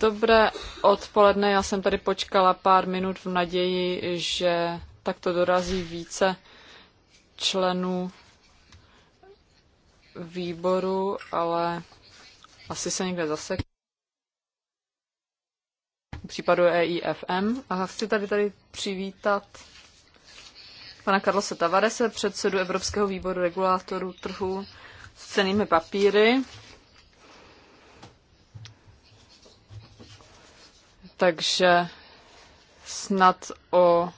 Dobré odpoledne, já jsem tady počkala pár minut v naději, že takto dorazí více členů výboru, ale asi se někde zasek. V případu EIFM. A chci tady, tady přivítat pana Karlose Tavarese, předsedu Evropského výboru regulátorů trhu s cenými papíry. takže snad o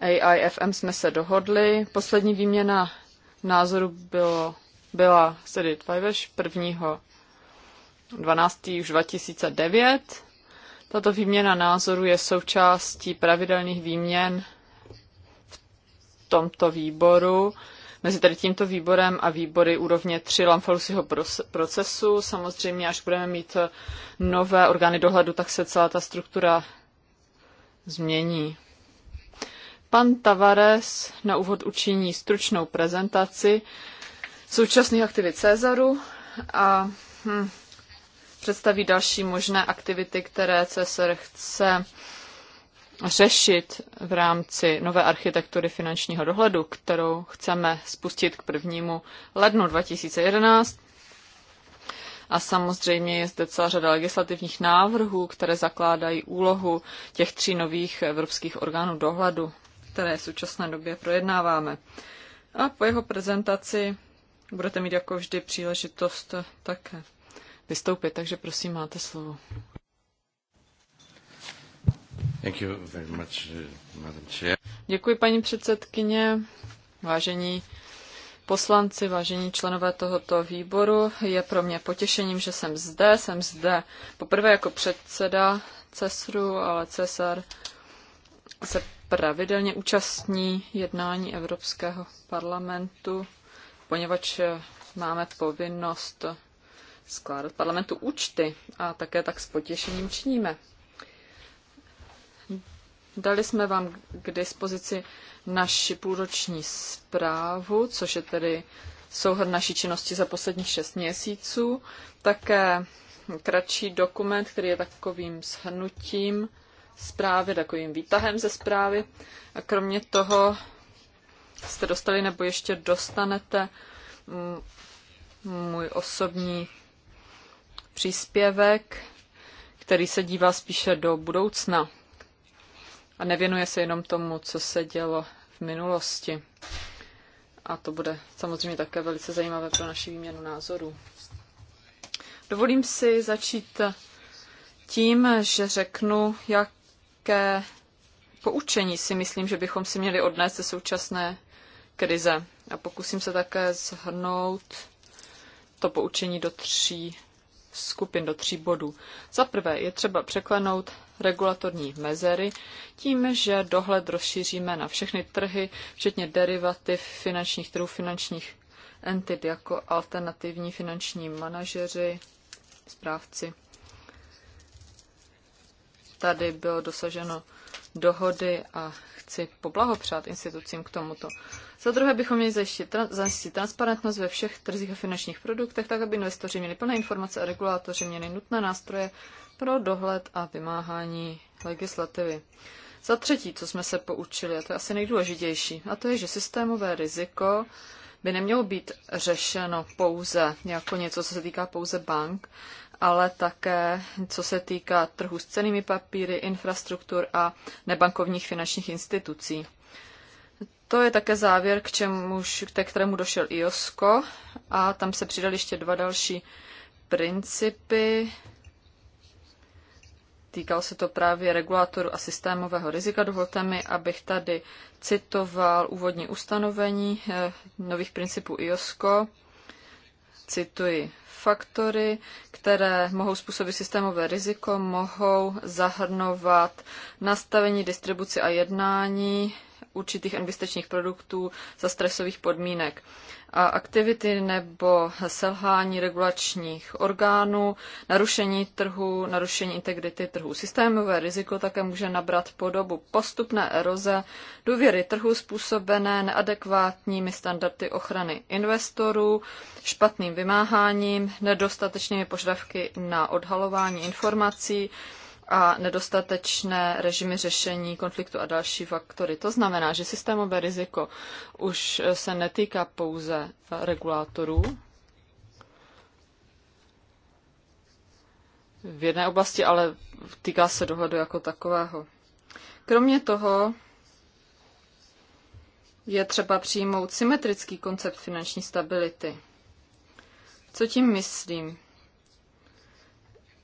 AIFM jsme se dohodli. Poslední výměna názoru bylo, byla sedět Tvajveš 1. 12. už 2009. Tato výměna názoru je součástí pravidelných výměn v tomto výboru mezi tady tímto výborem a výbory úrovně 3 Lamfalusiho procesu. Samozřejmě, až budeme mít eh, nové orgány dohledu, tak se celá ta struktura změní. Pan Tavares na úvod učiní stručnou prezentaci současných aktivit Cezaru a hm, představí další možné aktivity, které Cesar chce řešit v rámci nové architektury finančního dohledu, kterou chceme spustit k prvnímu lednu 2011. A samozřejmě je zde celá řada legislativních návrhů, které zakládají úlohu těch tří nových evropských orgánů dohledu, které v současné době projednáváme. A po jeho prezentaci budete mít jako vždy příležitost také vystoupit, takže prosím, máte slovo. Uh, Děkuji, paní předsedkyně. Vážení poslanci, vážení členové tohoto výboru, je pro mě potěšením, že jsem zde. Jsem zde poprvé jako předseda CESRu, ale CESAR se pravidelně účastní jednání Evropského parlamentu, poněvadž máme povinnost skládat parlamentu účty a také tak s potěšením činíme. Dali jsme vám k dispozici naši půlroční zprávu, což je tedy souhrn naší činnosti za posledních šest měsíců. Také kratší dokument, který je takovým shrnutím zprávy, takovým výtahem ze zprávy. A kromě toho jste dostali nebo ještě dostanete mm, můj osobní příspěvek, který se dívá spíše do budoucna a nevěnuje se jenom tomu, co se dělo v minulosti. A to bude samozřejmě také velice zajímavé pro naši výměnu názorů. Dovolím si začít tím, že řeknu, jaké poučení si myslím, že bychom si měli odnést ze současné krize. A pokusím se také zhrnout to poučení do tří skupin, do tří bodů. Za prvé je třeba překlenout regulatorní mezery tím, že dohled rozšíříme na všechny trhy, včetně derivativ finančních trhů, finančních entit jako alternativní finanční manažeři, správci. Tady bylo dosaženo dohody a chci poblahopřát institucím k tomuto. Za druhé bychom měli zajistit, zajistit transparentnost ve všech trzích a finančních produktech, tak aby investoři měli plné informace a regulátoři měli nutné nástroje pro dohled a vymáhání legislativy. Za třetí, co jsme se poučili, a to je asi nejdůležitější, a to je, že systémové riziko by nemělo být řešeno pouze jako něco, co se týká pouze bank, ale také co se týká trhu s cenými papíry, infrastruktur a nebankovních finančních institucí. To je také závěr, k čemuž, k kterému došel IOSCO a tam se přidali ještě dva další principy, týkal se to právě regulátoru a systémového rizika. Dovolte mi, abych tady citoval úvodní ustanovení eh, nových principů IOSCO. Cituji faktory, které mohou způsobit systémové riziko, mohou zahrnovat nastavení, distribuci a jednání určitých investičních produktů za stresových podmínek. A aktivity nebo selhání regulačních orgánů, narušení trhu, narušení integrity trhu. Systémové riziko také může nabrat podobu postupné eroze důvěry trhu způsobené neadekvátními standardy ochrany investorů, špatným vymáháním, nedostatečnými požadavky na odhalování informací, a nedostatečné režimy řešení konfliktu a další faktory. To znamená, že systémové riziko už se netýká pouze regulátorů. V jedné oblasti, ale týká se dohledu jako takového. Kromě toho je třeba přijmout symetrický koncept finanční stability. Co tím myslím?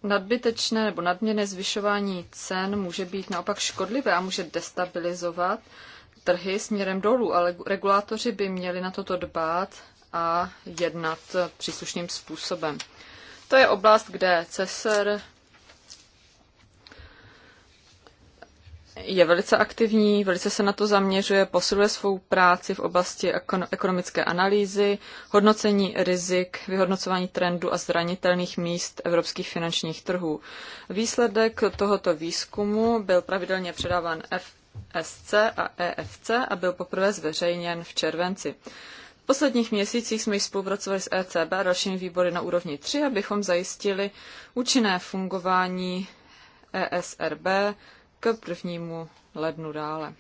nadbytečné nebo nadměrné zvyšování cen může být naopak škodlivé a může destabilizovat trhy směrem dolů, ale regulátoři by měli na toto dbát a jednat příslušným způsobem. To je oblast, kde CESER je velice aktivní, velice se na to zaměřuje, posiluje svou práci v oblasti ekonomické analýzy, hodnocení rizik, vyhodnocování trendu a zranitelných míst evropských finančních trhů. Výsledek tohoto výzkumu byl pravidelně předáván FSC a EFC a byl poprvé zveřejněn v červenci. V posledních měsících jsme již spolupracovali s ECB a dalšími výbory na úrovni 3, abychom zajistili účinné fungování ESRB k prvnímu lednu dále.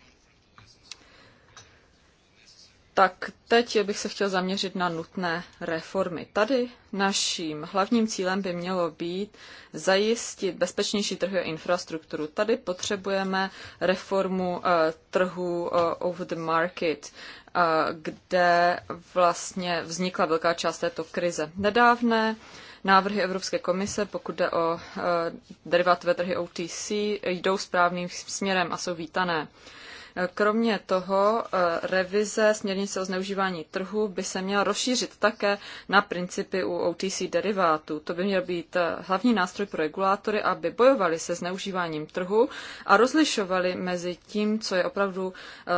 Tak teď bych se chtěl zaměřit na nutné reformy. Tady naším hlavním cílem by mělo být zajistit bezpečnější trhy a infrastrukturu. Tady potřebujeme reformu eh, trhu eh, over the market, eh, kde vlastně vznikla velká část této krize. Nedávné návrhy Evropské komise, pokud jde o eh, derivátové trhy OTC, jdou správným směrem a jsou vítané. Eh, kromě toho eh, revize směrnice o zneužívání trhu by se měla rozšířit také na principy u OTC derivátů. To by měl být hlavní nástroj pro regulátory, aby bojovali se zneužíváním trhu a rozlišovali mezi tím, co je opravdu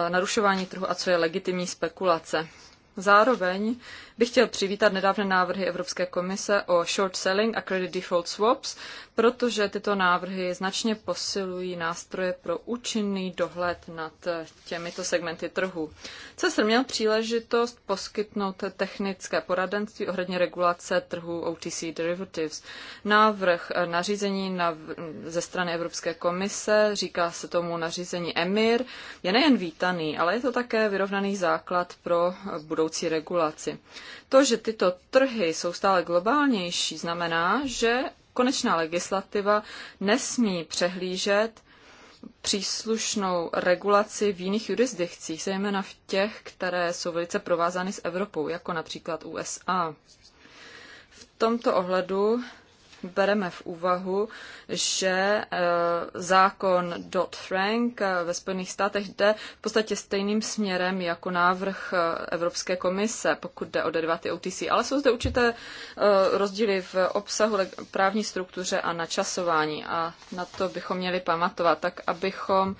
narušování trhu a co je legitimní spekulace. Zároveň bych chtěl přivítat nedávné návrhy Evropské komise o short selling a credit default swaps, protože tyto návrhy značně posilují nástroje pro účinný dohled nad těmito segmenty trhu. CESR měl příležitost poskytnout technické poradenství ohledně regulace trhu OTC derivatives. Návrh nařízení na, ze strany Evropské komise, říká se tomu nařízení EMIR, je nejen vítaný, ale je to také vyrovnaný základ pro budoucí regulaci. To, že tyto trhy jsou stále globálnější, znamená, že konečná legislativa nesmí přehlížet příslušnou regulaci v jiných jurisdikcích, zejména v těch, které jsou velice provázány s Evropou, jako například USA. V tomto ohledu bereme v úvahu, že eh, zákon Dodd-Frank eh, ve Spojených státech jde v podstatě stejným směrem jako návrh eh, Evropské komise, pokud jde o deriváty OTC. Ale jsou zde určité rozdíly v obsahu právní struktuře a načasování a na to bychom měli pamatovat, tak abychom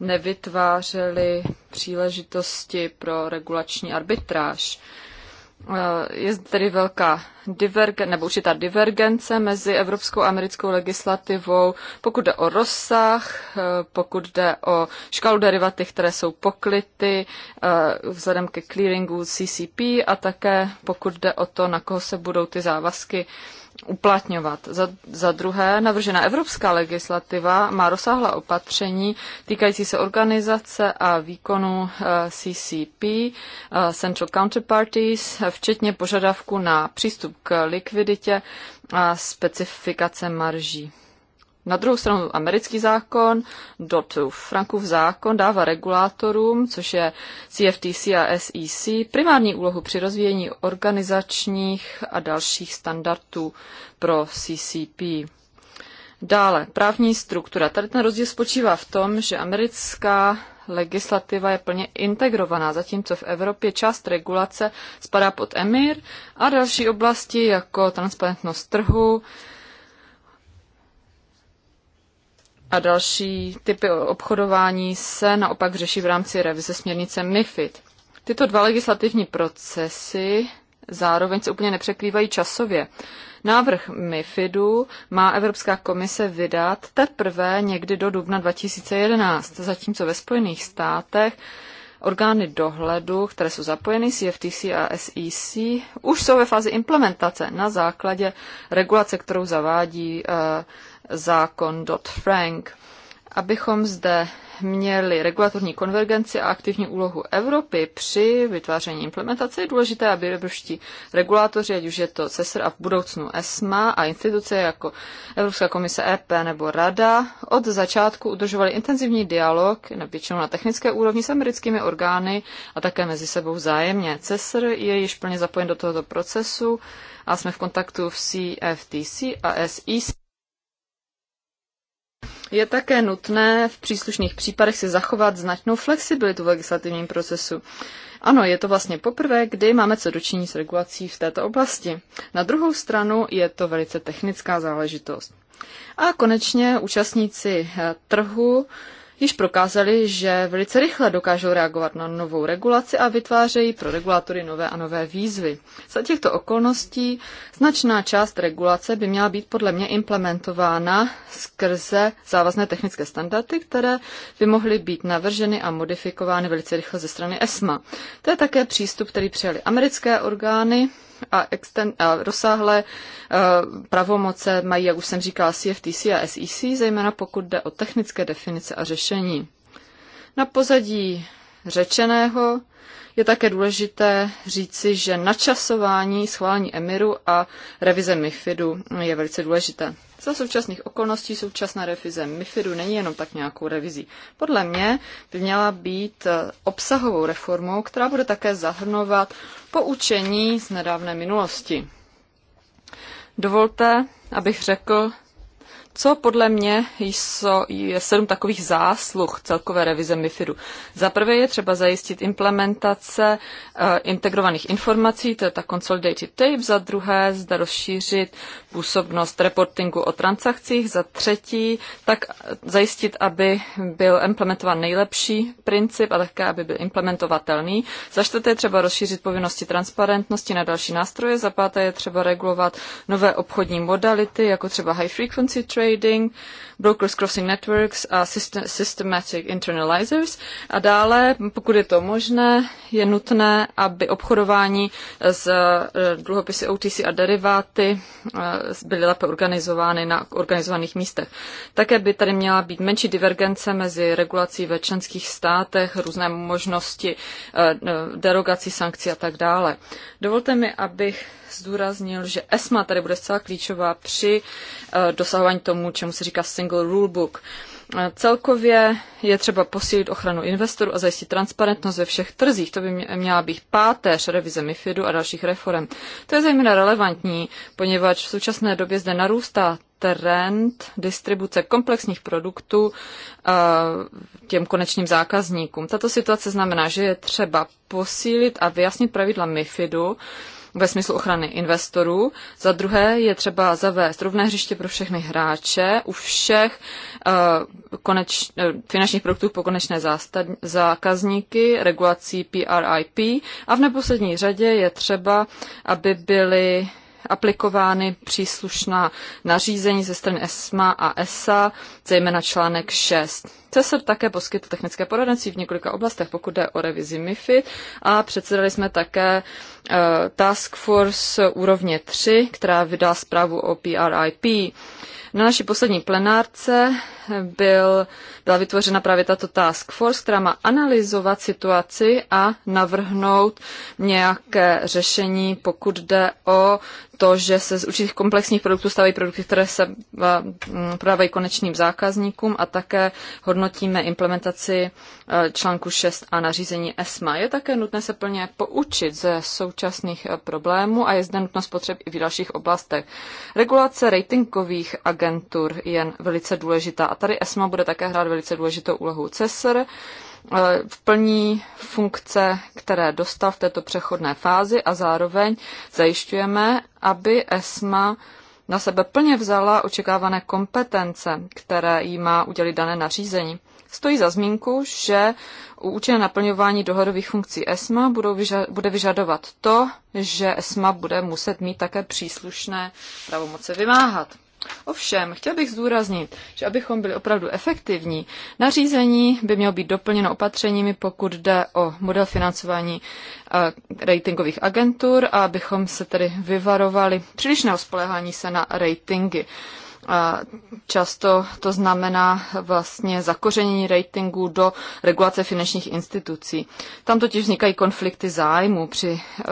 nevytvářeli příležitosti pro regulační arbitráž. Eh, je tedy velká divergen, nebo určitá divergence mezi evropskou a americkou legislativou, pokud jde o rozsah, eh, pokud jde o škálu derivaty, které jsou pokryty eh, vzhledem ke clearingu CCP a také pokud jde o to, na koho se budou ty závazky uplatňovat. Za, za druhé, navržená evropská legislativa má rozsáhlá opatření týkající se organizace a výkonu eh, CCP, eh, Central Counterparties, včetně požadavku na přístup k likviditě a specifikace marží. Na druhou stranu americký zákon, dot Frankův zákon dává regulátorům, což je CFTC a SEC, primární úlohu při rozvíjení organizačních a dalších standardů pro CCP. Dále, právní struktura. Tady ten rozdíl spočívá v tom, že americká legislativa je plně integrovaná, zatímco v Evropě část regulace spadá pod EMIR a další oblasti jako transparentnost trhu, a další typy obchodování se naopak řeší v rámci revize směrnice MIFID. Tyto dva legislativní procesy zároveň se úplně nepřekrývají časově. Návrh MIFIDu má Evropská komise vydat teprve někdy do dubna 2011, zatímco ve Spojených státech Orgány dohledu, které jsou zapojeny, CFTC a SEC, už jsou ve fázi implementace na základě regulace, kterou zavádí eh, zákon Dodd-Frank. Abychom zde měli regulatorní konvergenci a aktivní úlohu Evropy při vytváření implementace, je důležité, aby evropští regulátoři, ať už je to CESR a v budoucnu ESMA a instituce jako Evropská komise EP nebo Rada, od začátku udržovali intenzivní dialog, většinou na technické úrovni s americkými orgány a také mezi sebou vzájemně. CESR je již plně zapojen do tohoto procesu a jsme v kontaktu v CFTC a SEC je také nutné v příslušných případech si zachovat značnou flexibilitu v legislativním procesu. Ano, je to vlastně poprvé, kdy máme co dočiní s regulací v této oblasti. Na druhou stranu je to velice technická záležitost. A konečně účastníci eh, trhu již prokázali, že velice rychle dokážou reagovat na novou regulaci a vytvářejí pro regulatory nové a nové výzvy. Za těchto okolností značná část regulace by měla být podle mě implementována skrze závazné technické standardy, které by mohly být navrženy a modifikovány velice rychle ze strany ESMA. To je také přístup, který přijali americké orgány a, a rozsáhlé e, pravomoce mají, jak už jsem říkala, CFTC a SEC, zejména pokud jde o technické definice a řešení. Na pozadí řečeného je také důležité říci, že načasování schválení Emiru a revize MIFIDu je velice důležité. Za současných okolností současná revize MIFIDu není jenom tak nějakou revizí. Podle mě by měla být eh, obsahovou reformou, která bude také zahrnovat poučení z nedávné minulosti. Dovolte, abych řekl, co podle mě jsou, je sedm takových zásluh celkové revize MIFIDu? Za prvé je třeba zajistit implementace eh, integrovaných informací, to je ta consolidated tape, za druhé zda rozšířit působnost reportingu o transakcích, za třetí tak zajistit, aby byl implementován nejlepší princip a také, aby byl implementovatelný, za čtvrté je třeba rozšířit povinnosti transparentnosti na další nástroje, za páté je třeba regulovat nové obchodní modality, jako třeba high frequency trade, trading, brokers crossing networks a systematic internalizers. A dále, pokud je to možné, je nutné, aby obchodování s eh, dluhopisy OTC a deriváty eh, byly lépe organizovány na organizovaných místech. Také by tady měla být menší divergence mezi regulací ve členských státech, různé možnosti eh, derogací sankcí a tak dále. Dovolte mi, abych zdůraznil, že ESMA tady bude zcela klíčová při eh, dosahování tomu, čemu se říká single rulebook. Eh, celkově je třeba posílit ochranu investorů a zajistit transparentnost ve všech trzích. To by měla být páteř revize MIFIDu a dalších reform. To je zejména relevantní, poněvadž v současné době zde narůstá trend distribuce komplexních produktů eh, těm konečným zákazníkům. Tato situace znamená, že je třeba posílit a vyjasnit pravidla MIFIDu, ve smyslu ochrany investorů. Za druhé je třeba zavést rovné hřiště pro všechny hráče u všech uh, koneč, uh, finančních produktů po konečné zástad, zákazníky, regulací PRIP a v neposlední řadě je třeba, aby byly aplikovány příslušná nařízení ze strany ESMA a ESA, zejména článek 6. CESR také poskytl technické poradenství v několika oblastech, pokud jde o revizi MIFI a předsedali jsme také eh, Task Force úrovně 3, která vydala zprávu o PRIP. Na naší poslední plenárce byl, byla vytvořena právě tato task force, která má analyzovat situaci a navrhnout nějaké řešení, pokud jde o to, že se z určitých komplexních produktů stávají produkty, které se eh, mm, prodávají konečným zákazníkům a také hodnotíme implementaci eh, článku 6 a nařízení ESMA. Je také nutné se plně poučit ze současných eh, problémů a je zde nutnost potřeb i v dalších oblastech. Regulace ratingových agentur je velice důležitá a tady ESMA bude také hrát velice důležitou úlohu CESR v eh, plní funkce, které dostal v této přechodné fázi a zároveň zajišťujeme, aby ESMA na sebe plně vzala očekávané kompetence, které jí má udělit dané nařízení. Stojí za zmínku, že účinné naplňování dohodových funkcí ESMA budou vyža- bude vyžadovat to, že ESMA bude muset mít také příslušné pravomoce vymáhat. Ovšem, chtěl bych zdůraznit, že abychom byli opravdu efektivní, nařízení by mělo být doplněno opatřeními, pokud jde o model financování eh, ratingových agentur a abychom se tedy vyvarovali přílišného spolehání se na ratingy. A často to znamená vlastně zakořenění ratingu do regulace finančních institucí. Tam totiž vznikají konflikty zájmu při eh,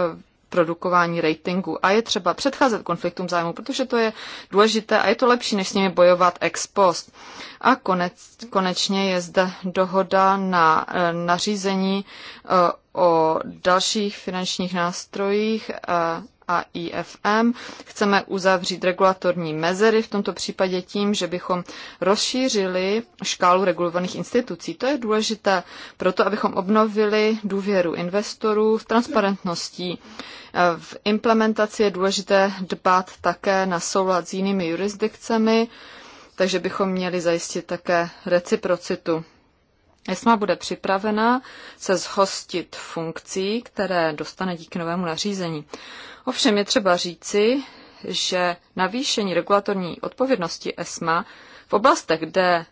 produkování ratingu. A je třeba předcházet konfliktům zájmu, protože to je důležité a je to lepší, než s nimi bojovat ex post. A konec, konečně je zde dohoda na eh, nařízení eh, o dalších finančních nástrojích eh, a IFM. Chceme uzavřít regulatorní mezery v tomto případě tím, že bychom rozšířili škálu regulovaných institucí. To je důležité proto, abychom obnovili důvěru investorů v transparentnosti e, V implementaci je důležité dbát také na soulad s jinými jurisdikcemi, takže bychom měli zajistit také reciprocitu. ESMA bude připravena se zhostit funkcí, které dostane díky novému nařízení. Ovšem je třeba říci, že navýšení regulatorní odpovědnosti ESMA v oblastech, kde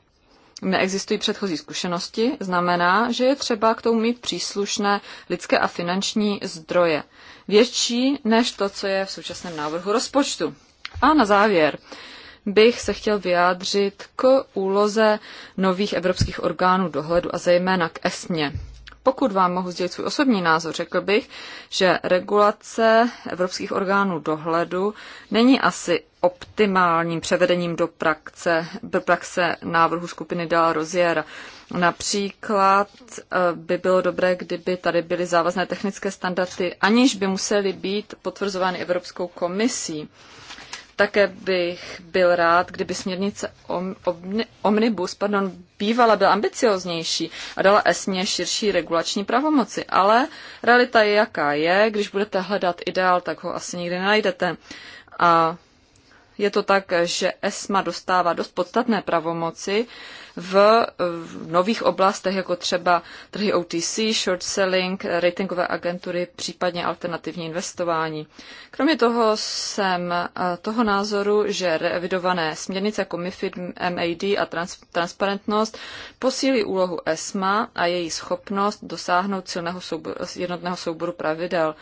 neexistují předchozí zkušenosti, znamená, že je třeba k tomu mít příslušné lidské a finanční zdroje, větší než to, co je v současném návrhu rozpočtu. A na závěr, bych se chtěl vyjádřit k úloze nových evropských orgánů dohledu a zejména k ESMě. Pokud vám mohu sdělit svůj osobní názor, řekl bych, že regulace evropských orgánů dohledu není asi optimálním převedením do praxe, do praxe návrhu skupiny Dala Rozier. Například eh, by bylo dobré, kdyby tady byly závazné technické standardy, aniž by musely být potvrzovány Evropskou komisí. Také bych byl rád, kdyby směrnice om, omni, Omnibus pardon, bývala byla ambicioznější a dala esmě širší regulační pravomoci. Ale realita je, jaká je. Když budete hledat ideál, tak ho asi nikdy nenajdete. A je to tak, že ESMA dostává dost podstatné pravomoci v, v nových oblastech, jako třeba trhy OTC, short selling, ratingové agentury, případně alternativní investování. Kromě toho jsem eh, toho názoru, že revidované směrnice jako MIFID, MAD a trans, transparentnost posílí úlohu ESMA a její schopnost dosáhnout silného soubor, jednotného souboru pravidel.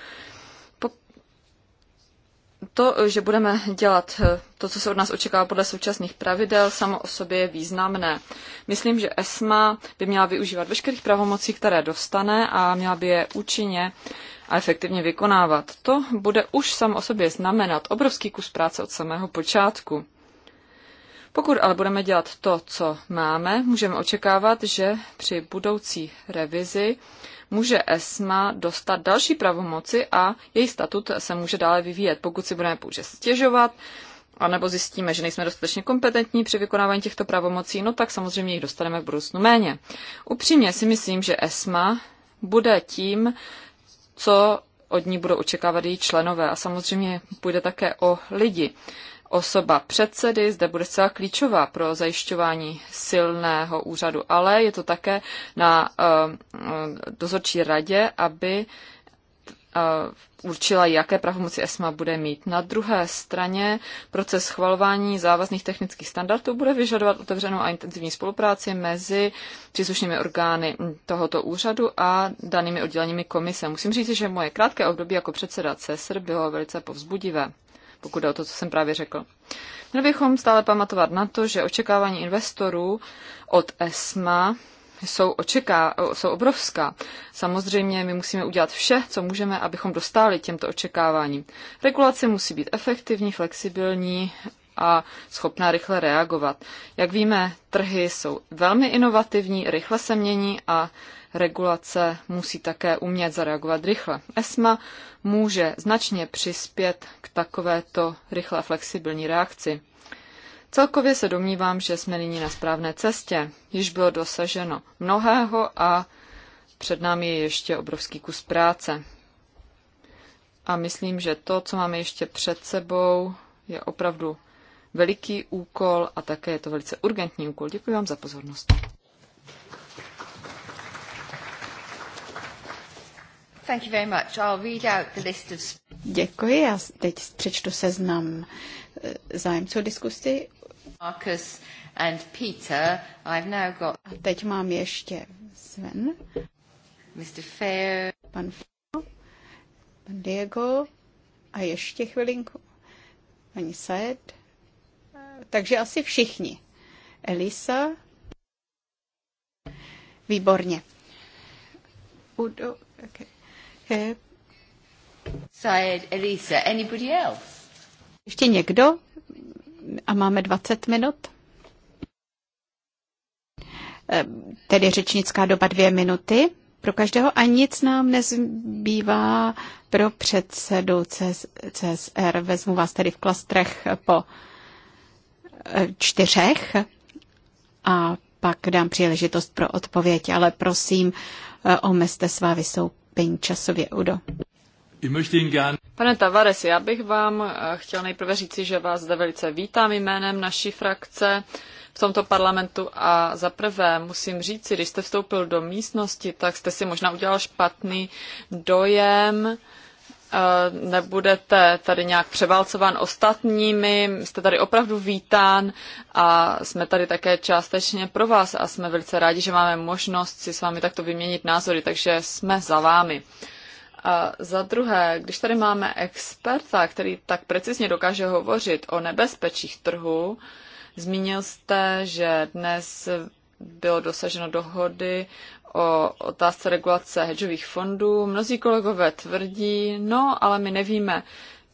To, že budeme dělat eh, to, co se od nás očekává podle současných pravidel, samo o sobě je významné. Myslím, že ESMA by měla využívat veškerých pravomocí, které dostane a měla by je účinně a efektivně vykonávat. To bude už samo o sobě znamenat obrovský kus práce od samého počátku. Pokud ale budeme dělat to, co máme, můžeme očekávat, že při budoucí revizi může ESMA dostat další pravomoci a její statut se může dále vyvíjet, pokud si budeme pouze stěžovat, anebo zjistíme, že nejsme dostatečně kompetentní při vykonávání těchto pravomocí, no tak samozřejmě jich dostaneme v budoucnu méně. Upřímně si myslím, že ESMA bude tím, co od ní budou očekávat její členové a samozřejmě půjde také o lidi osoba předsedy zde bude zcela klíčová pro zajišťování silného úřadu, ale je to také na eh, dozorčí radě, aby eh, určila, jaké pravomoci ESMA bude mít. Na druhé straně proces schvalování závazných technických standardů bude vyžadovat otevřenou a intenzivní spolupráci mezi příslušnými orgány tohoto úřadu a danými odděleními komise. Musím říct, že moje krátké období jako předseda CESR bylo velice povzbudivé pokud jde o to, co jsem právě řekl. Měli bychom stále pamatovat na to, že očekávání investorů od ESMA jsou, očeká, jsou obrovská. Samozřejmě my musíme udělat vše, co můžeme, abychom dostali těmto očekáváním. Regulace musí být efektivní, flexibilní a schopná rychle reagovat. Jak víme, trhy jsou velmi inovativní, rychle se mění a regulace musí také umět zareagovat rychle. ESMA může značně přispět k takovéto rychlé flexibilní reakci. Celkově se domnívám, že jsme nyní na správné cestě. Již bylo dosaženo mnohého a před námi je ještě obrovský kus práce. A myslím, že to, co máme ještě před sebou, je opravdu veliký úkol a také je to velice urgentní úkol. Děkuji vám za pozornost. Thank you very much. I'll read out the list of... Děkuji, já teď přečtu seznam eh, zájemců diskusy. Marcus and Peter, I've now got... A teď mám ještě Sven. Mr. Feo. Pan Fair. Pan Diego. A ještě chvilinku. Paní Saed takže asi všichni. Elisa? Výborně. Udo, okay. Okay. Elisa, anybody else? Ještě někdo? A máme 20 minut? Eh, tedy řečnická doba dvě minuty pro každého a nic nám nezbývá pro předsedu CSR. Vezmu vás tedy v klastrech po čtyřech a pak dám příležitost pro odpověď, ale prosím, eh, omezte svá vystoupení časově, Udo. Pane Tavares, já bych vám eh, chtěl nejprve říci, že vás zde velice vítám jménem naší frakce v tomto parlamentu a za prvé musím říci, když jste vstoupil do místnosti, tak jste si možná udělal špatný dojem Eh, nebudete tady nějak převálcován ostatními, jste tady opravdu vítán a jsme tady také částečně pro vás a jsme velice rádi, že máme možnost si s vámi takto vyměnit názory, takže jsme za vámi. A eh, za druhé, když tady máme experta, který tak precizně dokáže hovořit o nebezpečích trhu, zmínil jste, že dnes bylo dosaženo dohody o otázce regulace hedžových fondů. Mnozí kolegové tvrdí, no, ale my nevíme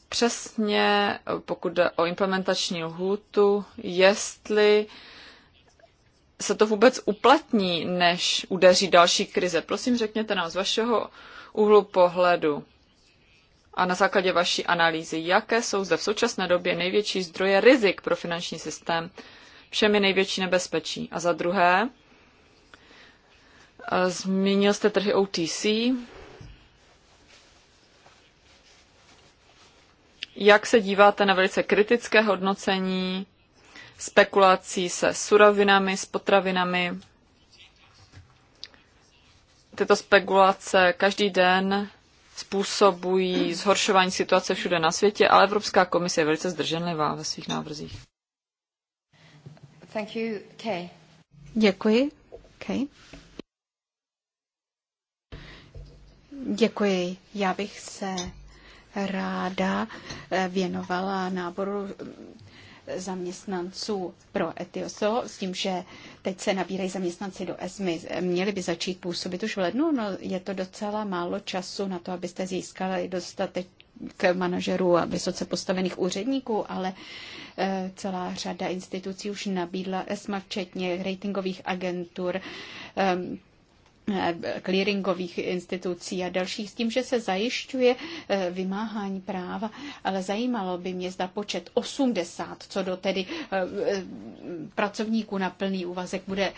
přesně, pokud jde o implementační lhůtu, jestli se to vůbec uplatní, než udeří další krize. Prosím, řekněte nám z vašeho úhlu pohledu a na základě vaší analýzy, jaké jsou zde v současné době největší zdroje rizik pro finanční systém, všemi největší nebezpečí. A za druhé, Eh, zmínil jste trhy OTC. Jak se díváte na velice kritické hodnocení spekulací se surovinami, s potravinami? Tyto spekulace každý den způsobují zhoršování situace všude na světě, ale Evropská komise je velice zdrženlivá ve svých návrzích. Thank you, Kay. Děkuji. Kay. Děkuji. Já bych se ráda eh, věnovala náboru eh, zaměstnanců pro Etioso s tím, že teď se nabírají zaměstnanci do ESMY. Měli by začít působit už v lednu, no je to docela málo času na to, abyste získali dostatek manažerů a vysoce postavených úředníků, ale eh, celá řada institucí už nabídla ESMA, včetně ratingových agentur, Eh, clearingových institucí a dalších s tím, že se zajišťuje eh, vymáhání práva, ale zajímalo by mě, zda počet 80, co do tedy eh, pracovníků na plný úvazek bude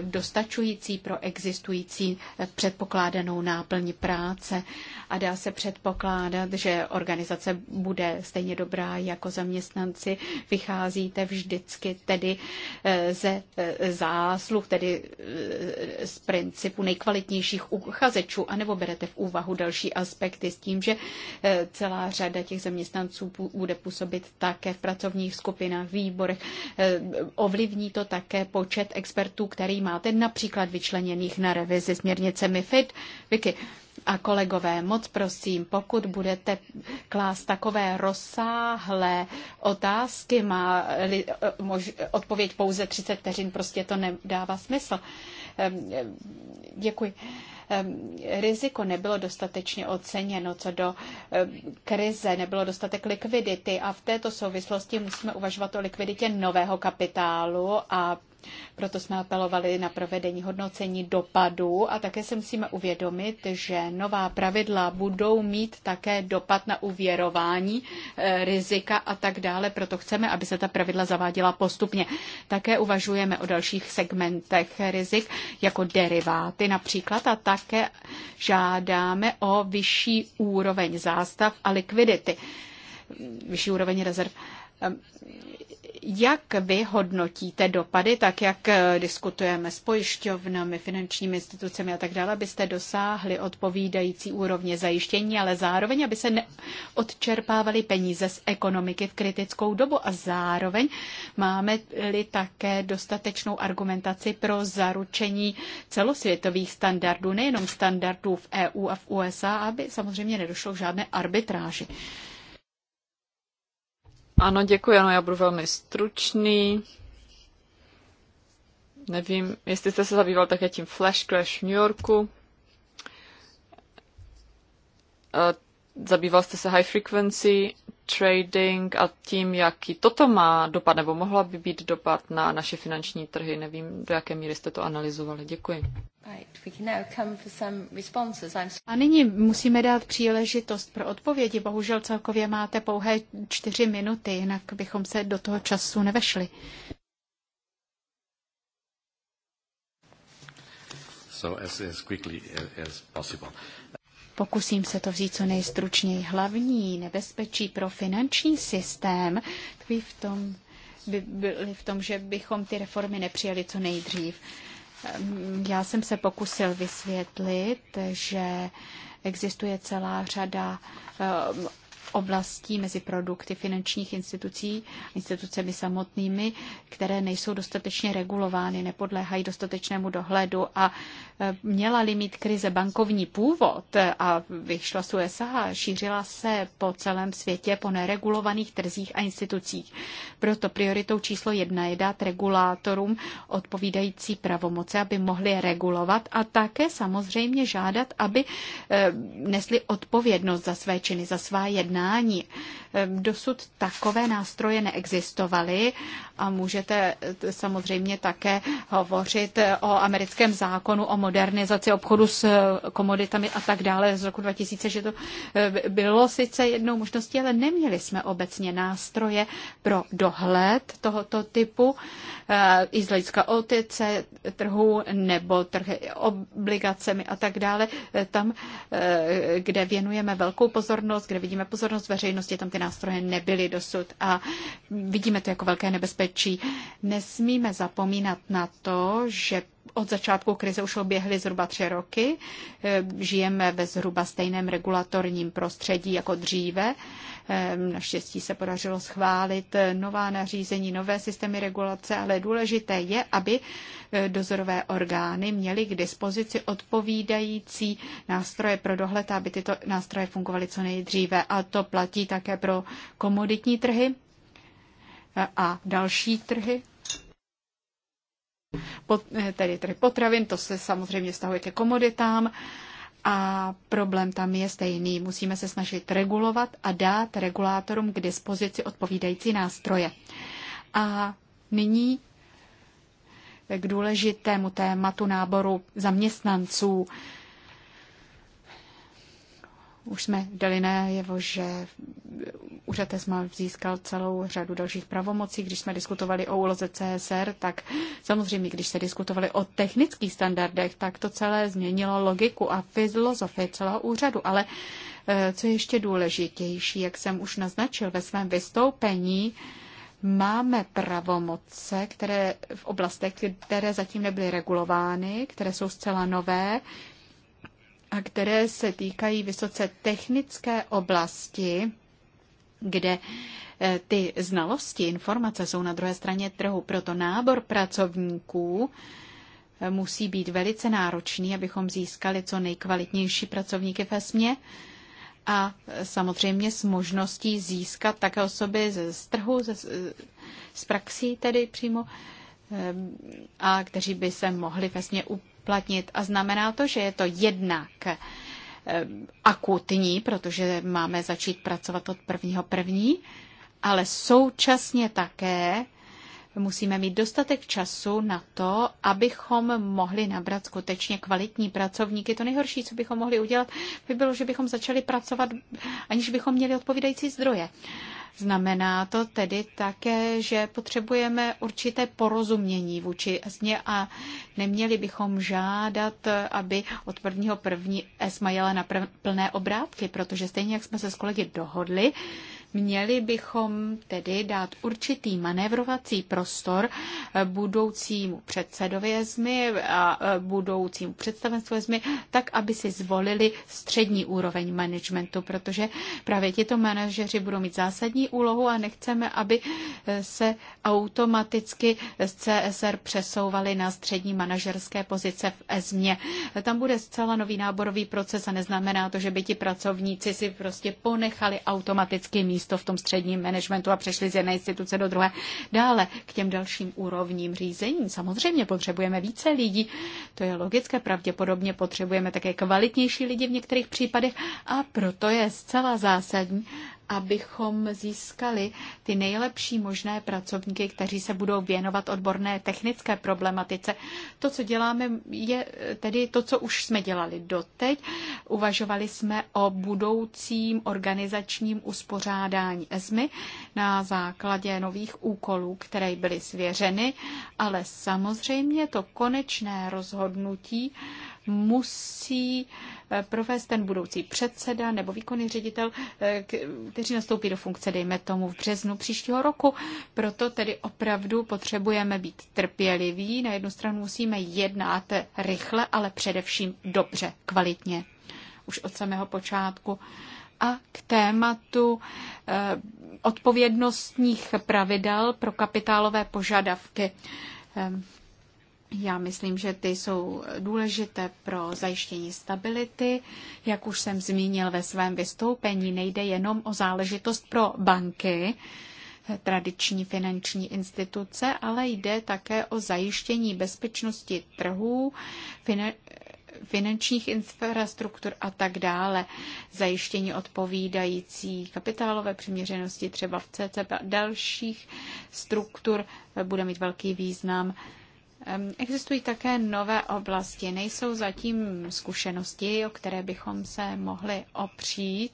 dostačující pro existující předpokládanou náplň práce a dá se předpokládat, že organizace bude stejně dobrá jako zaměstnanci. Vycházíte vždycky tedy ze zásluh, tedy z principu nejkvalitnějších uchazečů, anebo berete v úvahu další aspekty s tím, že eh, celá řada těch zaměstnanců bude působit také v pracovních skupinách, výborech. Eh, ovlivní to také počet expertů, který máte například vyčleněných na revizi směrnice MIFID. Vicky, a kolegové, moc prosím, pokud budete klást takové rozsáhlé otázky, má eh, odpověď pouze 30 vteřin, prostě to nedává smysl. Děkuji. Riziko nebylo dostatečně oceněno co do krize, nebylo dostatek likvidity a v této souvislosti musíme uvažovat o likviditě nového kapitálu a proto jsme apelovali na provedení hodnocení dopadů a také se musíme uvědomit, že nová pravidla budou mít také dopad na uvěrování eh, rizika a tak dále. Proto chceme, aby se ta pravidla zaváděla postupně. Také uvažujeme o dalších segmentech rizik, jako deriváty například, a také žádáme o vyšší úroveň zástav a likvidity, vyšší úroveň rezerv ehm, jak vy hodnotíte dopady, tak jak eh, diskutujeme s pojišťovnami, finančními institucemi a tak dále, abyste dosáhli odpovídající úrovně zajištění, ale zároveň, aby se neodčerpávaly peníze z ekonomiky v kritickou dobu a zároveň máme-li také dostatečnou argumentaci pro zaručení celosvětových standardů, nejenom standardů v EU a v USA, aby samozřejmě nedošlo k žádné arbitráži. Ano, děkuji, ano, já budu velmi stručný. Nevím, jestli jste se zabýval také tím Flash Crash v New Yorku. Zabýval jste se high frequency trading a tím, jaký toto má dopad, nebo mohla by být dopad na naše finanční trhy. Nevím, do jaké míry jste to analyzovali. Děkuji. A nyní musíme dát příležitost pro odpovědi. Bohužel celkově máte pouhé čtyři minuty, jinak bychom se do toho času nevešli. So as, as quickly as possible. Pokusím se to vzít co nejstručněji. Hlavní nebezpečí pro finanční systém tkví v tom, by byly v tom, že bychom ty reformy nepřijali co nejdřív. Ehm, já jsem se pokusil vysvětlit, že existuje celá řada ehm, oblastí mezi produkty finančních institucí, institucemi samotnými, které nejsou dostatečně regulovány, nepodléhají dostatečnému dohledu a e, měla-li mít krize bankovní původ a vyšla z USA, šířila se po celém světě po neregulovaných trzích a institucích. Proto prioritou číslo jedna je dát regulátorům odpovídající pravomoce, aby mohli regulovat a také samozřejmě žádat, aby e, nesli odpovědnost za své činy, za svá jedna jednání. Dosud takové nástroje neexistovaly a můžete eh, samozřejmě také hovořit eh, o americkém zákonu o modernizaci obchodu s eh, komoditami a tak dále z roku 2000, že to bylo sice jednou možností, ale neměli jsme obecně nástroje pro dohled tohoto typu i z hlediska otice, trhu nebo trhy obligacemi a tak dále. Tam, kde věnujeme velkou pozornost, kde vidíme pozornost, pozornost veřejnosti, tam ty nástroje nebyly dosud a vidíme to jako velké nebezpečí. Nesmíme zapomínat na to, že od začátku krize už oběhly zhruba tři roky, žijeme ve zhruba stejném regulatorním prostředí jako dříve Ehm, naštěstí se podařilo schválit eh, nová nařízení, nové systémy regulace, ale důležité je, aby eh, dozorové orgány měly k dispozici odpovídající nástroje pro dohled, aby tyto nástroje fungovaly co nejdříve. A to platí také pro komoditní trhy eh, a další trhy, pot, tedy trhy potravin, to se samozřejmě stahuje ke komoditám a problém tam je stejný. Musíme se snažit regulovat a dát regulátorům k dispozici odpovídající nástroje. A nyní k důležitému tématu náboru zaměstnanců. Už jsme dali najevo, že úřad ESMA získal celou řadu dalších pravomocí. Když jsme diskutovali o úloze CSR, tak samozřejmě, když se diskutovali o technických standardech, tak to celé změnilo logiku a filozofii celého úřadu. Ale eh, co je ještě důležitější, jak jsem už naznačil ve svém vystoupení, máme pravomoce, které v oblastech, které zatím nebyly regulovány, které jsou zcela nové, a které se týkají vysoce technické oblasti, kde eh, ty znalosti, informace jsou na druhé straně trhu. Proto nábor pracovníků eh, musí být velice náročný, abychom získali co nejkvalitnější pracovníky v ESMě a eh, samozřejmě s možností získat také osoby z, trhu, z, z praxí tedy přímo, a kteří by se mohli vlastně uplatnit uplatnit. A znamená to, že je to jednak eh, akutní, protože máme začít pracovat od prvního první, ale současně také musíme mít dostatek času na to, abychom mohli nabrat skutečně kvalitní pracovníky. To nejhorší, co bychom mohli udělat, by bylo, že bychom začali pracovat, aniž bychom měli odpovídající zdroje. Znamená to tedy také, že potřebujeme určité porozumění vůči ESMě a neměli bychom žádat, aby od prvního první ESMA jela na plné obrátky, protože stejně jak jsme se s kolegy dohodli, Měli bychom tedy dát určitý manevrovací prostor eh, budoucímu předsedovi ESMI a eh, budoucímu představenstvu ESMI, tak, aby si zvolili střední úroveň managementu, protože právě tito manažeři budou mít zásadní úlohu a nechceme, aby eh, se automaticky z CSR přesouvali na střední manažerské pozice v ESMě. Tam bude zcela nový náborový proces a neznamená to, že by ti pracovníci si prostě ponechali automaticky místo místo v tom středním managementu a přešli z jedné instituce do druhé. Dále k těm dalším úrovním řízení. Samozřejmě potřebujeme více lidí, to je logické, pravděpodobně potřebujeme také kvalitnější lidi v některých případech a proto je zcela zásadní, abychom získali ty nejlepší možné pracovníky, kteří se budou věnovat odborné technické problematice. To, co děláme, je eh, tedy to, co už jsme dělali doteď. Uvažovali jsme o budoucím organizačním uspořádání ESMY na základě nových úkolů, které byly svěřeny, ale samozřejmě to konečné rozhodnutí musí eh, provést ten budoucí předseda nebo výkonný ředitel, eh, kteří nastoupí do funkce, dejme tomu, v březnu příštího roku. Proto tedy opravdu potřebujeme být trpěliví. Na jednu stranu musíme jednat rychle, ale především dobře, kvalitně. Už od samého počátku a k tématu eh, odpovědnostních pravidel pro kapitálové požadavky. Ehm, já myslím, že ty jsou důležité pro zajištění stability. Jak už jsem zmínil ve svém vystoupení, nejde jenom o záležitost pro banky, tradiční finanční instituce, ale jde také o zajištění bezpečnosti trhů, finančních infrastruktur a tak dále, zajištění odpovídající kapitálové přiměřenosti třeba v CCP a dalších struktur bude mít velký význam. Existují také nové oblasti. Nejsou zatím zkušenosti, o které bychom se mohli opřít,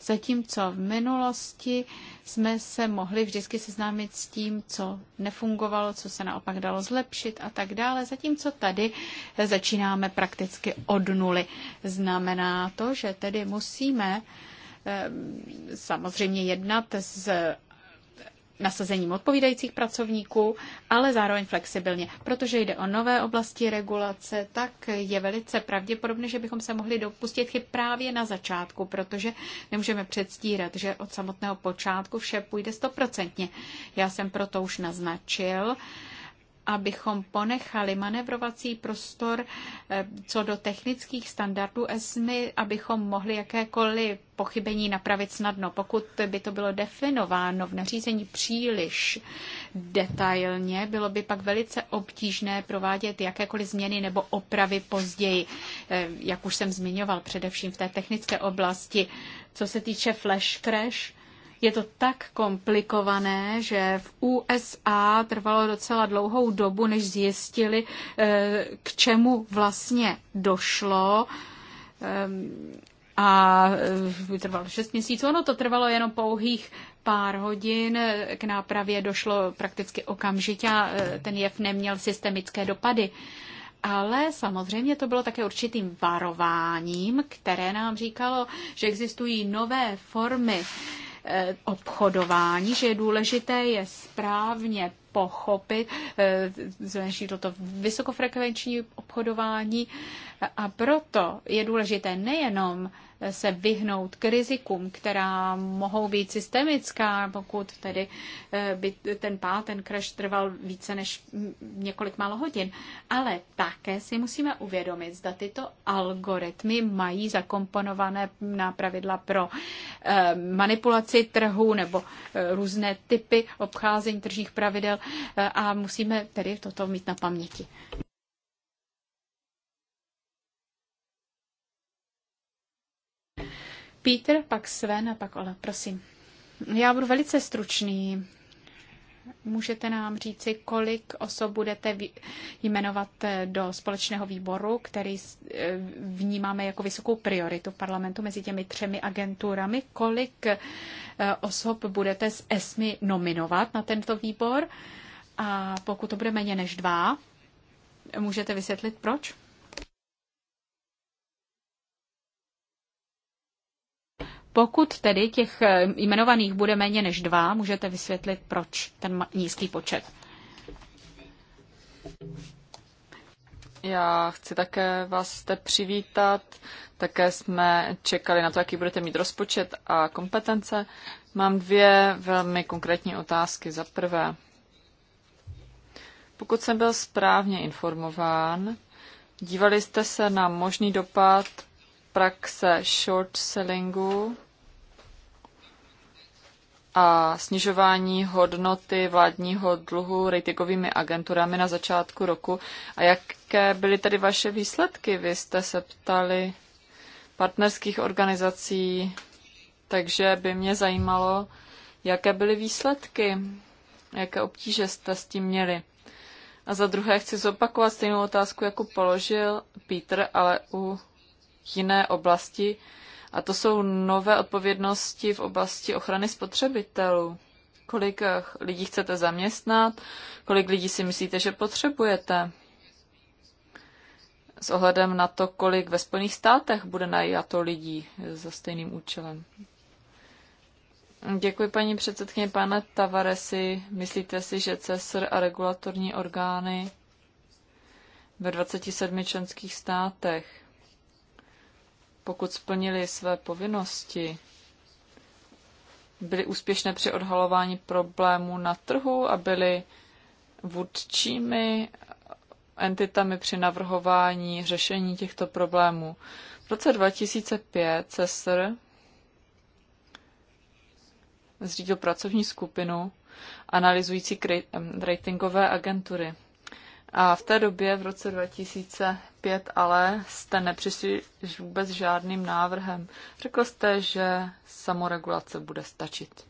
zatímco v minulosti jsme se mohli vždycky seznámit s tím, co nefungovalo, co se naopak dalo zlepšit a tak dále, zatímco tady začínáme prakticky od nuly. Znamená to, že tedy musíme samozřejmě jednat s nasazením odpovídajících pracovníků, ale zároveň flexibilně. Protože jde o nové oblasti regulace, tak je velice pravděpodobné, že bychom se mohli dopustit chyb právě na začátku, protože nemůžeme předstírat, že od samotného počátku vše půjde stoprocentně. Já jsem proto už naznačil, abychom ponechali manevrovací prostor eh, co do technických standardů ESMI, abychom mohli jakékoliv pochybení napravit snadno. Pokud by to bylo definováno v nařízení příliš detailně, bylo by pak velice obtížné provádět jakékoliv změny nebo opravy později, eh, jak už jsem zmiňoval, především v té technické oblasti. Co se týče flash crash, je to tak komplikované, že v USA trvalo docela dlouhou dobu, než zjistili, eh, k čemu vlastně došlo ehm, a eh, trvalo 6 měsíců. Ono to trvalo jenom pouhých pár hodin, k nápravě došlo prakticky okamžitě a eh, ten jev neměl systemické dopady. Ale samozřejmě to bylo také určitým varováním, které nám říkalo, že existují nové formy Eh, obchodování, že je důležité je správně pochopit, eh, zvláštní toto vysokofrekvenční obchodování. A proto je důležité nejenom se vyhnout k rizikům, která mohou být systemická, pokud tedy eh, by ten pál, ten crash trval více než mm, několik málo hodin. Ale také si musíme uvědomit, zda tyto algoritmy mají zakomponované na pravidla pro eh, manipulaci trhu nebo eh, různé typy obcházení tržních pravidel a musíme tedy toto mít na paměti. Peter, pak Sven a pak Ola, prosím. Já budu velice stručný. Můžete nám říci, kolik osob budete jmenovat eh, do společného výboru, který eh, vnímáme jako vysokou prioritu parlamentu mezi těmi třemi agenturami? Kolik eh, osob budete z ESMI nominovat na tento výbor? A pokud to bude méně než dva, můžete vysvětlit proč? Pokud tedy těch eh, jmenovaných bude méně než dva, můžete vysvětlit, proč ten nízký počet. Já chci také vás zde přivítat. Také jsme čekali na to, jaký budete mít rozpočet a kompetence. Mám dvě velmi konkrétní otázky. Za prvé, pokud jsem byl správně informován, dívali jste se na možný dopad praxe short sellingu a snižování hodnoty vládního dluhu ratingovými agenturami na začátku roku. A jaké byly tedy vaše výsledky? Vy jste se ptali partnerských organizací, takže by mě zajímalo, jaké byly výsledky, jaké obtíže jste s tím měli. A za druhé chci zopakovat stejnou otázku, jako položil Peter, ale u jiné oblasti, a to jsou nové odpovědnosti v oblasti ochrany spotřebitelů. Kolik eh, lidí chcete zaměstnat, kolik lidí si myslíte, že potřebujete. S ohledem na to, kolik ve Spojených státech bude najato lidí za stejným účelem. Děkuji paní předsedkyně, pane Tavaresi. Myslíte si, že CESR a regulatorní orgány ve 27 členských státech pokud splnili své povinnosti, byli úspěšné při odhalování problémů na trhu a byli vůdčími entitami při navrhování řešení těchto problémů. V roce 2005 CESR zřídil pracovní skupinu analyzující ratingové agentury. A v té době, v roce 2005, ale jste nepřišli vůbec žádným návrhem. Řekl jste, že samoregulace bude stačit.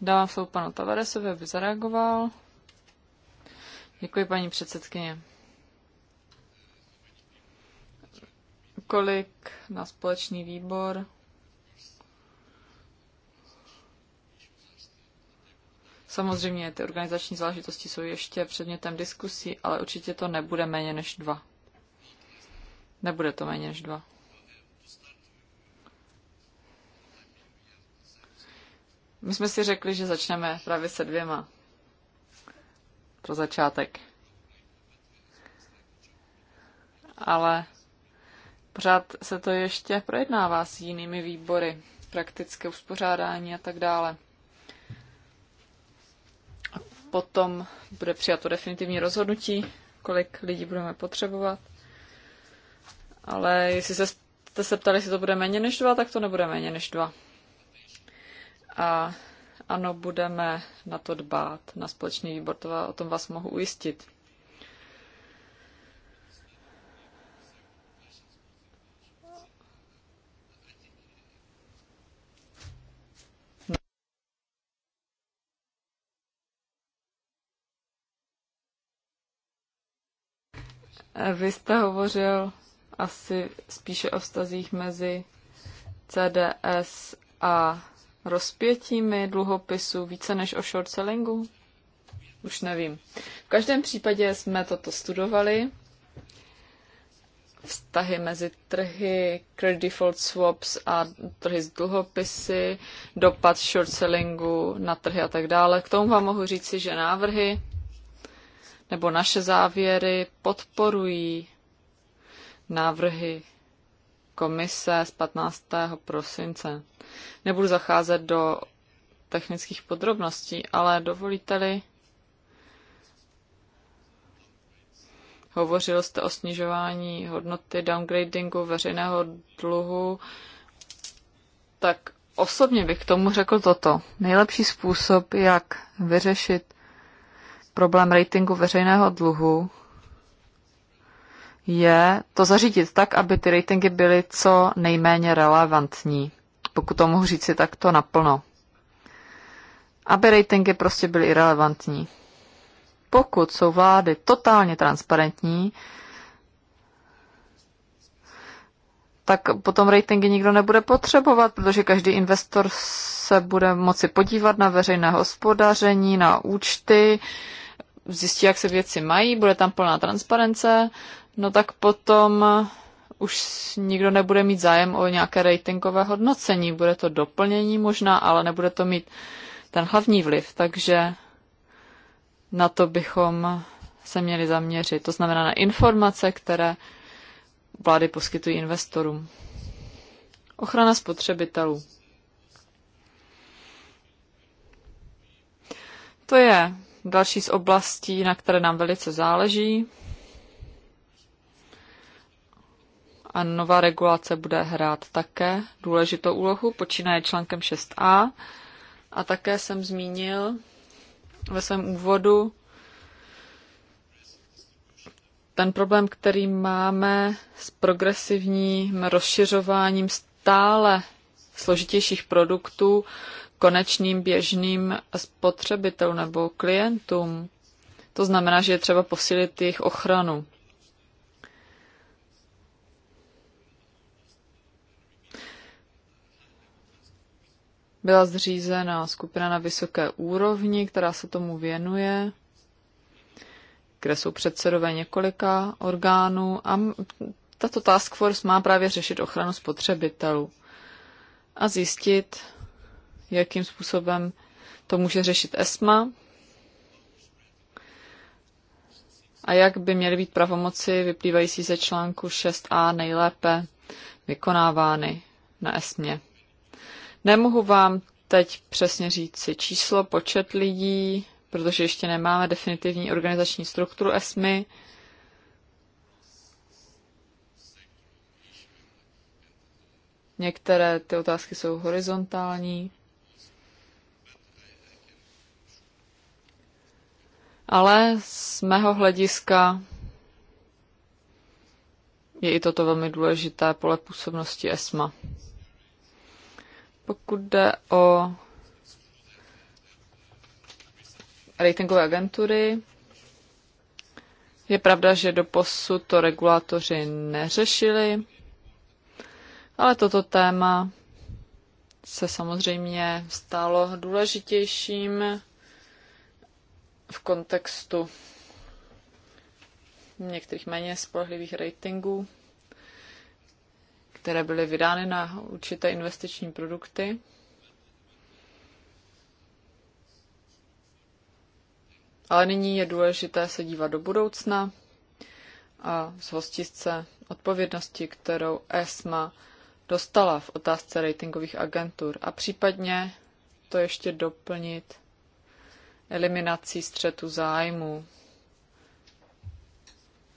Dávám slovo panu Tavaresovi, aby zareagoval. Děkuji, paní předsedkyně. Kolik na společný výbor Samozřejmě ty organizační záležitosti jsou ještě předmětem diskusí, ale určitě to nebude méně než dva. Nebude to méně než dva. My jsme si řekli, že začneme právě se dvěma. Pro začátek. Ale pořád se to ještě projednává s jinými výbory, praktické uspořádání a tak dále potom bude přijato definitivní rozhodnutí, kolik lidí budeme potřebovat. Ale jestli se, jste se ptali, jestli to bude méně než dva, tak to nebude méně než dva. A ano, budeme na to dbát, na společný výbor, to, o tom vás mohu ujistit. Vy jste hovořil asi spíše o vztazích mezi CDS a rozpětími dluhopisů více než o short sellingu? Už nevím. V každém případě jsme toto studovali. Vztahy mezi trhy, credit default swaps a trhy s dluhopisy, dopad short sellingu na trhy a tak dále. K tomu vám mohu říci, že návrhy nebo naše závěry podporují návrhy komise z 15. prosince. Nebudu zacházet do technických podrobností, ale dovolíte-li, hovořil jste o snižování hodnoty downgradingu veřejného dluhu, tak osobně bych k tomu řekl toto. Nejlepší způsob, jak vyřešit problém ratingu veřejného dluhu je to zařídit tak, aby ty ratingy byly co nejméně relevantní, pokud to mohu říct, si takto naplno. Aby ratingy prostě byly irrelevantní. Pokud jsou vlády totálně transparentní, tak potom ratingy nikdo nebude potřebovat, protože každý investor se bude moci podívat na veřejné hospodaření, na účty, zjistí, jak se věci mají, bude tam plná transparence, no tak potom už nikdo nebude mít zájem o nějaké ratingové hodnocení. Bude to doplnění možná, ale nebude to mít ten hlavní vliv, takže na to bychom se měli zaměřit. To znamená na informace, které vlády poskytují investorům. Ochrana spotřebitelů. To je Další z oblastí, na které nám velice záleží, a nová regulace bude hrát také důležitou úlohu, počínaje článkem 6a. A také jsem zmínil ve svém úvodu ten problém, který máme s progresivním rozšiřováním stále složitějších produktů, konečným běžným spotřebitelům nebo klientům. To znamená, že je třeba posílit jejich ochranu. Byla zřízena skupina na vysoké úrovni, která se tomu věnuje, kde jsou předsedové několika orgánů a tato task force má právě řešit ochranu spotřebitelů a zjistit, jakým způsobem to může řešit ESMA a jak by měly být pravomoci vyplývající ze článku 6a nejlépe vykonávány na ESMě. Nemohu vám teď přesně říct si číslo, počet lidí, protože ještě nemáme definitivní organizační strukturu ESMY. Některé ty otázky jsou horizontální. ale z mého hlediska je i toto velmi důležité pole působnosti ESMA. Pokud jde o ratingové agentury, je pravda, že do posud to regulátoři neřešili, ale toto téma se samozřejmě stalo důležitějším v kontextu některých méně spolehlivých ratingů, které byly vydány na určité investiční produkty. Ale nyní je důležité se dívat do budoucna a zhostit se odpovědnosti, kterou ESMA dostala v otázce ratingových agentur a případně to ještě doplnit eliminací střetu zájmu,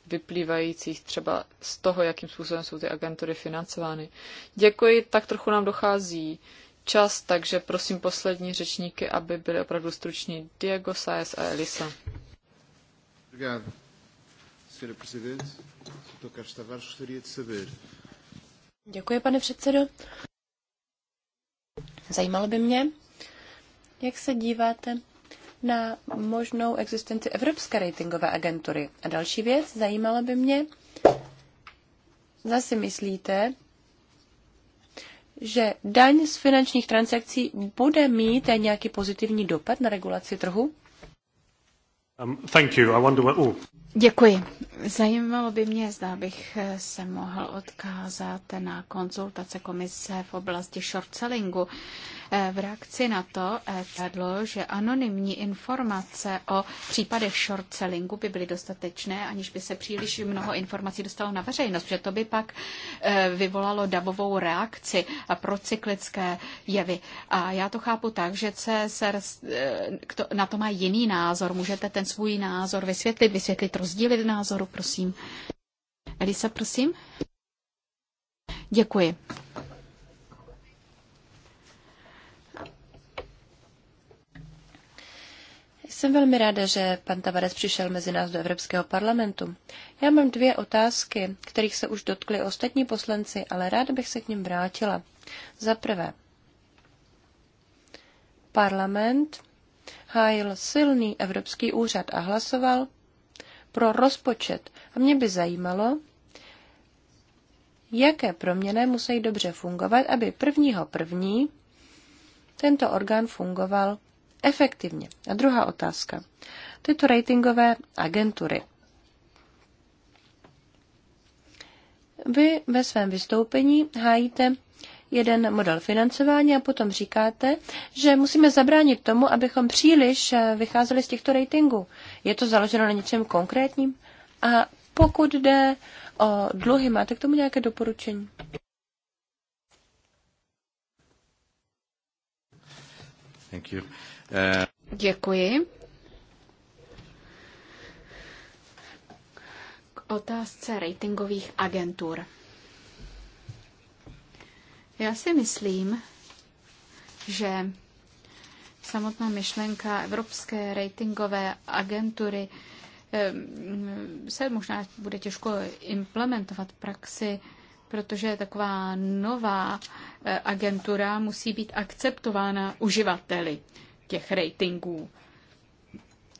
vyplývajících třeba z toho, jakým způsobem jsou ty agentury financovány. Děkuji, tak trochu nám dochází čas, takže prosím poslední řečníky, aby byly opravdu struční. Diego Saez a Elisa. Děkuji, pane předsedo. Zajímalo by mě, jak se díváte na možnou existenci Evropské ratingové agentury. A další věc, zajímalo by mě, zase myslíte, že daň z finančních transakcí bude mít nějaký pozitivní dopad na regulaci trhu? Um, thank you. I wonder what... oh. Děkuji. Zajímalo by mě, zda bych eh, se mohl odkázat na konzultace komise v oblasti short sellingu. Eh, v reakci na to vedlo, eh, že anonymní informace o případech short sellingu by byly dostatečné, aniž by se příliš mnoho informací dostalo na veřejnost, že to by pak eh, vyvolalo davovou reakci a procyklické jevy. A já to chápu tak, že CSR na to má jiný názor. Můžete ten svůj názor vysvětlit, vysvětlit rozdíly v názoru, prosím. Elisa, prosím. Děkuji. Jsem velmi ráda, že pan Tavares přišel mezi nás do Evropského parlamentu. Já mám dvě otázky, kterých se už dotkli ostatní poslanci, ale ráda bych se k ním vrátila. Za prvé, parlament hájil silný evropský úřad a hlasoval pro rozpočet. A mě by zajímalo, jaké proměny musí dobře fungovat, aby prvního první tento orgán fungoval efektivně. A druhá otázka. Tyto ratingové agentury. Vy ve svém vystoupení hájíte jeden model financování a potom říkáte, že musíme zabránit tomu, abychom příliš eh, vycházeli z těchto ratingů. Je to založeno na něčem konkrétním? A pokud jde o dluhy, máte k tomu nějaké doporučení? Thank you. Děkuji. K otázce ratingových agentur. Já si myslím, že samotná myšlenka Evropské ratingové agentury se možná bude těžko implementovat v praxi, protože taková nová eh, agentura musí být akceptována uživateli těch ratingů.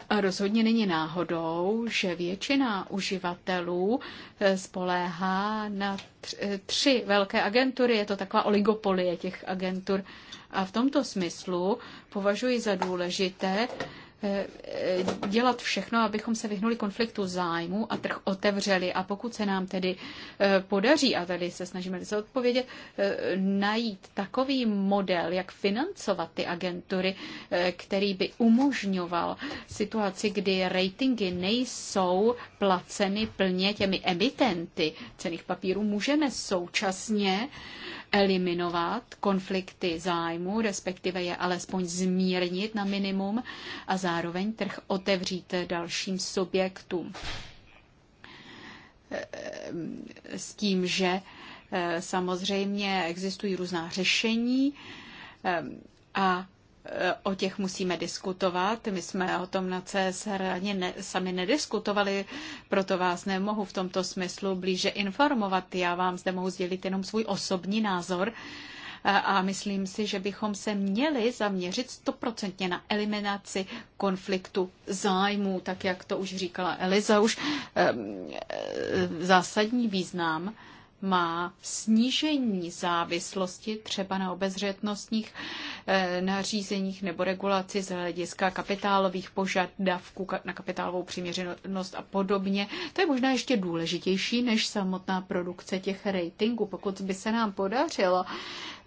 A rozhodně není náhodou, že většina uživatelů eh, spoléhá na eh, tři velké agentury. Je to taková oligopolie těch agentur. A v tomto smyslu považuji za důležité Eh, eh, dělat všechno, abychom se vyhnuli konfliktu zájmu a trh otevřeli. A pokud se nám tedy eh, podaří, a tady se snažíme se odpovědět, najít takový model, jak financovat ty agentury, který by umožňoval situaci, kdy ratingy nejsou placeny plně těmi emitenty cených papírů, můžeme současně eliminovat konflikty zájmu, respektive je alespoň zmírnit na minimum a zároveň trh otevřít dalším subjektům. S tím, že eh, samozřejmě existují různá řešení eh, a Eh, o těch musíme diskutovat. My jsme o tom na CSR ani ne, sami nediskutovali, proto vás nemohu v tomto smyslu blíže informovat. Já vám zde mohu sdělit jenom svůj osobní názor eh, a myslím si, že bychom se měli zaměřit stoprocentně na eliminaci konfliktu zájmů, tak jak to už říkala Eliza, už eh, zásadní význam má snížení závislosti třeba na obezřetnostních eh, nařízeních nebo regulaci z hlediska kapitálových požadavků na kapitálovou přiměřenost a podobně. To je možná ještě důležitější než samotná produkce těch ratingů. Pokud by se nám podařilo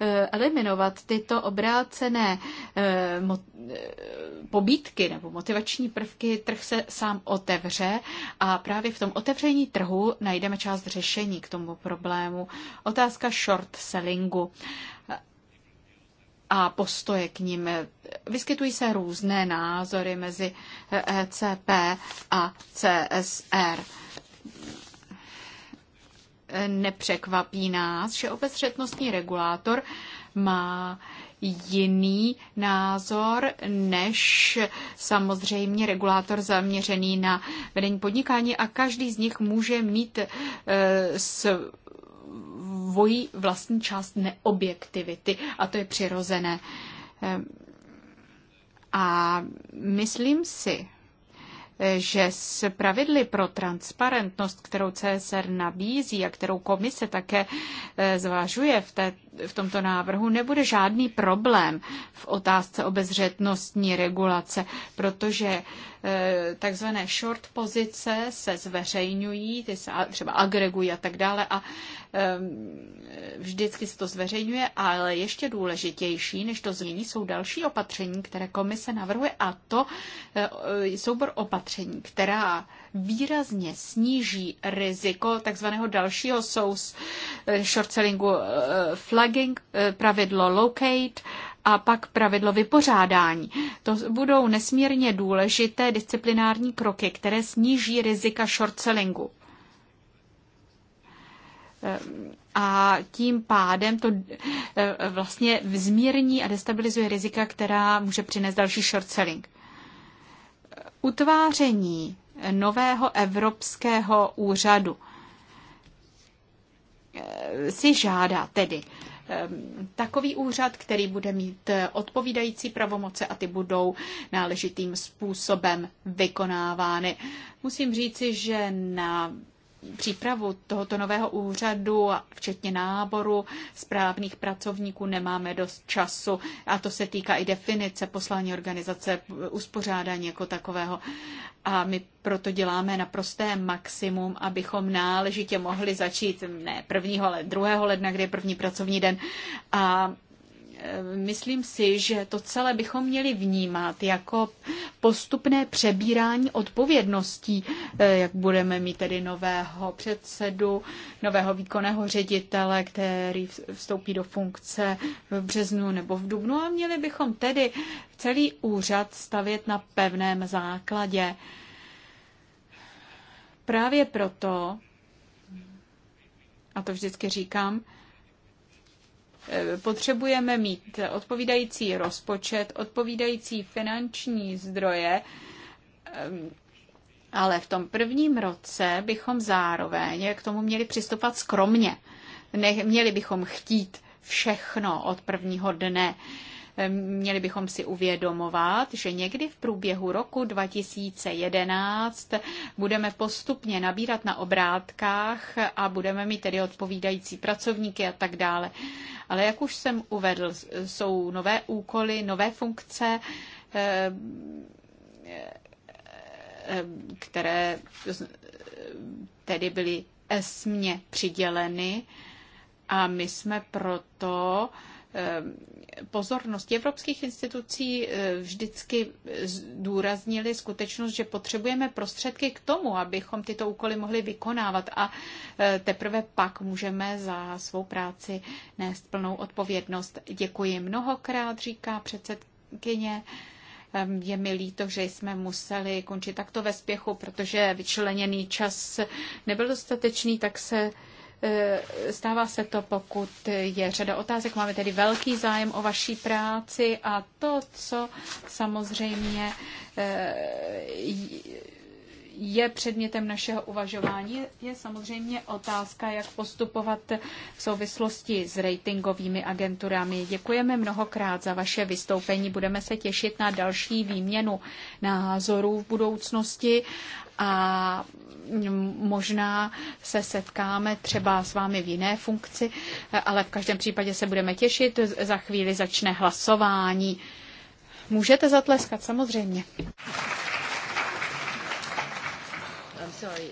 Eh, eliminovat tyto obrácené eh, eh, pobídky nebo motivační prvky, trh se sám otevře a právě v tom otevření trhu najdeme část řešení k tomu problému. Otázka short sellingu a postoje k ním. Vyskytují se různé názory mezi ECP e a CSR nepřekvapí nás, že obezřetnostní regulátor má jiný názor než samozřejmě regulátor zaměřený na vedení podnikání a každý z nich může mít e, svoji vlastní část neobjektivity a to je přirozené. E, a myslím si, že s pravidly pro transparentnost, kterou CSR nabízí a kterou komise také eh, zvažuje v, té, v tomto návrhu, nebude žádný problém v otázce obezřetnostní regulace, protože eh, takzvané short pozice se zveřejňují, ty se třeba agregují a tak dále a eh, vždycky se to zveřejňuje, ale ještě důležitější, než to změní, jsou další opatření, které komise navrhuje a to soubor opatření, opatření, která výrazně sníží riziko takzvaného dalšího sous eh, short sellingu eh, flagging, eh, pravidlo locate a pak pravidlo vypořádání. To budou nesmírně důležité disciplinární kroky, které sníží rizika short sellingu. A tím pádem to vlastně vzmírní a destabilizuje rizika, která může přinést další short selling. Utváření nového evropského úřadu e, si žádá tedy e, takový úřad, který bude mít odpovídající pravomoce a ty budou náležitým způsobem vykonávány. Musím říci, že na přípravu tohoto nového úřadu, včetně náboru správných pracovníků, nemáme dost času. A to se týká i definice poslání organizace, uspořádání jako takového. A my proto děláme naprosté maximum, abychom náležitě mohli začít ne 1. ale 2. ledna, kde je první pracovní den, a myslím si, že to celé bychom měli vnímat jako postupné přebírání odpovědností, eh, jak budeme mít tedy nového předsedu, nového výkonného ředitele, který vstoupí do funkce v březnu nebo v dubnu a měli bychom tedy celý úřad stavět na pevném základě. Právě proto, a to vždycky říkám, Eh, potřebujeme mít odpovídající rozpočet, odpovídající finanční zdroje, eh, ale v tom prvním roce bychom zároveň k tomu měli přistupovat skromně. Měli bychom chtít všechno od prvního dne. Měli bychom si uvědomovat, že někdy v průběhu roku 2011 budeme postupně nabírat na obrátkách a budeme mít tedy odpovídající pracovníky a tak dále. Ale jak už jsem uvedl, jsou nové úkoly, nové funkce, které tedy byly esmě přiděleny a my jsme proto uh, Eh, pozornosti evropských institucí eh, vždycky zdůraznili skutečnost, že potřebujeme prostředky k tomu, abychom tyto úkoly mohli vykonávat a eh, teprve pak můžeme za svou práci nést plnou odpovědnost. Děkuji mnohokrát, říká předsedkyně. Je mi líto, že jsme museli končit takto ve spěchu, protože vyčleněný čas nebyl dostatečný, tak se Eh, stává se to, pokud je řada otázek. Máme tedy velký zájem o vaší práci a to, co samozřejmě eh, je předmětem našeho uvažování, je samozřejmě otázka, jak postupovat v souvislosti s ratingovými agenturami. Děkujeme mnohokrát za vaše vystoupení. Budeme se těšit na další výměnu názorů v budoucnosti a možná se setkáme třeba s vámi v jiné funkci, ale v každém případě se budeme těšit. Za chvíli začne hlasování. Můžete zatleskat, samozřejmě. I'm sorry.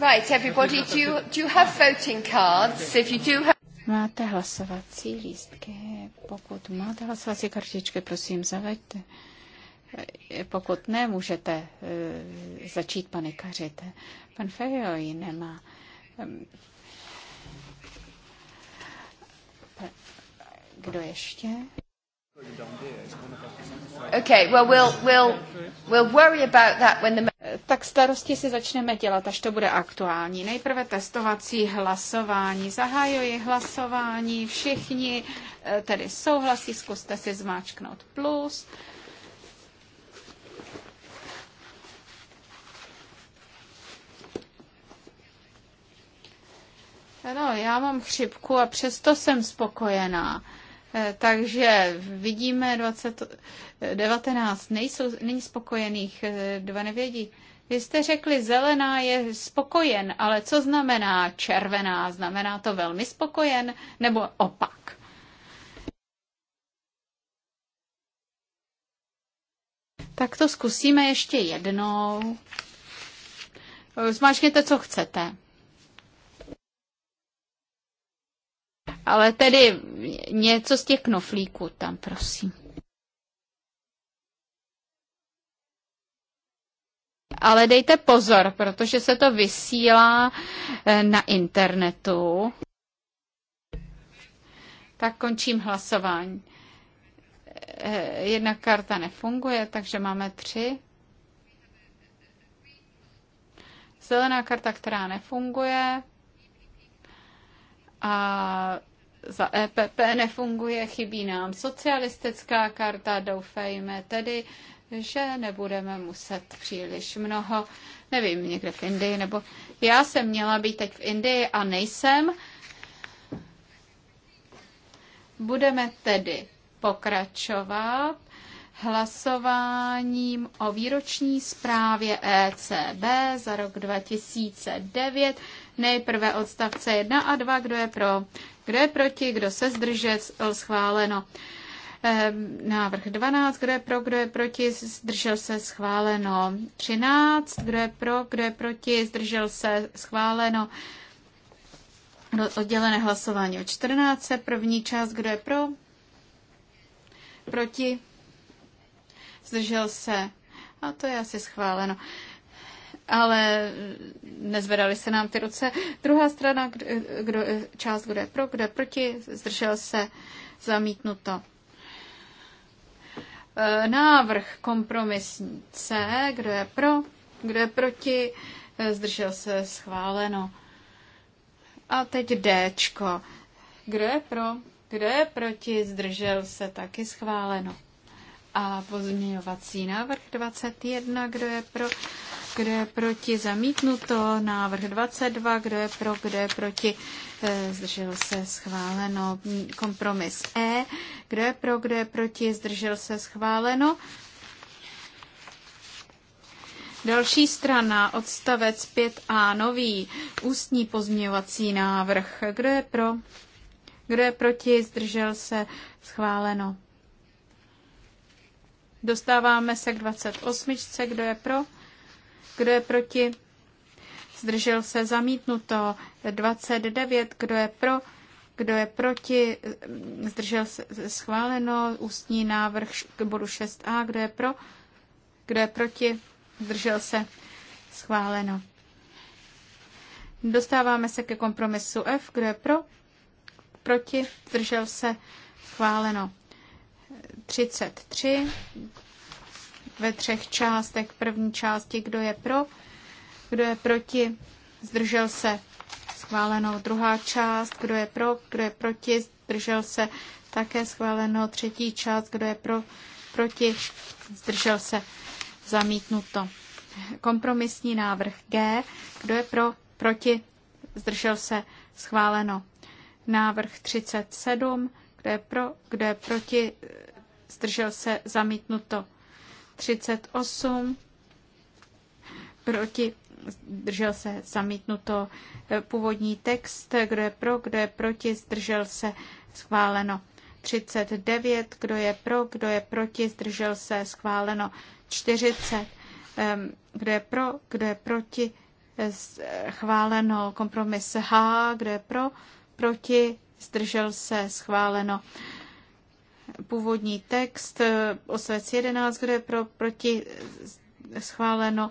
Right, everybody, do you, do you have voting cards? If you do have... Máte hlasovací lístky. Pokud máte hlasovací kartičky, prosím, zaveďte. Eh, Pokud ne, můžete uh, začít panikařit. Pan Fejo ji nemá. Ehm, Kdo ještě? Okay, well, we'll, we'll, we'll worry about that when the tak starosti si začneme dělat, až to bude aktuální. Nejprve testovací hlasování. Zahajuji hlasování, všichni eh, tedy souhlasí, zkuste si zmáčknout plus. No, já mám chřipku a přesto jsem spokojená. Eh, takže vidíme 20, 19 nejsou, není spokojených, eh, dva nevědí. Vy jste řekli, zelená je spokojen, ale co znamená červená? Znamená to velmi spokojen nebo opak? Tak to zkusíme ještě jednou. Zmáčkněte, co chcete. Ale tedy něco z těch knoflíků tam, prosím. ale dejte pozor, protože se to vysílá eh, na internetu. Tak končím hlasování. Eh, jedna karta nefunguje, takže máme tři. Zelená karta, která nefunguje. A za EPP nefunguje, chybí nám socialistická karta, doufejme tedy, že nebudeme muset příliš mnoho, nevím, někde v Indii, nebo já jsem měla být teď v Indii a nejsem. Budeme tedy pokračovat hlasováním o výroční zprávě ECB za rok 2009. Nejprve odstavce 1 a 2, kdo je pro, kdo je proti, kdo se zdržel, schváleno. Ehm, návrh 12, kdo je pro, kdo je proti, zdržel se schváleno. 13, kdo je pro, kdo je proti, zdržel se schváleno. Oddělené hlasování o 14. První část, kdo je pro, proti, zdržel se. A to je asi schváleno ale nezvedaly se nám ty ruce. Druhá strana, kdo, kdo, část, kdo je pro, kdo je proti, zdržel se, zamítnuto. Eh, návrh kompromisní C, kdo je pro, kdo je proti, eh, zdržel se schváleno. A teď D. Kdo je pro, kdo je proti, zdržel se taky schváleno. A pozměňovací návrh 21, kdo je pro, kdo je proti, zamítnuto. Návrh 22, kdo je pro, kdo je proti, eh, zdržel se, schváleno. Kompromis E, kdo je pro, kdo je proti, zdržel se, schváleno. Další strana, odstavec 5a, nový ústní pozměňovací návrh. Kdo je pro? Kdo je proti? Zdržel se? Schváleno. Dostáváme se k 28. Kdo je pro? Kdo je proti? Zdržel se zamítnuto. 29. Kdo je pro? Kdo je proti? Zdržel se schváleno. Ústní návrh k bodu 6a. Kdo je pro? Kdo je proti? Zdržel se schváleno. Dostáváme se ke kompromisu F. Kdo je pro? Proti? Zdržel se schváleno. 33 ve třech částech. První části, kdo je pro, kdo je proti, zdržel se, schváleno. Druhá část, kdo je pro, kdo je proti, zdržel se, také schváleno. Třetí část, kdo je pro, proti, zdržel se, zamítnuto. Kompromisní návrh G, kdo je pro, proti, zdržel se, schváleno. Návrh 37, kdo je pro, kdo je proti, zdržel se, zamítnuto. 38 proti, zdržel se zamítnuto původní text, kdo je pro, kdo je proti, zdržel se schváleno 39, kdo je pro, kdo je proti, zdržel se schváleno 40, kdo je pro, kdo je proti, schváleno kompromis H, kdo je pro, proti, zdržel se schváleno Původní text, osvěc 11, kde je pro, proti, schváleno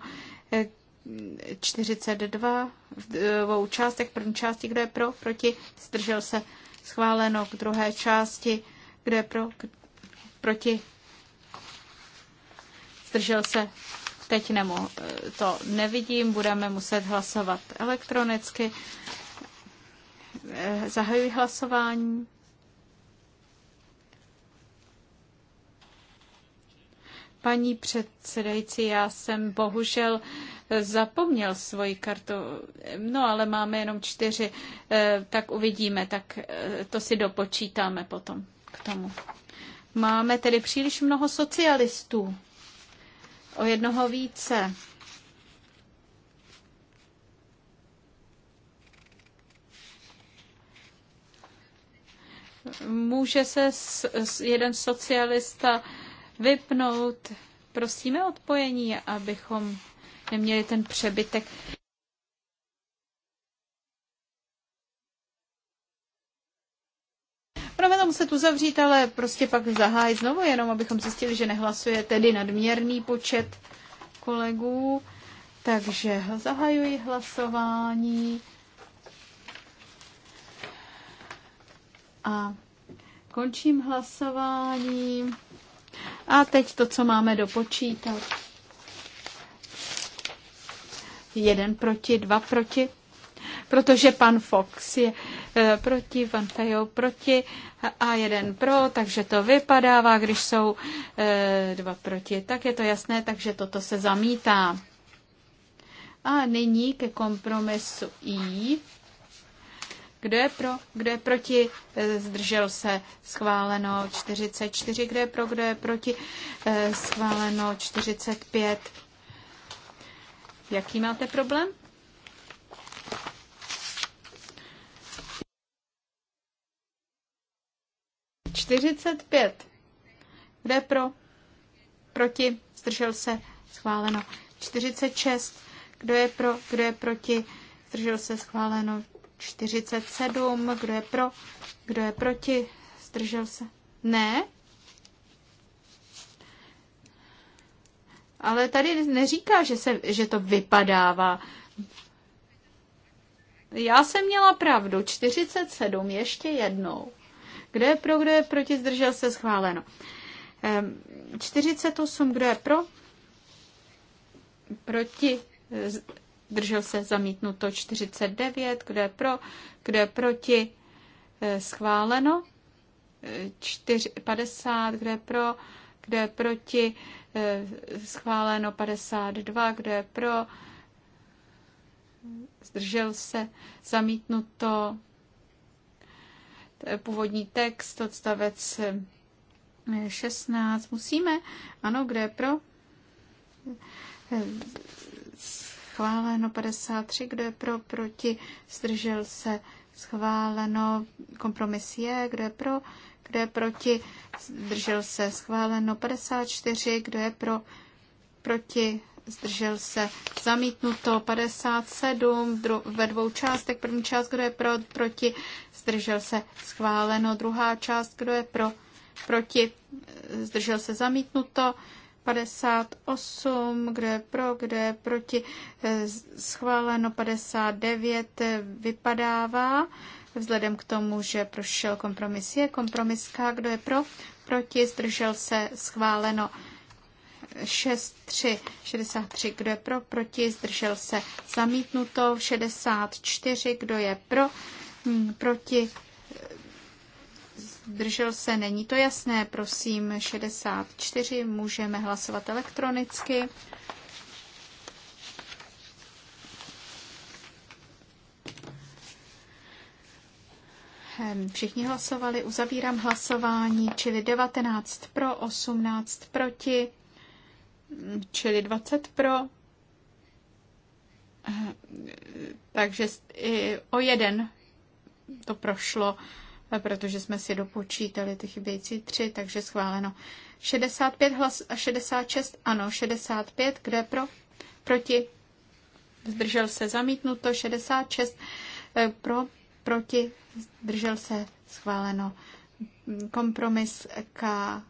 42 eh, v dvou eh, částech. První části, kde je pro, proti, zdržel se, schváleno k druhé části, kde je pro, k, proti, zdržel se, teď nemo, eh, to nevidím, budeme muset hlasovat elektronicky. Zahajuji hlasování. Paní předsedající, já jsem bohužel zapomněl svoji kartu. No, ale máme jenom čtyři, eh, tak uvidíme, tak eh, to si dopočítáme potom k tomu. Máme tedy příliš mnoho socialistů. O jednoho více. Může se jeden socialista vypnout. Prosíme odpojení, abychom neměli ten přebytek. Budeme to muset uzavřít, ale prostě pak zahájit znovu, jenom abychom zjistili, že nehlasuje tedy nadměrný počet kolegů. Takže zahajuji hlasování. A končím hlasování. A teď to, co máme dopočítat. Jeden proti, dva proti. Protože pan Fox je e, proti, pan Fejo proti a jeden pro, takže to vypadává, když jsou e, dva proti. Tak je to jasné, takže toto se zamítá. A nyní ke kompromisu I. Kdo je pro, kdo je proti, e, zdržel se, schváleno 44, kdo je pro, kdo je proti, e, schváleno 45. Jaký máte problém? Čtyřicet pět. Kdo je pro? Proti? Zdržel se? Schváleno. šest. Kdo je pro? Kdo je proti? Zdržel se? Schváleno. 47. Kdo je pro? Kdo je proti? Zdržel se? Ne? Ale tady neříká, že, se, že to vypadává. Já jsem měla pravdu. 47 ještě jednou. Kdo je pro, kdo je proti, zdržel se schváleno. 48, ehm, kdo je pro, proti, Držel se zamítnuto 49. Kdo je pro? Kdo je proti? Eh, schváleno. 4, eh, 50. Kdo je pro? Kdo je proti? Eh, schváleno 52. Kdo je pro? Zdržel se zamítnuto původní text, odstavec 16. Musíme, ano, kde je pro? schváleno 53, kdo je pro, proti, zdržel se, schváleno kompromis je, kdo je pro, kdo je proti, zdržel se, schváleno 54, kdo je pro, proti, zdržel se, zamítnuto 57 dru- ve dvou částech, první část, kdo je pro, proti, zdržel se, schváleno, druhá část, kdo je pro, proti, zdržel se, zamítnuto, 58, kdo je pro, kdo je proti, eh, schváleno 59 eh, vypadává, vzhledem k tomu, že prošel kompromis je kompromiska, kdo je pro, proti, zdržel se, schváleno 6, 3, 63, kdo je pro, proti, zdržel se, zamítnuto 64, kdo je pro, hm, proti, zdržel se, není to jasné, prosím, 64, můžeme hlasovat elektronicky. Ehm, všichni hlasovali, uzavírám hlasování, čili 19 pro, 18 proti, ehm, čili 20 pro. Ehm, takže o jeden to prošlo protože jsme si dopočítali ty chybějící tři, takže schváleno. 65 hlas a 66, ano, 65, kde pro? Proti? Zdržel se zamítnuto, 66 eh, pro, proti, zdržel se schváleno. Kompromis K eh,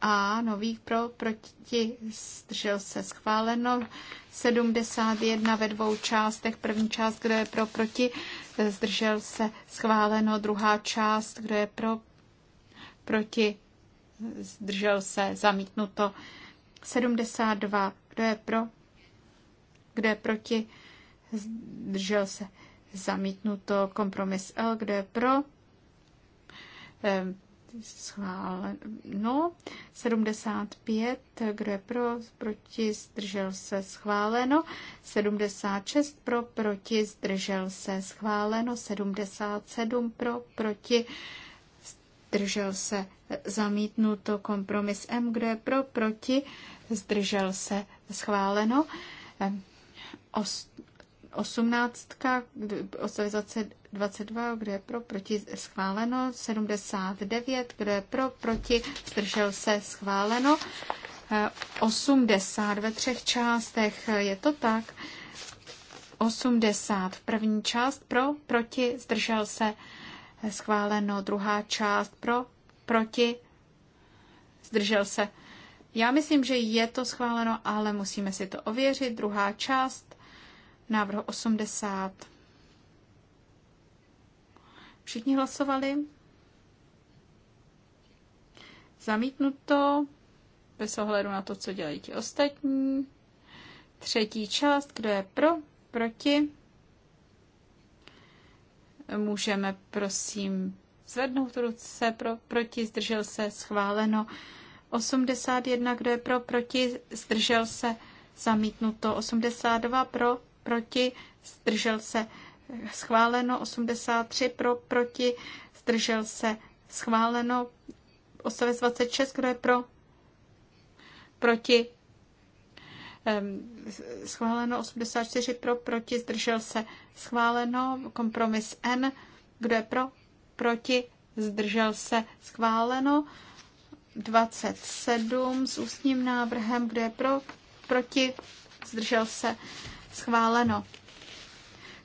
a nový pro, proti, zdržel se schváleno. 71 ve dvou částech, první část, kde je pro, proti, zdržel se, schváleno. Druhá část, kdo je pro, proti, zdržel se, zamítnuto. 72, kdo je pro, kdo je proti, zdržel se, zamítnuto. Kompromis L, kdo je pro, schváleno. No, 75, kdo je pro, proti, zdržel se, schváleno. 76 pro, proti, zdržel se, schváleno. 77 pro, proti, zdržel se, zamítnuto. Kompromis M, kdo je pro, proti, zdržel se, schváleno. Osmnáctka, ostalizace 22, kde je pro, proti, schváleno. 79, kde je pro, proti, zdržel se, schváleno. 80 eh, ve třech částech, eh, je to tak. 80 první část pro, proti, zdržel se, eh, schváleno. Druhá část pro, proti, zdržel se. Já myslím, že je to schváleno, ale musíme si to ověřit. Druhá část návrhu 80. Všichni hlasovali? Zamítnuto, bez ohledu na to, co dělají ti ostatní. Třetí část, kdo je pro, proti. Můžeme, prosím, zvednout ruce pro, proti, zdržel se, schváleno. 81, kdo je pro, proti, zdržel se, zamítnuto. 82 pro, proti, zdržel se schváleno, 83 pro, proti, zdržel se schváleno, odstavec 26, kdo je pro, proti, schváleno 84 pro, proti, zdržel se schváleno, kompromis N, kdo je pro, proti, zdržel se schváleno, 27 s ústním návrhem, kdo je pro, proti, zdržel se Schváleno.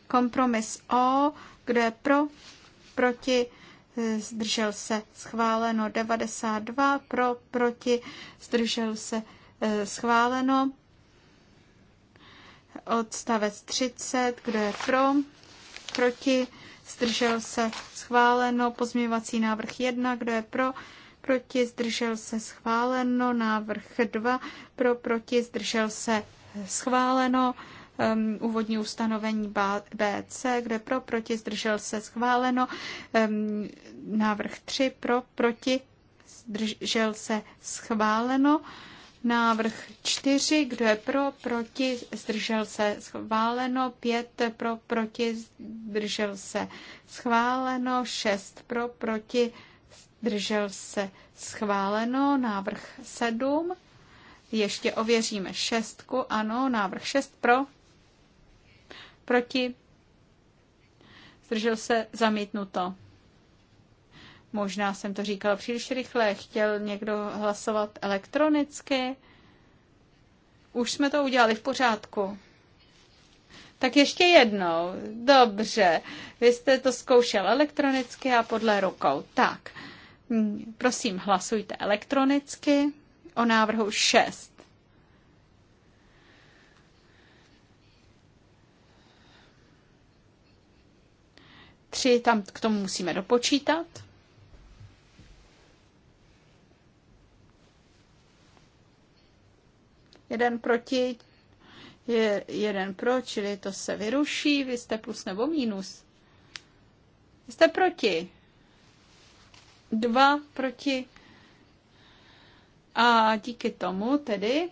Kompromis O. Kdo je pro? Proti? Zdržel se. Schváleno. 92. Pro? Proti? Zdržel se. Schváleno. Odstavec 30. Kdo je pro? Proti? Zdržel se. Schváleno. Pozměňovací návrh 1. Kdo je pro? proti, zdržel se schváleno, návrh 2 pro, proti, zdržel se schváleno, um, úvodní ustanovení BC, kde pro, proti, zdržel se schváleno, um, návrh 3 pro, proti, zdržel se schváleno, návrh 4, kdo je pro, proti, zdržel se schváleno, 5 pro, proti, zdržel se schváleno, 6 pro, proti, zdržel se schváleno, návrh 7, ještě ověříme šestku, ano, návrh 6 pro, Proti? Zdržel se zamítnuto. Možná jsem to říkala příliš rychle. Chtěl někdo hlasovat elektronicky? Už jsme to udělali v pořádku. Tak ještě jednou. Dobře. Vy jste to zkoušel elektronicky a podle rukou. Tak. Prosím, hlasujte elektronicky o návrhu 6. 3 tam k tomu musíme dopočítat. Jeden proti, je jeden pro, čili to se vyruší. Vy jste plus nebo mínus. Vy jste proti. Dva proti. A díky tomu tedy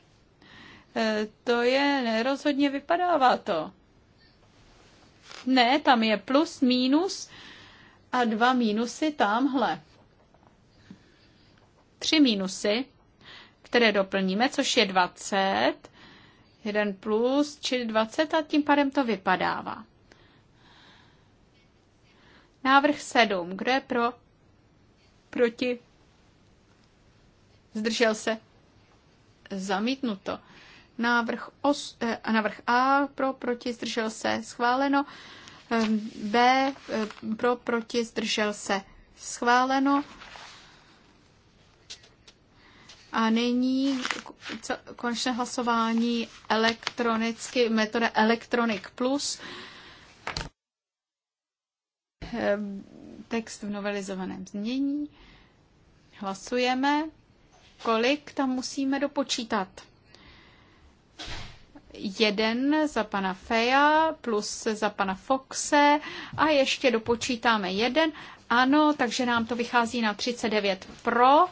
eh, to je, nerozhodně vypadává to. Ne, tam je plus, mínus a dva mínusy tamhle. Tři mínusy, které doplníme, což je 20, jeden plus, čili 20 a tím pádem to vypadává. Návrh 7. Kdo je pro? Proti? Zdržel se? Zamítnuto. Návrh, os, eh, návrh A pro, proti, zdržel se, schváleno. B eh, pro, proti, zdržel se, schváleno. A nyní konečné hlasování elektronicky, metoda Electronic Plus. Text v novelizovaném znění. Hlasujeme. Kolik tam musíme dopočítat? jeden za pana Feja plus za pana Foxe a ještě dopočítáme jeden. Ano, takže nám to vychází na 39 pro.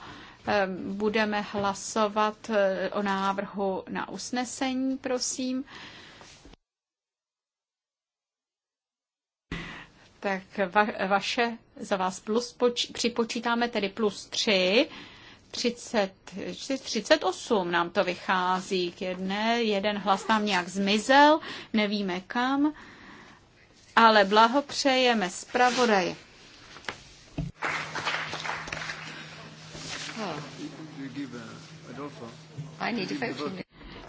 Eh, budeme hlasovat eh, o návrhu na usnesení, prosím. Tak va, vaše za vás plus poč, připočítáme tedy plus 3 30, 38 nám to vychází k jedné, jeden hlas nám nějak zmizel, nevíme kam, ale blahopřejeme zpravodaji.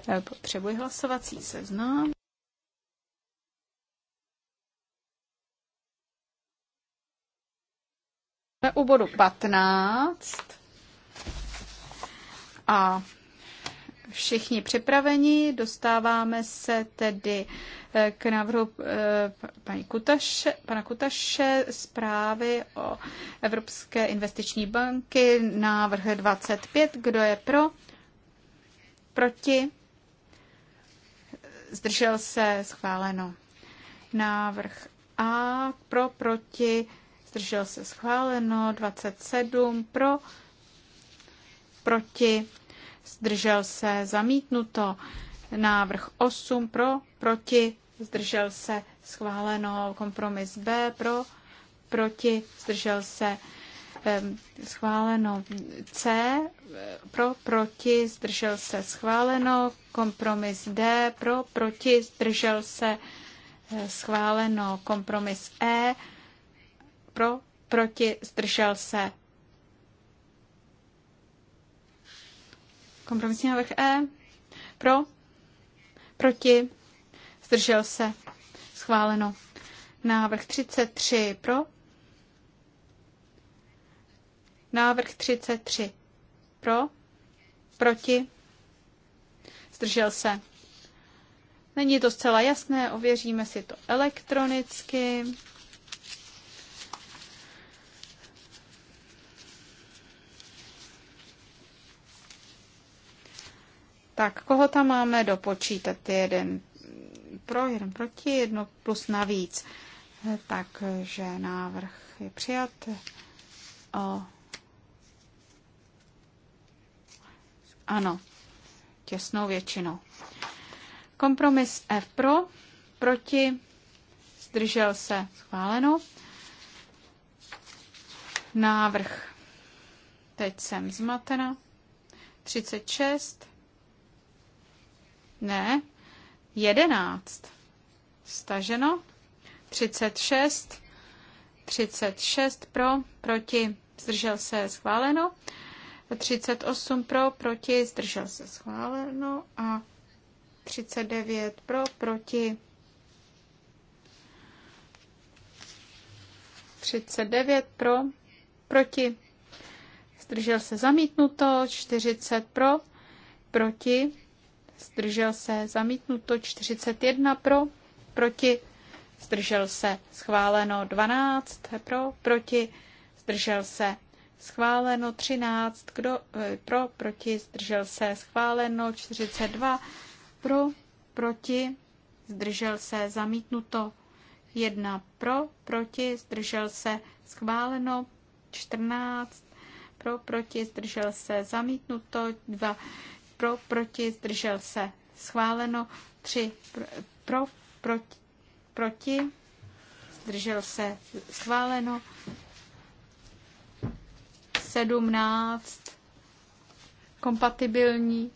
Eh, potřebuji hlasovací seznam. U bodu 15 a všichni připraveni, dostáváme se tedy eh, k návrhu eh, paní Kutaše, pana Kutaše zprávy o Evropské investiční banky, návrh 25. Kdo je pro? Proti? Zdržel se? Schváleno. Návrh A pro, proti, zdržel se schváleno, 27 pro, proti, zdržel se, zamítnuto. Návrh 8 pro, proti, zdržel se, schváleno. Kompromis B pro, proti, zdržel se, schváleno. C eh, pro, proti, zdržel se, schváleno. Kompromis D pro, proti, zdržel se, eh, schváleno. Kompromis E pro, proti, zdržel se, Kompromisní návrh E. Pro. Proti. Zdržel se. Schváleno. Návrh 33 pro. Návrh 33 pro. Proti. Zdržel se. Není to zcela jasné, ověříme si to elektronicky. Tak, koho tam máme dopočítat? Jeden pro, jeden proti, jedno plus navíc. Takže návrh je přijat. O. Ano, těsnou většinou. Kompromis F pro, proti, zdržel se, schváleno. Návrh, teď jsem zmatena, 36, ne. 11. Staženo. 36. 36 pro, proti, zdržel se, schváleno. 38 pro, proti, zdržel se, schváleno. A 39 pro, proti, 39 pro, proti, zdržel se zamítnuto, 40 pro, proti, zdržel se, zamítnuto 41 pro, proti, zdržel se, schváleno 12 pro, proti, zdržel se, schváleno 13 kdo, eh, pro, proti, zdržel se, schváleno 42 pro, proti, zdržel se, zamítnuto 1 pro, proti, zdržel se, schváleno 14 pro, proti, zdržel se, zamítnuto 2 pro, proti, zdržel se. Schváleno 3 pro, proti, proti, zdržel se. Schváleno 17 kompatibilní.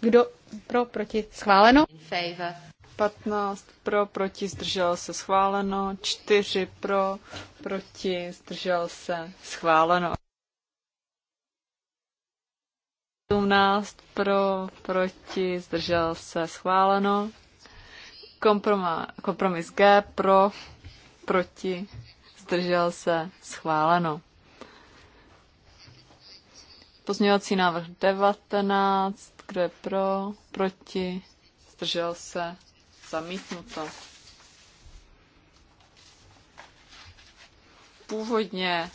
Kdo pro, proti, schváleno? 15 pro, proti, zdržel se, schváleno. 4 pro, proti, zdržel se, schváleno. 17, pro, proti, zdržel se schváleno. Kompromis, kompromis G pro, proti, zdržel se schváleno. Pozměňovací návrh 19, kdo je pro, proti, zdržel se zamítnuto. Původně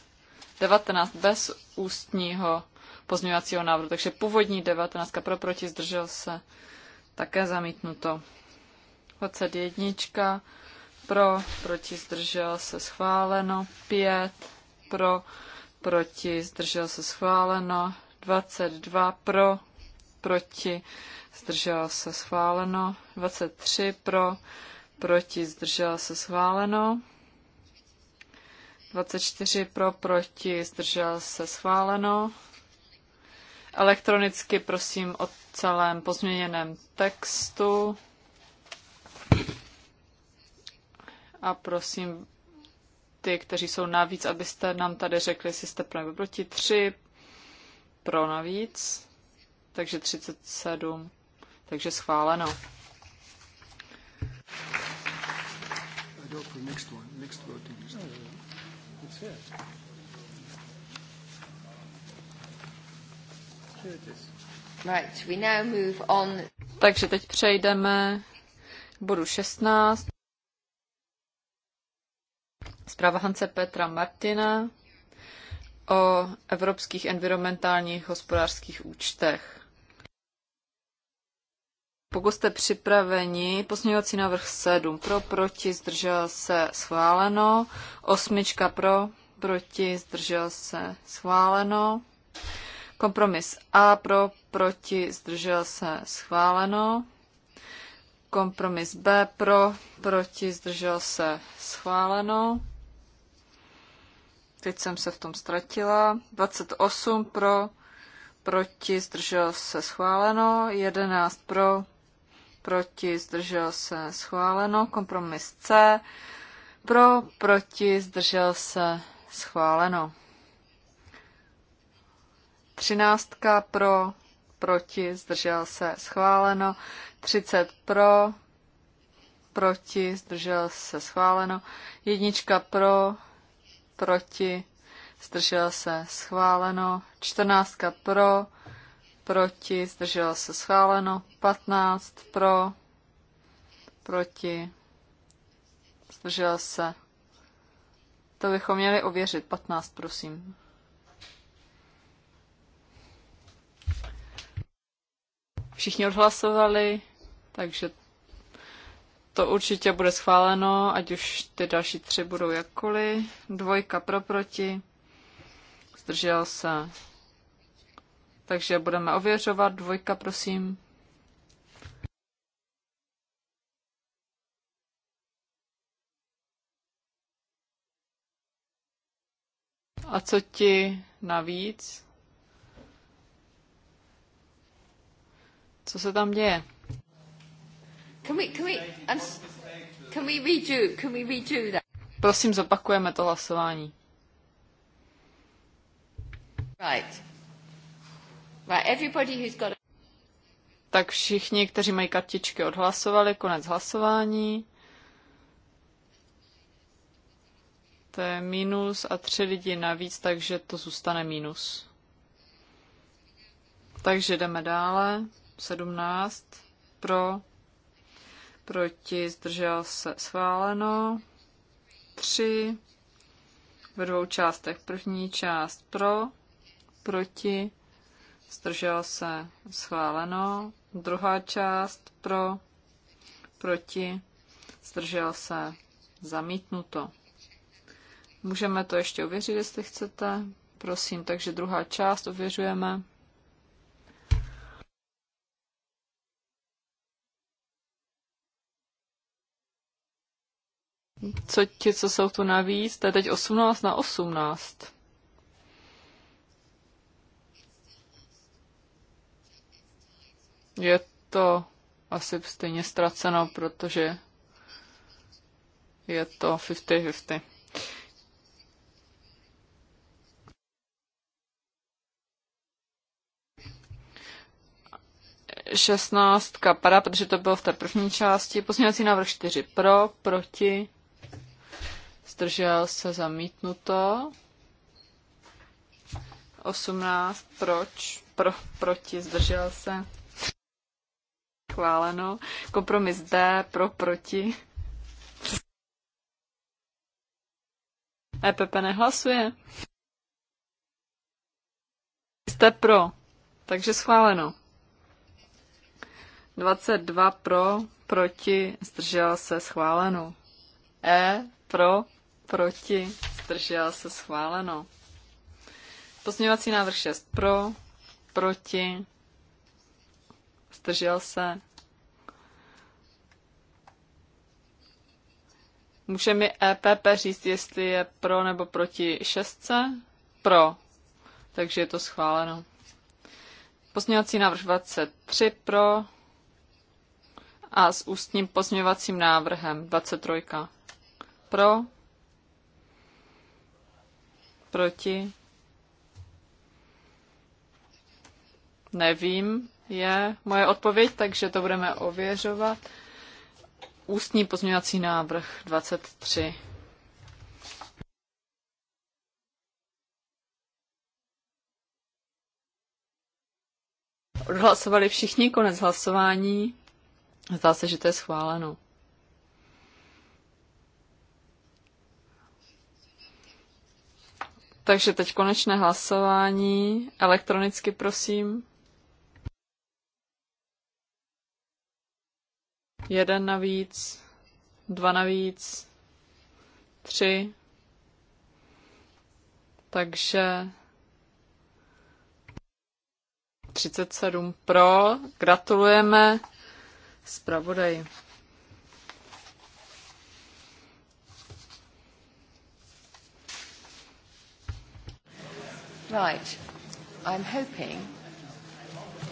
19 bez ústního pozměňovacího návrhu. Takže původní 19 pro, proti, zdržel se, také zamítnuto. 21 pro, proti, zdržel se, schváleno. 5 pro, proti, zdržel se, schváleno. 22 pro, proti, zdržel se, schváleno. 23 pro, proti, zdržel se, schváleno. 24 pro, proti, zdržel se, schváleno. Elektronicky prosím o celém pozměněném textu. A prosím ty, kteří jsou navíc, abyste nám tady řekli, jestli jste pro nebo proti. Tři pro navíc, takže 37, takže schváleno. Next one, next voting. Right, we now move on. Takže teď přejdeme k bodu 16. Zpráva Hance Petra Martina o evropských environmentálních hospodářských účtech. Pokud jste připraveni, posměvací návrh 7 pro, proti, zdržel se, schváleno. Osmička pro, proti, zdržel se, schváleno. Kompromis A pro, proti, zdržel se, schváleno. Kompromis B pro, proti, zdržel se, schváleno. Teď jsem se v tom ztratila. 28 pro, proti, zdržel se, schváleno. 11 pro, proti, zdržel se, schváleno. Kompromis C pro, proti, zdržel se, schváleno. 13 pro, proti, zdržel se, schváleno. 30 pro, proti, zdržel se, schváleno. Jednička pro, proti, zdržel se, schváleno. 14 pro, proti, zdržel se, schváleno. 15 pro, proti, zdržel se. To bychom měli ověřit. 15, prosím. Všichni odhlasovali, takže to určitě bude schváleno, ať už ty další tři budou jakkoliv. Dvojka pro proti. Zdržel se. Takže budeme ověřovat. Dvojka, prosím. A co ti navíc? Co se tam děje? Can we, can we, can we redo, can we redo that? Prosím, zopakujeme to hlasování. Right. Right, everybody who's got a... Tak všichni, kteří mají kartičky, odhlasovali, konec hlasování. To je minus a tři lidi navíc, takže to zůstane minus. Takže jdeme dále. 17 pro, proti, zdržel se schváleno, 3 ve dvou částech. První část pro, proti, zdržel se schváleno, druhá část pro, proti, zdržel se zamítnuto. Můžeme to ještě ověřit, jestli chcete. Prosím, takže druhá část ověřujeme. co ti, co jsou tu navíc, to je teď 18 na 18. Je to asi stejně ztraceno, protože je to 50-50. Šestnáctka padá, protože to bylo v té první části. Pozměňovací návrh čtyři pro, proti, zdržel se zamítnuto. 18, proč, pro, proti, zdržel se, schváleno. Kompromis D, pro, proti. EPP nehlasuje. Jste pro, takže schváleno. 22 pro, proti, zdržel se, schváleno. E, pro, proti, zdržel se schváleno. Pozměňovací návrh 6 pro, proti, zdržel se. Může mi EPP říct, jestli je pro nebo proti šestce? Pro. Takže je to schváleno. Pozměňovací návrh 23 pro a s ústním pozměňovacím návrhem 23 pro Proti? Nevím, je moje odpověď, takže to budeme ověřovat. Ústní pozměňovací návrh 23. Odhlasovali všichni konec hlasování. Zdá se, že to je schváleno. Takže teď konečné hlasování. Elektronicky prosím. Jeden navíc, dva navíc, tři. Takže 37 pro. Gratulujeme zpravodaji. Right. I'm hoping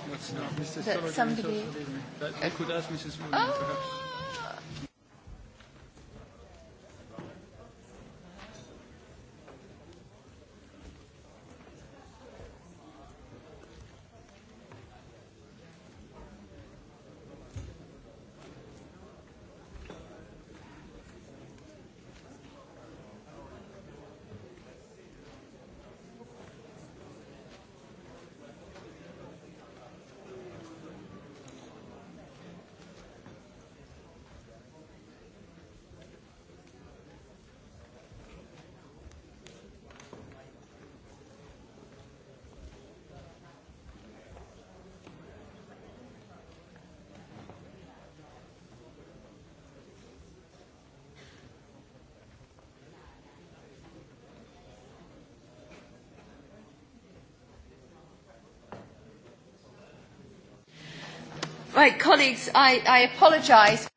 that somebody... That uh, could ask Mrs. Woodman, perhaps. colleagues, I, I apologize.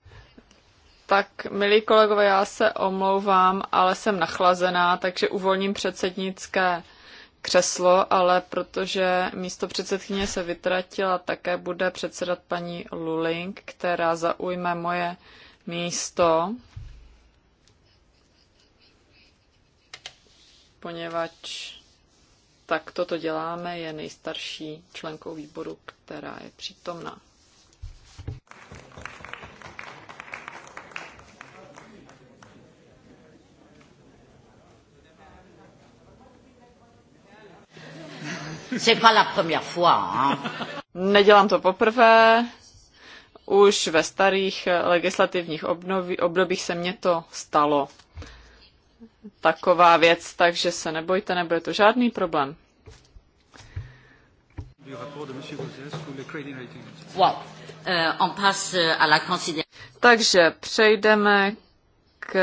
Tak, milí kolegové, já se omlouvám, ale jsem nachlazená, takže uvolním předsednické křeslo, ale protože místo předsedkyně se vytratila, také bude předsedat paní Luling, která zaujme moje místo, poněvadž tak toto děláme, je nejstarší členkou výboru, která je přítomná. C'est pas la première fois, hein? Nedělám to poprvé. Už ve starých legislativních obnoví, obdobích se mě to stalo. Taková věc, takže se nebojte, nebude to žádný problém. Euh, takže přejdeme k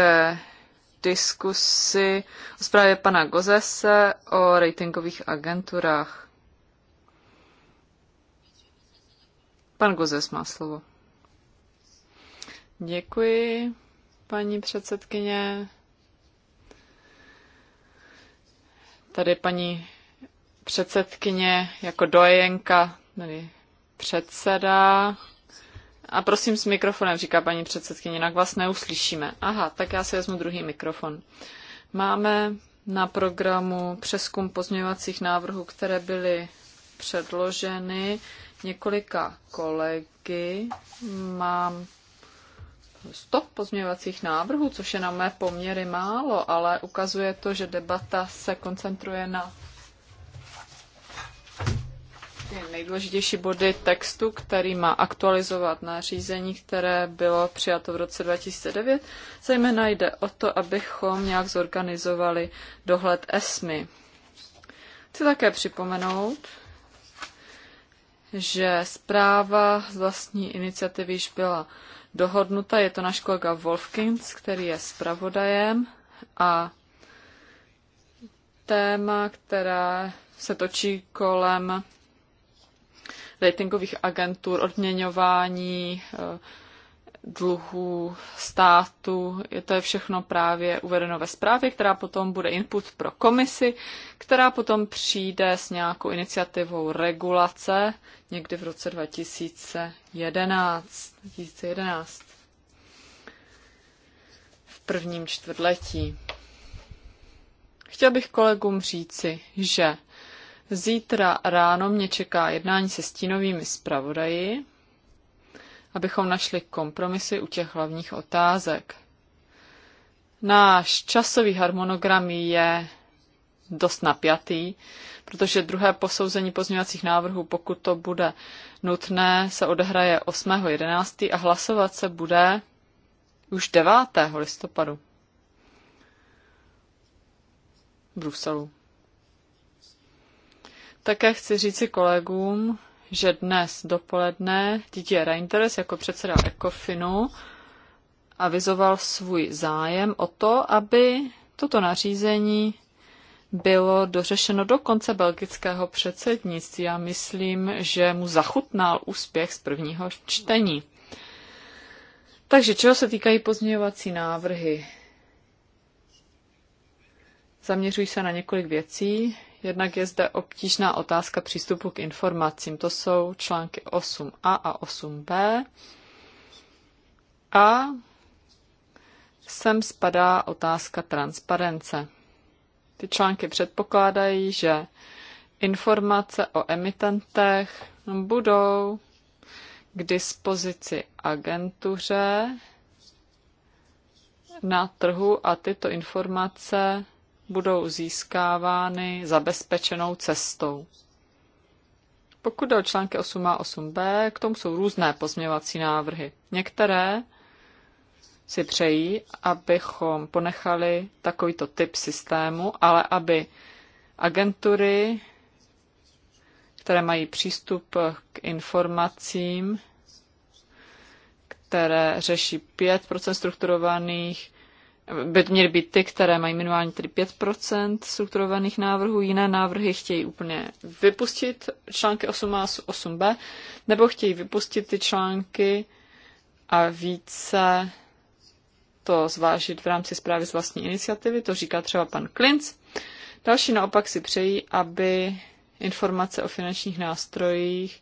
diskusi o zprávě pana Gozese o ratingových agenturách. Pan Gozes má slovo. Děkuji, paní předsedkyně. Tady paní předsedkyně jako dojenka, tady předseda a prosím s mikrofonem, říká paní předsedkyně, jinak vás neuslyšíme. Aha, tak já si vezmu druhý mikrofon. Máme na programu přeskum pozměňovacích návrhů, které byly předloženy několika kolegy. Mám 100 pozměňovacích návrhů, což je na mé poměry málo, ale ukazuje to, že debata se koncentruje na ty nejdůležitější body textu, který má aktualizovat nařízení, které bylo přijato v roce 2009. Zajména jde o to, abychom nějak zorganizovali dohled ESMI. Chci také připomenout, že zpráva z vlastní iniciativy již byla dohodnuta. Je to náš kolega Wolfkins, který je zpravodajem a téma, která se točí kolem ratingových agentur, odměňování eh, dluhů státu. To je všechno právě uvedeno ve zprávě, která potom bude input pro komisi, která potom přijde s nějakou iniciativou regulace někdy v roce 2011. 2011 v prvním čtvrtletí. Chtěl bych kolegům říci, že Zítra ráno mě čeká jednání se stínovými zpravodaji, abychom našli kompromisy u těch hlavních otázek. Náš časový harmonogram je dost napjatý, protože druhé posouzení pozměňovacích návrhů, pokud to bude nutné, se odehraje 8.11. a hlasovat se bude už 9. listopadu v Bruselu. Také chci říci kolegům, že dnes dopoledne Didier Reinders jako předseda Ecofinu avizoval svůj zájem o to, aby toto nařízení bylo dořešeno do konce belgického předsednictví. Já myslím, že mu zachutnal úspěch z prvního čtení. Takže čeho se týkají pozměňovací návrhy? Zaměřují se na několik věcí. Jednak je zde obtížná otázka přístupu k informacím. To jsou články 8a a 8b. A sem spadá otázka transparence. Ty články předpokládají, že informace o emitentech budou k dispozici agentuře na trhu a tyto informace budou získávány zabezpečenou cestou. Pokud jde o články 8 a 8b, k tomu jsou různé pozměvací návrhy. Některé si přejí, abychom ponechali takovýto typ systému, ale aby agentury, které mají přístup k informacím, které řeší 5 strukturovaných by měly být ty, které mají minimálně tedy 5% strukturovaných návrhů, jiné návrhy chtějí úplně vypustit články 8a a 8b, nebo chtějí vypustit ty články a více to zvážit v rámci zprávy z vlastní iniciativy, to říká třeba pan Klinc. Další naopak si přejí, aby informace o finančních nástrojích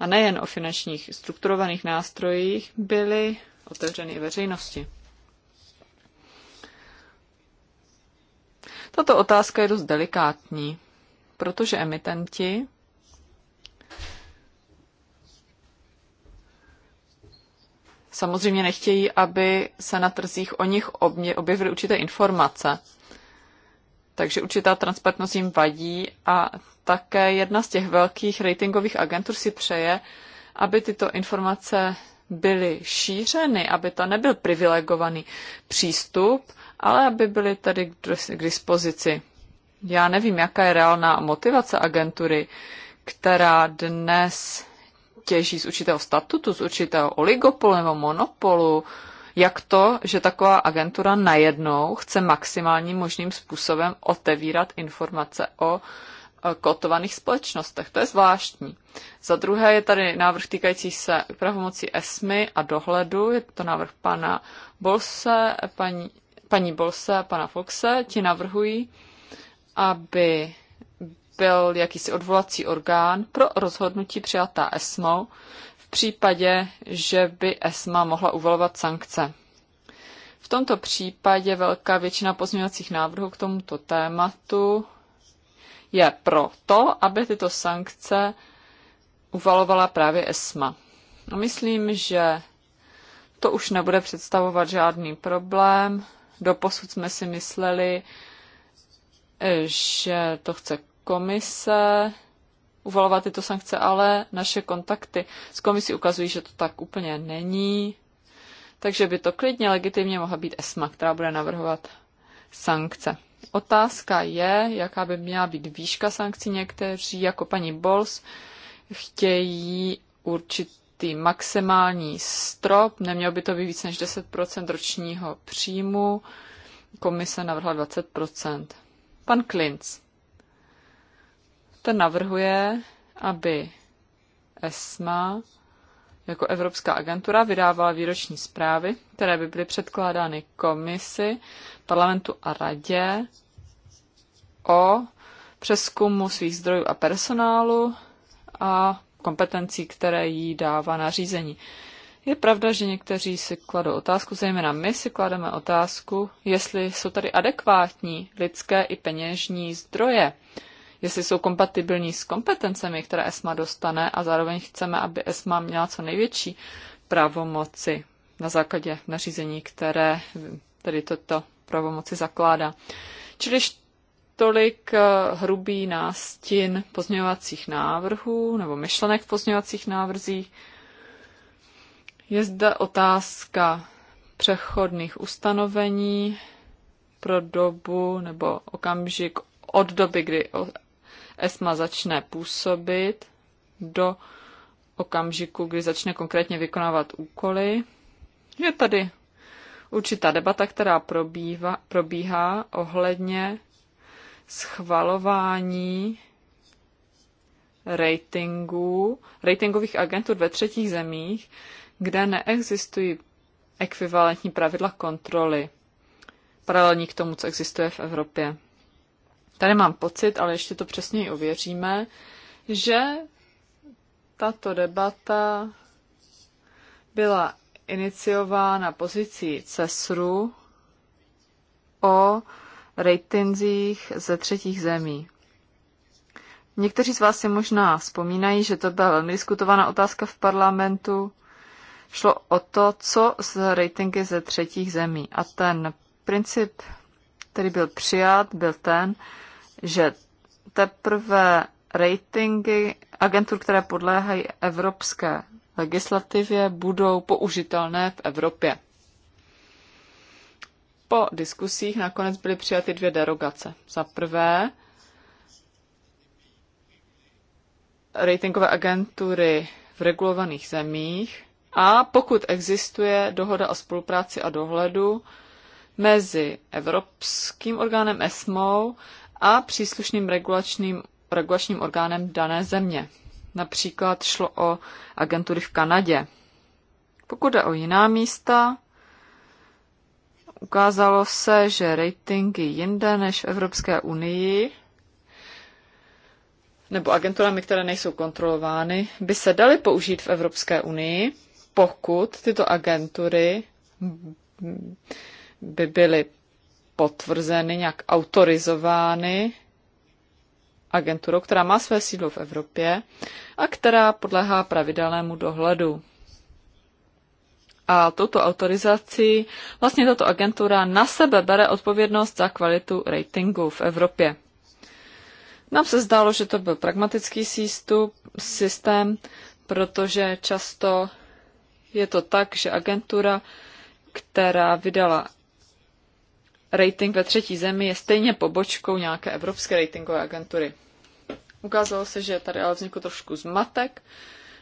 a nejen o finančních strukturovaných nástrojích byly otevřeny i veřejnosti. Tato otázka je dost delikátní, protože emitenti samozřejmě nechtějí, aby se na trzích o nich objevily určité informace. Takže určitá transparentnost jim vadí a také jedna z těch velkých ratingových agentur si přeje, aby tyto informace byly šířeny, aby to nebyl privilegovaný přístup, ale aby byly tady k dispozici. Já nevím, jaká je reálná motivace agentury, která dnes těží z určitého statutu, z určitého oligopolu nebo monopolu, jak to, že taková agentura najednou chce maximálním možným způsobem otevírat informace o e, kotovaných společnostech. To je zvláštní. Za druhé je tady návrh týkající se pravomocí ESMY a dohledu. Je to návrh pana Bolse, paní paní Bolse a pana Foxe, ti navrhují, aby byl jakýsi odvolací orgán pro rozhodnutí přijatá ESMO v případě, že by ESMA mohla uvalovat sankce. V tomto případě velká většina pozměňovacích návrhů k tomuto tématu je proto, aby tyto sankce uvalovala právě ESMA. No, myslím, že to už nebude představovat žádný problém, Doposud jsme si mysleli, eh, že to chce komise uvalovat tyto sankce, ale naše kontakty s komisí ukazují, že to tak úplně není. Takže by to klidně legitimně mohla být ESMA, která bude navrhovat sankce. Otázka je, jaká by měla být výška sankcí. Někteří, jako paní Bols, chtějí určit určitý maximální strop, neměl by to být víc než 10 ročního příjmu, komise navrhla 20 Pan Klinc, ten navrhuje, aby ESMA jako Evropská agentura vydávala výroční zprávy, které by byly předkládány komisi, parlamentu a radě o přeskumu svých zdrojů a personálu a kompetencí, které jí dává nařízení. Je pravda, že někteří si kladou otázku, zejména my si klademe otázku, jestli jsou tady adekvátní lidské i peněžní zdroje, jestli jsou kompatibilní s kompetencemi, které ESMA dostane a zároveň chceme, aby ESMA měla co největší pravomoci na základě nařízení, které tedy toto pravomoci zakládá. Čiliž tolik eh, hrubý nástin pozměňovacích návrhů nebo myšlenek v pozměňovacích návrzích. Je zde otázka přechodných ustanovení pro dobu nebo okamžik od doby, kdy ESMA začne působit do okamžiku, kdy začne konkrétně vykonávat úkoly. Je tady určitá debata, která probíva, probíhá ohledně schvalování ratingů, ratingových agentů ve třetích zemích, kde neexistují ekvivalentní pravidla kontroly, paralelní k tomu, co existuje v Evropě. Tady mám pocit, ale ještě to přesněji ověříme, že tato debata byla iniciována pozicí CESRu o ratingzích ze třetích zemí. Někteří z vás si možná vzpomínají, že to byla velmi diskutovaná otázka v parlamentu. Šlo o to, co z ratingy ze třetích zemí. A ten princip, který byl přijat, byl ten, že teprve ratingy agentur, které podléhají evropské legislativě, budou použitelné v Evropě po diskusích nakonec byly přijaty dvě derogace. Za prvé, ratingové agentury v regulovaných zemích a pokud existuje dohoda o spolupráci a dohledu mezi evropským orgánem ESMO a příslušným regulačním, regulačním orgánem dané země. Například šlo o agentury v Kanadě. Pokud jde o jiná místa, Ukázalo se, že ratingy jinde než v Evropské unii nebo agenturami, které nejsou kontrolovány, by se daly použít v Evropské unii, pokud tyto agentury by byly potvrzeny, nějak autorizovány agenturou, která má své sídlo v Evropě a která podléhá pravidelnému dohledu a tuto autorizací vlastně tato agentura na sebe bere odpovědnost za kvalitu ratingu v Evropě. Nám se zdálo, že to byl pragmatický sístup, systém, protože často je to tak, že agentura, která vydala rating ve třetí zemi, je stejně pobočkou nějaké evropské ratingové agentury. Ukázalo se, že tady ale vznikl trošku zmatek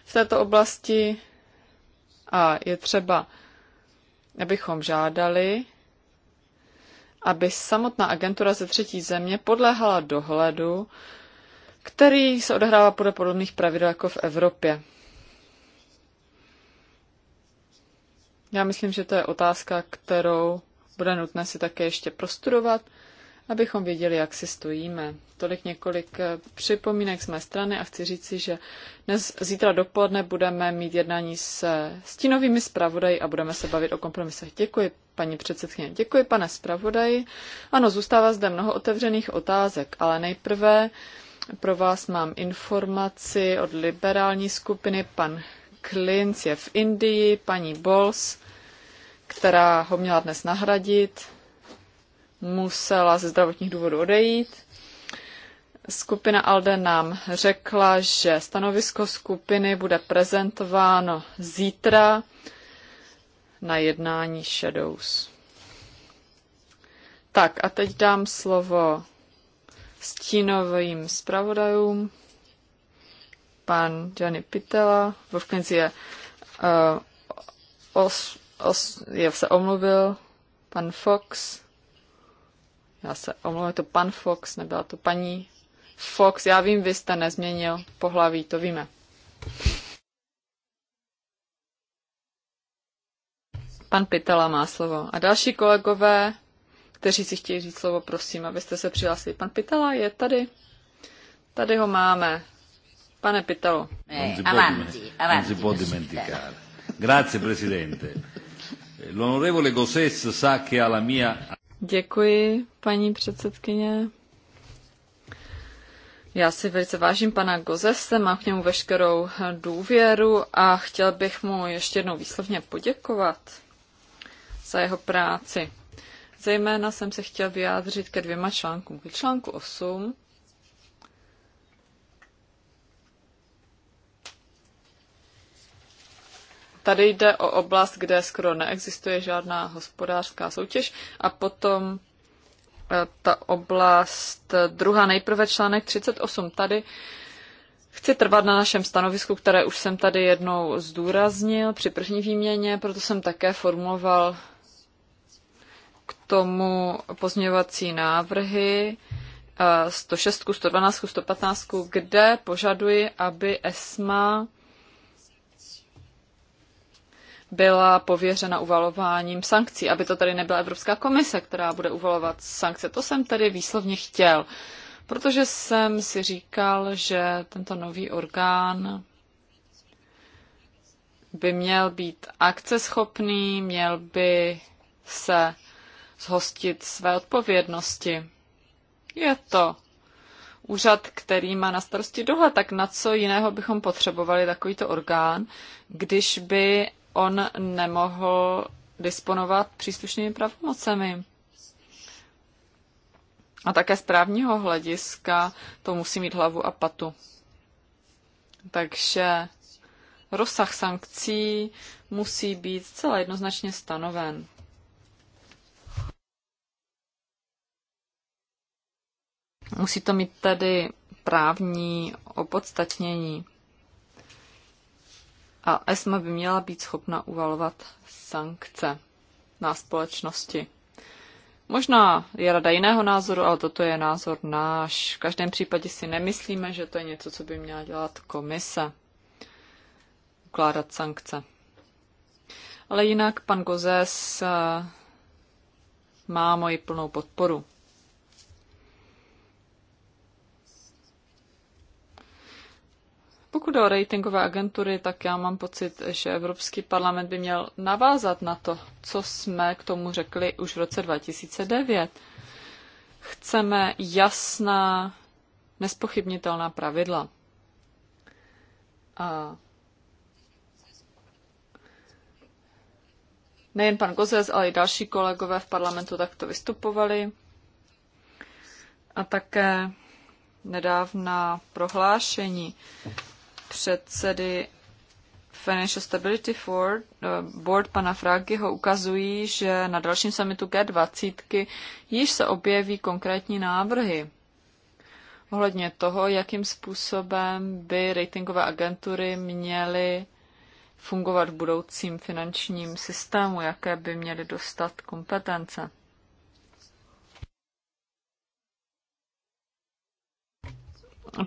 v této oblasti, a je třeba, abychom žádali, aby samotná agentura ze třetí země podléhala dohledu, který se odehrává podle podobných pravidel jako v Evropě. Já myslím, že to je otázka, kterou bude nutné si také ještě prostudovat abychom věděli, jak si stojíme. Tolik několik eh, připomínek z mé strany a chci říci, že dnes, zítra dopoledne budeme mít jednání s stínovými zpravodaji a budeme se bavit o kompromisech. Děkuji, paní předsedkyně. Děkuji, pane zpravodaji. Ano, zůstává zde mnoho otevřených otázek, ale nejprve pro vás mám informaci od liberální skupiny. Pan Klinc je v Indii, paní Bols, která ho měla dnes nahradit, musela ze zdravotních důvodů odejít. Skupina ALDE nám řekla, že stanovisko skupiny bude prezentováno zítra na jednání Shadows. Tak a teď dám slovo stínovým zpravodajům. Pan Gianni Pitela, Vovknic je, uh, os, os, je se omluvil, pan Fox, já se omlouvám, to pan Fox, nebyla to paní Fox. Já vím, vy jste nezměnil pohlaví, to víme. Pan Pitela má slovo. A další kolegové, kteří si chtějí říct slovo, prosím, abyste se přihlásili. Pan Pitela je tady. Tady ho máme. Pane Pitelo. Eh, avanti, avanti. Grazie, Presidente. L'onorevole Gosses sa che alla mia... Děkuji, paní předsedkyně. Já si velice vážím pana Gozese, mám k němu veškerou důvěru a chtěl bych mu ještě jednou výslovně poděkovat za jeho práci. Zejména jsem se chtěl vyjádřit ke dvěma článkům. K článku 8 Tady jde o oblast, kde skoro neexistuje žádná hospodářská soutěž a potom e, ta oblast e, druhá, nejprve článek 38. Tady Chci trvat na našem stanovisku, které už jsem tady jednou zdůraznil při první výměně, proto jsem také formuloval k tomu pozměňovací návrhy 106, 112, 115, kde požaduji, aby ESMA byla pověřena uvalováním sankcí, aby to tady nebyla Evropská komise, která bude uvalovat sankce. To jsem tedy výslovně chtěl, protože jsem si říkal, že tento nový orgán by měl být akceschopný, měl by se zhostit své odpovědnosti. Je to úřad, který má na starosti dohled, tak na co jiného bychom potřebovali takovýto orgán, když by on nemohl disponovat příslušnými pravomocemi. A také z právního hlediska to musí mít hlavu a patu. Takže rozsah sankcí musí být zcela jednoznačně stanoven. Musí to mít tedy právní opodstatnění. A ESMA by měla být schopna uvalovat sankce na společnosti. Možná je rada jiného názoru, ale toto je názor náš. V každém případě si nemyslíme, že to je něco, co by měla dělat komise. Ukládat sankce. Ale jinak pan Gozes eh, má moji plnou podporu. Pokud o ratingové agentury, tak já mám pocit, že Evropský parlament by měl navázat na to, co jsme k tomu řekli už v roce 2009. Chceme jasná, nespochybnitelná pravidla. A nejen pan Gozes, ale i další kolegové v parlamentu takto vystupovali. A také nedávná prohlášení předsedy Financial Stability Board, eh, board pana Fragiho ukazují, že na dalším summitu G20 již se objeví konkrétní návrhy ohledně toho, jakým způsobem by ratingové agentury měly fungovat v budoucím finančním systému, jaké by měly dostat kompetence.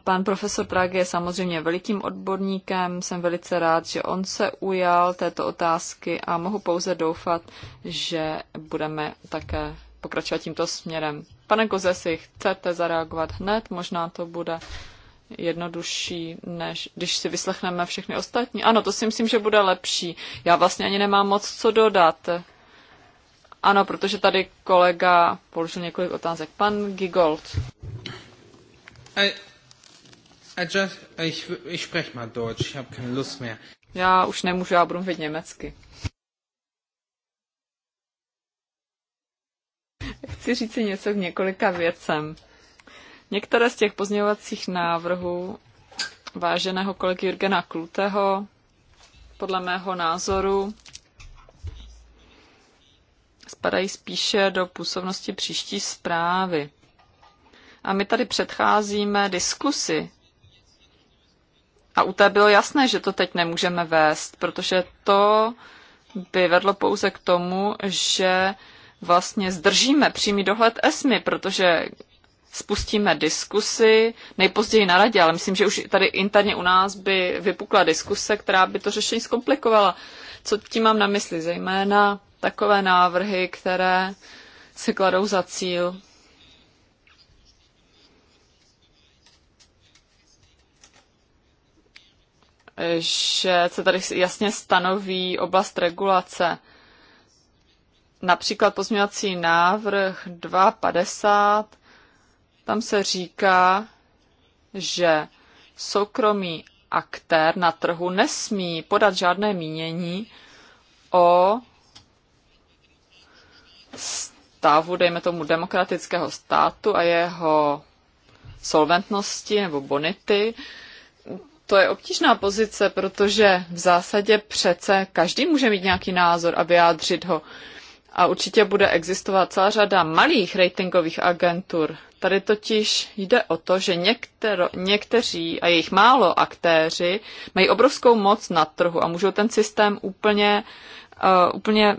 Pan profesor Prague je samozřejmě velikým odborníkem, jsem velice rád, že on se ujal této otázky a mohu pouze doufat, že budeme také pokračovat tímto směrem. Pane Gozesi, chcete zareagovat hned? Možná to bude jednodušší, než když si vyslechneme všechny ostatní. Ano, to si myslím, že bude lepší. Já vlastně ani nemám moc co dodat. Ano, protože tady kolega položil několik otázek. Pan Gigold. I... Just, ich, ich sprech mal Deutsch, ich keine Lust mehr. Já už nemůžu, já budu mluvit německy. Chci říct si něco k několika věcem. Některé z těch pozměňovacích návrhů váženého kolegy Jurgena Kluteho, podle mého názoru, spadají spíše do působnosti příští zprávy. A my tady předcházíme diskusi a u té bylo jasné, že to teď nemůžeme vést, protože to by vedlo pouze k tomu, že vlastně zdržíme přímý dohled ESMI, protože spustíme diskusy, nejpozději na radě, ale myslím, že už tady interně u nás by vypukla diskuse, která by to řešení zkomplikovala. Co tím mám na mysli? Zejména takové návrhy, které se kladou za cíl že se tady jasně stanoví oblast regulace. Například pozměňovací návrh 250, tam se říká, že soukromý aktér na trhu nesmí podat žádné mínění o stavu, dejme tomu, demokratického státu a jeho solventnosti nebo bonity, to je obtížná pozice, protože v zásadě přece každý může mít nějaký názor a vyjádřit ho. A určitě bude existovat celá řada malých ratingových agentur. Tady totiž jde o to, že některo, někteří, a jejich málo aktéři, mají obrovskou moc na trhu a můžou ten systém úplně, uh, úplně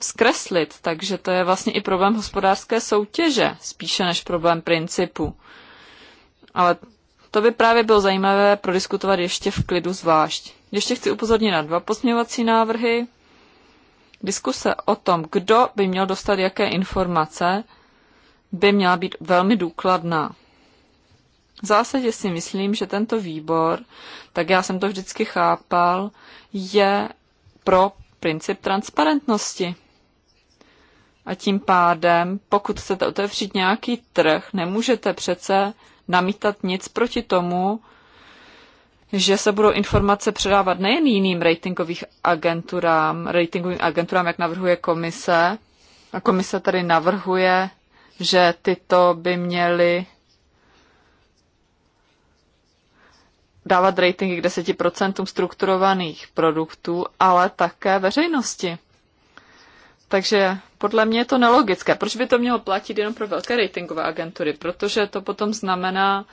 zkreslit. Takže to je vlastně i problém hospodářské soutěže, spíše než problém principu. Ale to by právě bylo zajímavé prodiskutovat ještě v klidu zvlášť. Ještě chci upozornit na dva posměvací návrhy. Diskuse o tom, kdo by měl dostat jaké informace, by měla být velmi důkladná. V zásadě si myslím, že tento výbor, tak já jsem to vždycky chápal, je pro princip transparentnosti. A tím pádem, pokud chcete otevřít nějaký trh, nemůžete přece namítat nic proti tomu, že se budou informace předávat nejen jiným ratingových agenturám, ratingovým agenturám, jak navrhuje komise. A komise tady navrhuje, že tyto by měly dávat ratingy k 10% strukturovaných produktů, ale také veřejnosti. Takže podle mě je to nelogické. Proč by to mělo platit jenom pro velké ratingové agentury? Protože to potom znamená,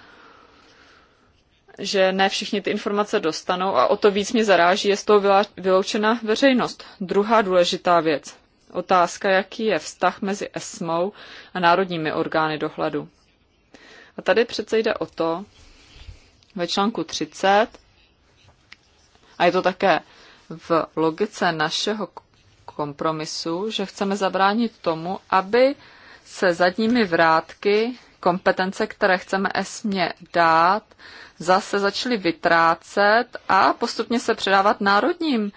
že ne všichni ty informace dostanou a o to víc mě zaráží, je z toho vyloučena veřejnost. Druhá důležitá věc. Otázka, jaký je vztah mezi ESMO a národními orgány dohledu. A tady přece jde o to, ve článku 30, a je to také v logice našeho kompromisu, že chceme zabránit tomu, aby se zadními vrátky kompetence, které chceme ESMě dát, zase začaly vytrácet a postupně se předávat národním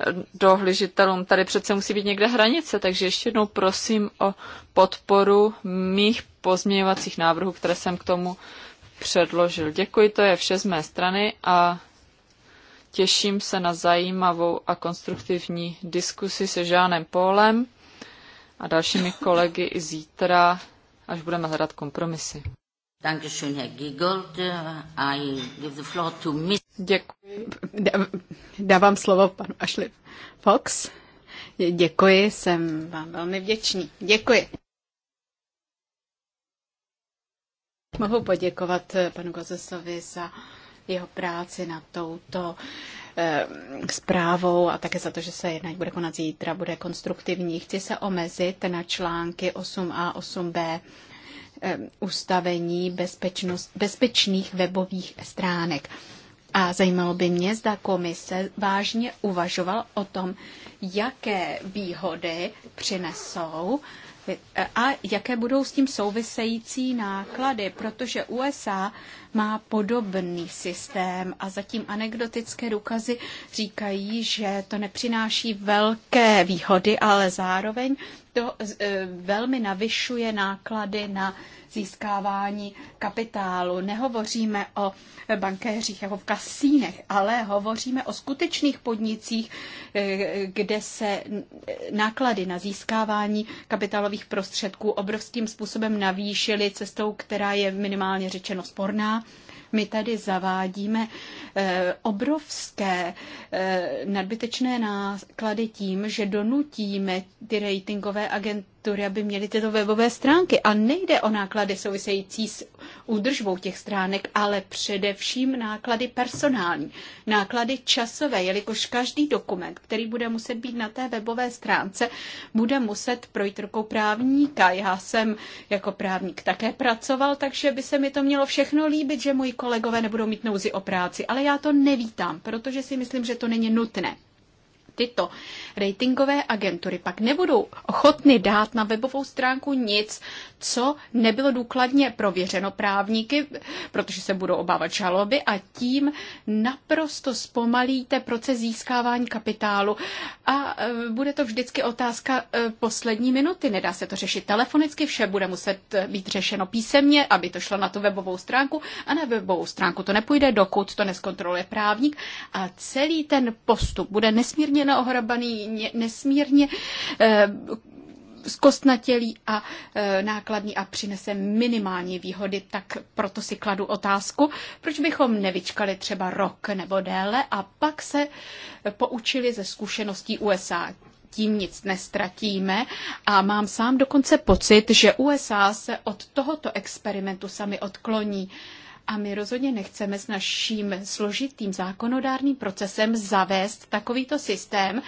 eh, dohlížitelům. Tady přece musí být někde hranice, takže ještě jednou prosím o podporu mých pozměňovacích návrhů, které jsem k tomu předložil. Děkuji, to je vše z mé strany a Těším se na zajímavou a konstruktivní diskusi se Žánem Pólem a dalšími kolegy i zítra, až budeme hledat kompromisy. Děkuji. Dávám slovo panu Ashley Fox. Děkuji, jsem vám velmi vděčný. Děkuji. Mohu poděkovat panu Gozesovi za jeho práci na touto eh, zprávou a také za to, že se jednak bude konat zítra, bude konstruktivní. Chci se omezit na články 8a, 8b eh, ustavení bezpečnost, bezpečných webových stránek. A zajímalo by mě, zda komise vážně uvažoval o tom, jaké výhody přinesou uh, a jaké budou s tím související náklady, protože USA má podobný systém a zatím anekdotické důkazy říkají, že to nepřináší velké výhody, ale zároveň to eh, velmi navyšuje náklady na získávání kapitálu. Nehovoříme o bankéřích jako v kasínech, ale hovoříme o skutečných podnicích, eh, kde se náklady na získávání kapitálových prostředků obrovským způsobem navýšily cestou, která je minimálně řečeno sporná. My tady zavádíme eh, obrovské eh, nadbytečné náklady tím, že donutíme ty ratingové agentury, agentury, aby měly tyto webové stránky. A nejde o náklady související s údržbou těch stránek, ale především náklady personální, náklady časové, jelikož každý dokument, který bude muset být na té webové stránce, bude muset projít rukou právníka. Já jsem jako právník také pracoval, takže by se mi to mělo všechno líbit, že moji kolegové nebudou mít nouzi o práci, ale já to nevítám, protože si myslím, že to není nutné tyto ratingové agentury pak nebudou ochotny dát na webovou stránku nic, co nebylo důkladně prověřeno právníky, protože se budou obávat žaloby a tím naprosto zpomalíte proces získávání kapitálu. A e, bude to vždycky otázka e, poslední minuty. Nedá se to řešit telefonicky, vše bude muset být řešeno písemně, aby to šlo na tu webovou stránku a na webovou stránku to nepůjde, dokud to neskontroluje právník a celý ten postup bude nesmírně neohrabaný, nesmírně e, zkostnatělý a e, nákladný a přinese minimální výhody, tak proto si kladu otázku, proč bychom nevyčkali třeba rok nebo déle a pak se poučili ze zkušeností USA tím nic nestratíme a mám sám dokonce pocit, že USA se od tohoto experimentu sami odkloní. A my rozhodně nechceme s naším složitým zákonodárným procesem zavést takovýto systém,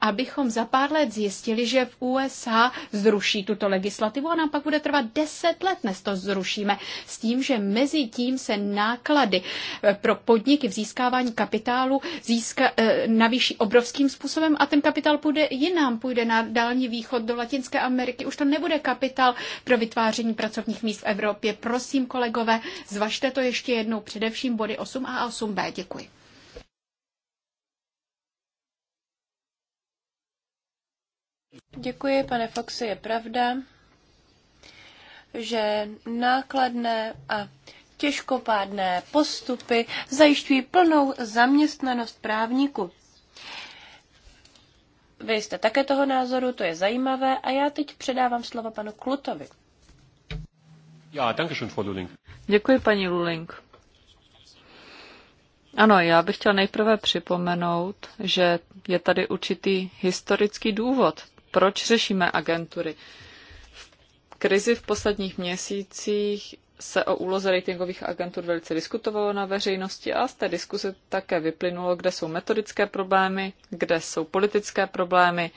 abychom za pár let zjistili, že v USA zruší tuto legislativu a nám pak bude trvat deset let, než to zrušíme, s tím, že mezi tím se náklady eh, pro podniky v získávání kapitálu získa, eh, navýší obrovským způsobem a ten kapitál půjde jinam, půjde na dální východ do Latinské Ameriky. Už to nebude kapitál pro vytváření pracovních míst v Evropě. Prosím, kolegové, zvažte to ještě jednou především body 8 a 8b. Děkuji. Děkuji, pane Foxy. Je pravda, že nákladné a těžkopádné postupy zajišťují plnou zaměstnanost právníku. Vy jste také toho názoru, to je zajímavé a já teď předávám slovo panu Klutovi. Já, danke schön, Frau Luling. Děkuji, paní Luling. Ano, já bych chtěl nejprve připomenout, že je tady určitý historický důvod, proč řešíme agentury. V krizi v posledních měsících se o úloze ratingových agentur velice diskutovalo na veřejnosti a z té diskuse také vyplynulo, kde jsou metodické problémy, kde jsou politické problémy,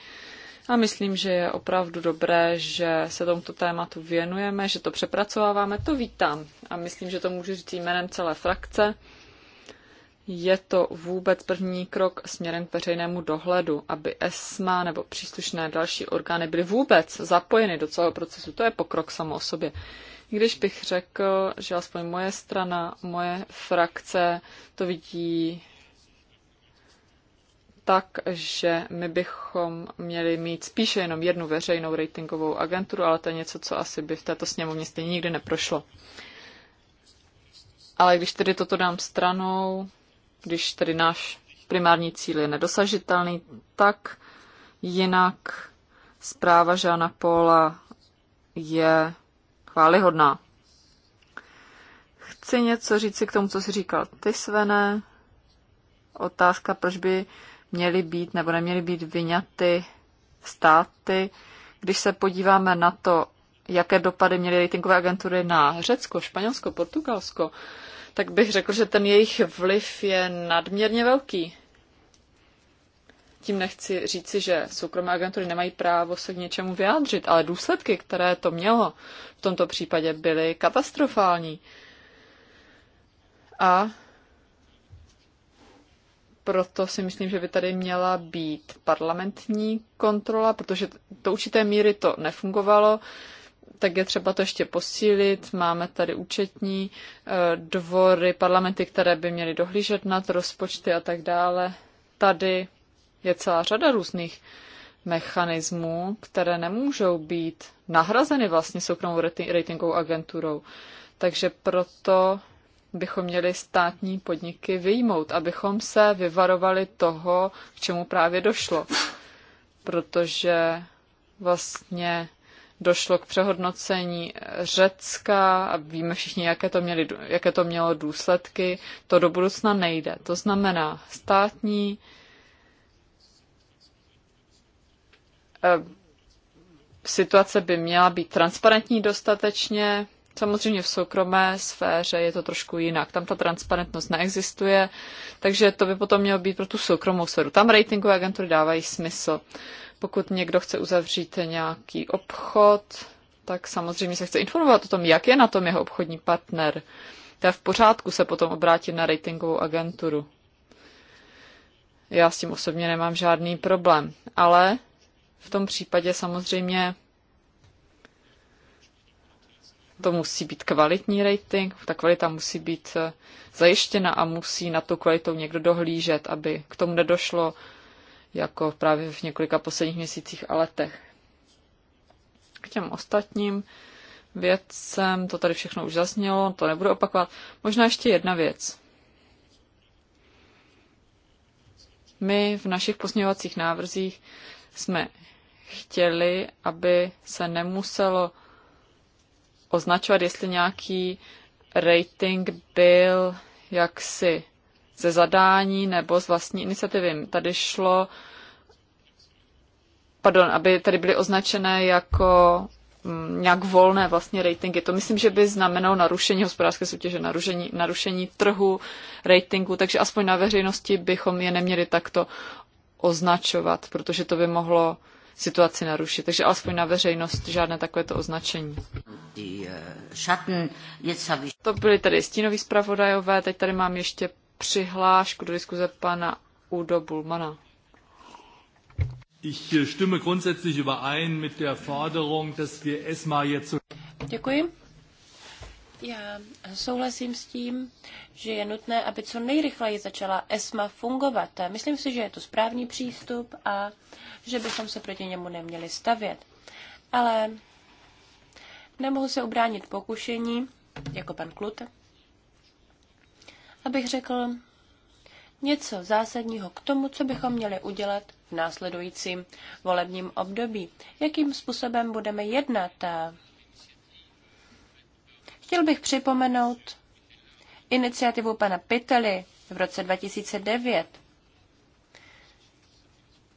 a myslím, že je opravdu dobré, že se tomuto tématu věnujeme, že to přepracováváme, to vítám. A myslím, že to můžu říct jménem celé frakce. Je to vůbec první krok směrem k veřejnému dohledu, aby ESMA nebo příslušné další orgány byly vůbec zapojeny do celého procesu. To je pokrok samo o sobě. Když bych řekl, že aspoň moje strana, moje frakce to vidí tak, že my bychom měli mít spíše jenom jednu veřejnou ratingovou agenturu, ale to je něco, co asi by v této sněmovně stejně nikdy neprošlo. Ale když tedy toto dám stranou, když tedy náš primární cíl je nedosažitelný, tak jinak zpráva Žána pola je chválihodná. Chci něco říci k tomu, co jsi říkal ty, Svené. Otázka, proč by měly být nebo neměly být vyňaty státy. Když se podíváme na to, jaké dopady měly ratingové agentury na Řecko, Španělsko, Portugalsko, tak bych řekl, že ten jejich vliv je nadměrně velký. Tím nechci říci, že soukromé agentury nemají právo se k něčemu vyjádřit, ale důsledky, které to mělo v tomto případě, byly katastrofální. A proto si myslím, že by tady měla být parlamentní kontrola, protože do určité míry to nefungovalo, tak je třeba to ještě posílit. Máme tady účetní eh, dvory, parlamenty, které by měly dohlížet nad rozpočty a tak dále. Tady je celá řada různých mechanismů, které nemůžou být nahrazeny vlastně soukromou ratingovou agenturou. Takže proto bychom měli státní podniky vyjmout, abychom se vyvarovali toho, k čemu právě došlo. Protože vlastně došlo k přehodnocení Řecka a víme všichni, jaké to, měli, jaké to mělo důsledky. To do budoucna nejde. To znamená státní eh, situace by měla být transparentní dostatečně, Samozřejmě v soukromé sféře je to trošku jinak. Tam ta transparentnost neexistuje, takže to by potom mělo být pro tu soukromou sféru. Tam ratingové agentury dávají smysl. Pokud někdo chce uzavřít nějaký obchod, tak samozřejmě se chce informovat o tom, jak je na tom jeho obchodní partner. To je v pořádku se potom obrátit na ratingovou agenturu. Já s tím osobně nemám žádný problém, ale v tom případě samozřejmě to musí být kvalitní rating, ta kvalita musí být eh, zajištěna a musí na tu kvalitu někdo dohlížet, aby k tomu nedošlo jako právě v několika posledních měsících a letech. K těm ostatním věcem, to tady všechno už zaznělo, to nebudu opakovat. Možná ještě jedna věc. My v našich posměvacích návrzích jsme chtěli, aby se nemuselo označovat, jestli nějaký rating byl jaksi ze zadání nebo z vlastní iniciativy. Tady šlo, pardon, aby tady byly označené jako mm, nějak volné vlastně ratingy. To myslím, že by znamenalo narušení hospodářské soutěže, narušení, narušení trhu, ratingu, takže aspoň na veřejnosti bychom je neměli takto označovat, protože to by mohlo situaci narušit. Takže alespoň na veřejnost žádné takovéto označení. Eh, to byly tady stínoví zpravodajové, teď tady mám ještě přihlášku do diskuze pana Udo Bulmana. Ich eh, stimme grundsätzlich überein mit der Forderung, dass wir ESMA jetzt Děkuji. Já souhlasím s tím, že je nutné, aby co nejrychleji začala ESMA fungovat. Myslím si, že je to správný přístup a že bychom se proti němu neměli stavět. Ale nemohu se ubránit pokušení, jako pan Klut, abych řekl něco zásadního k tomu, co bychom měli udělat v následujícím volebním období. Jakým způsobem budeme jednat Chtěl bych připomenout iniciativu pana Pitely v roce 2009.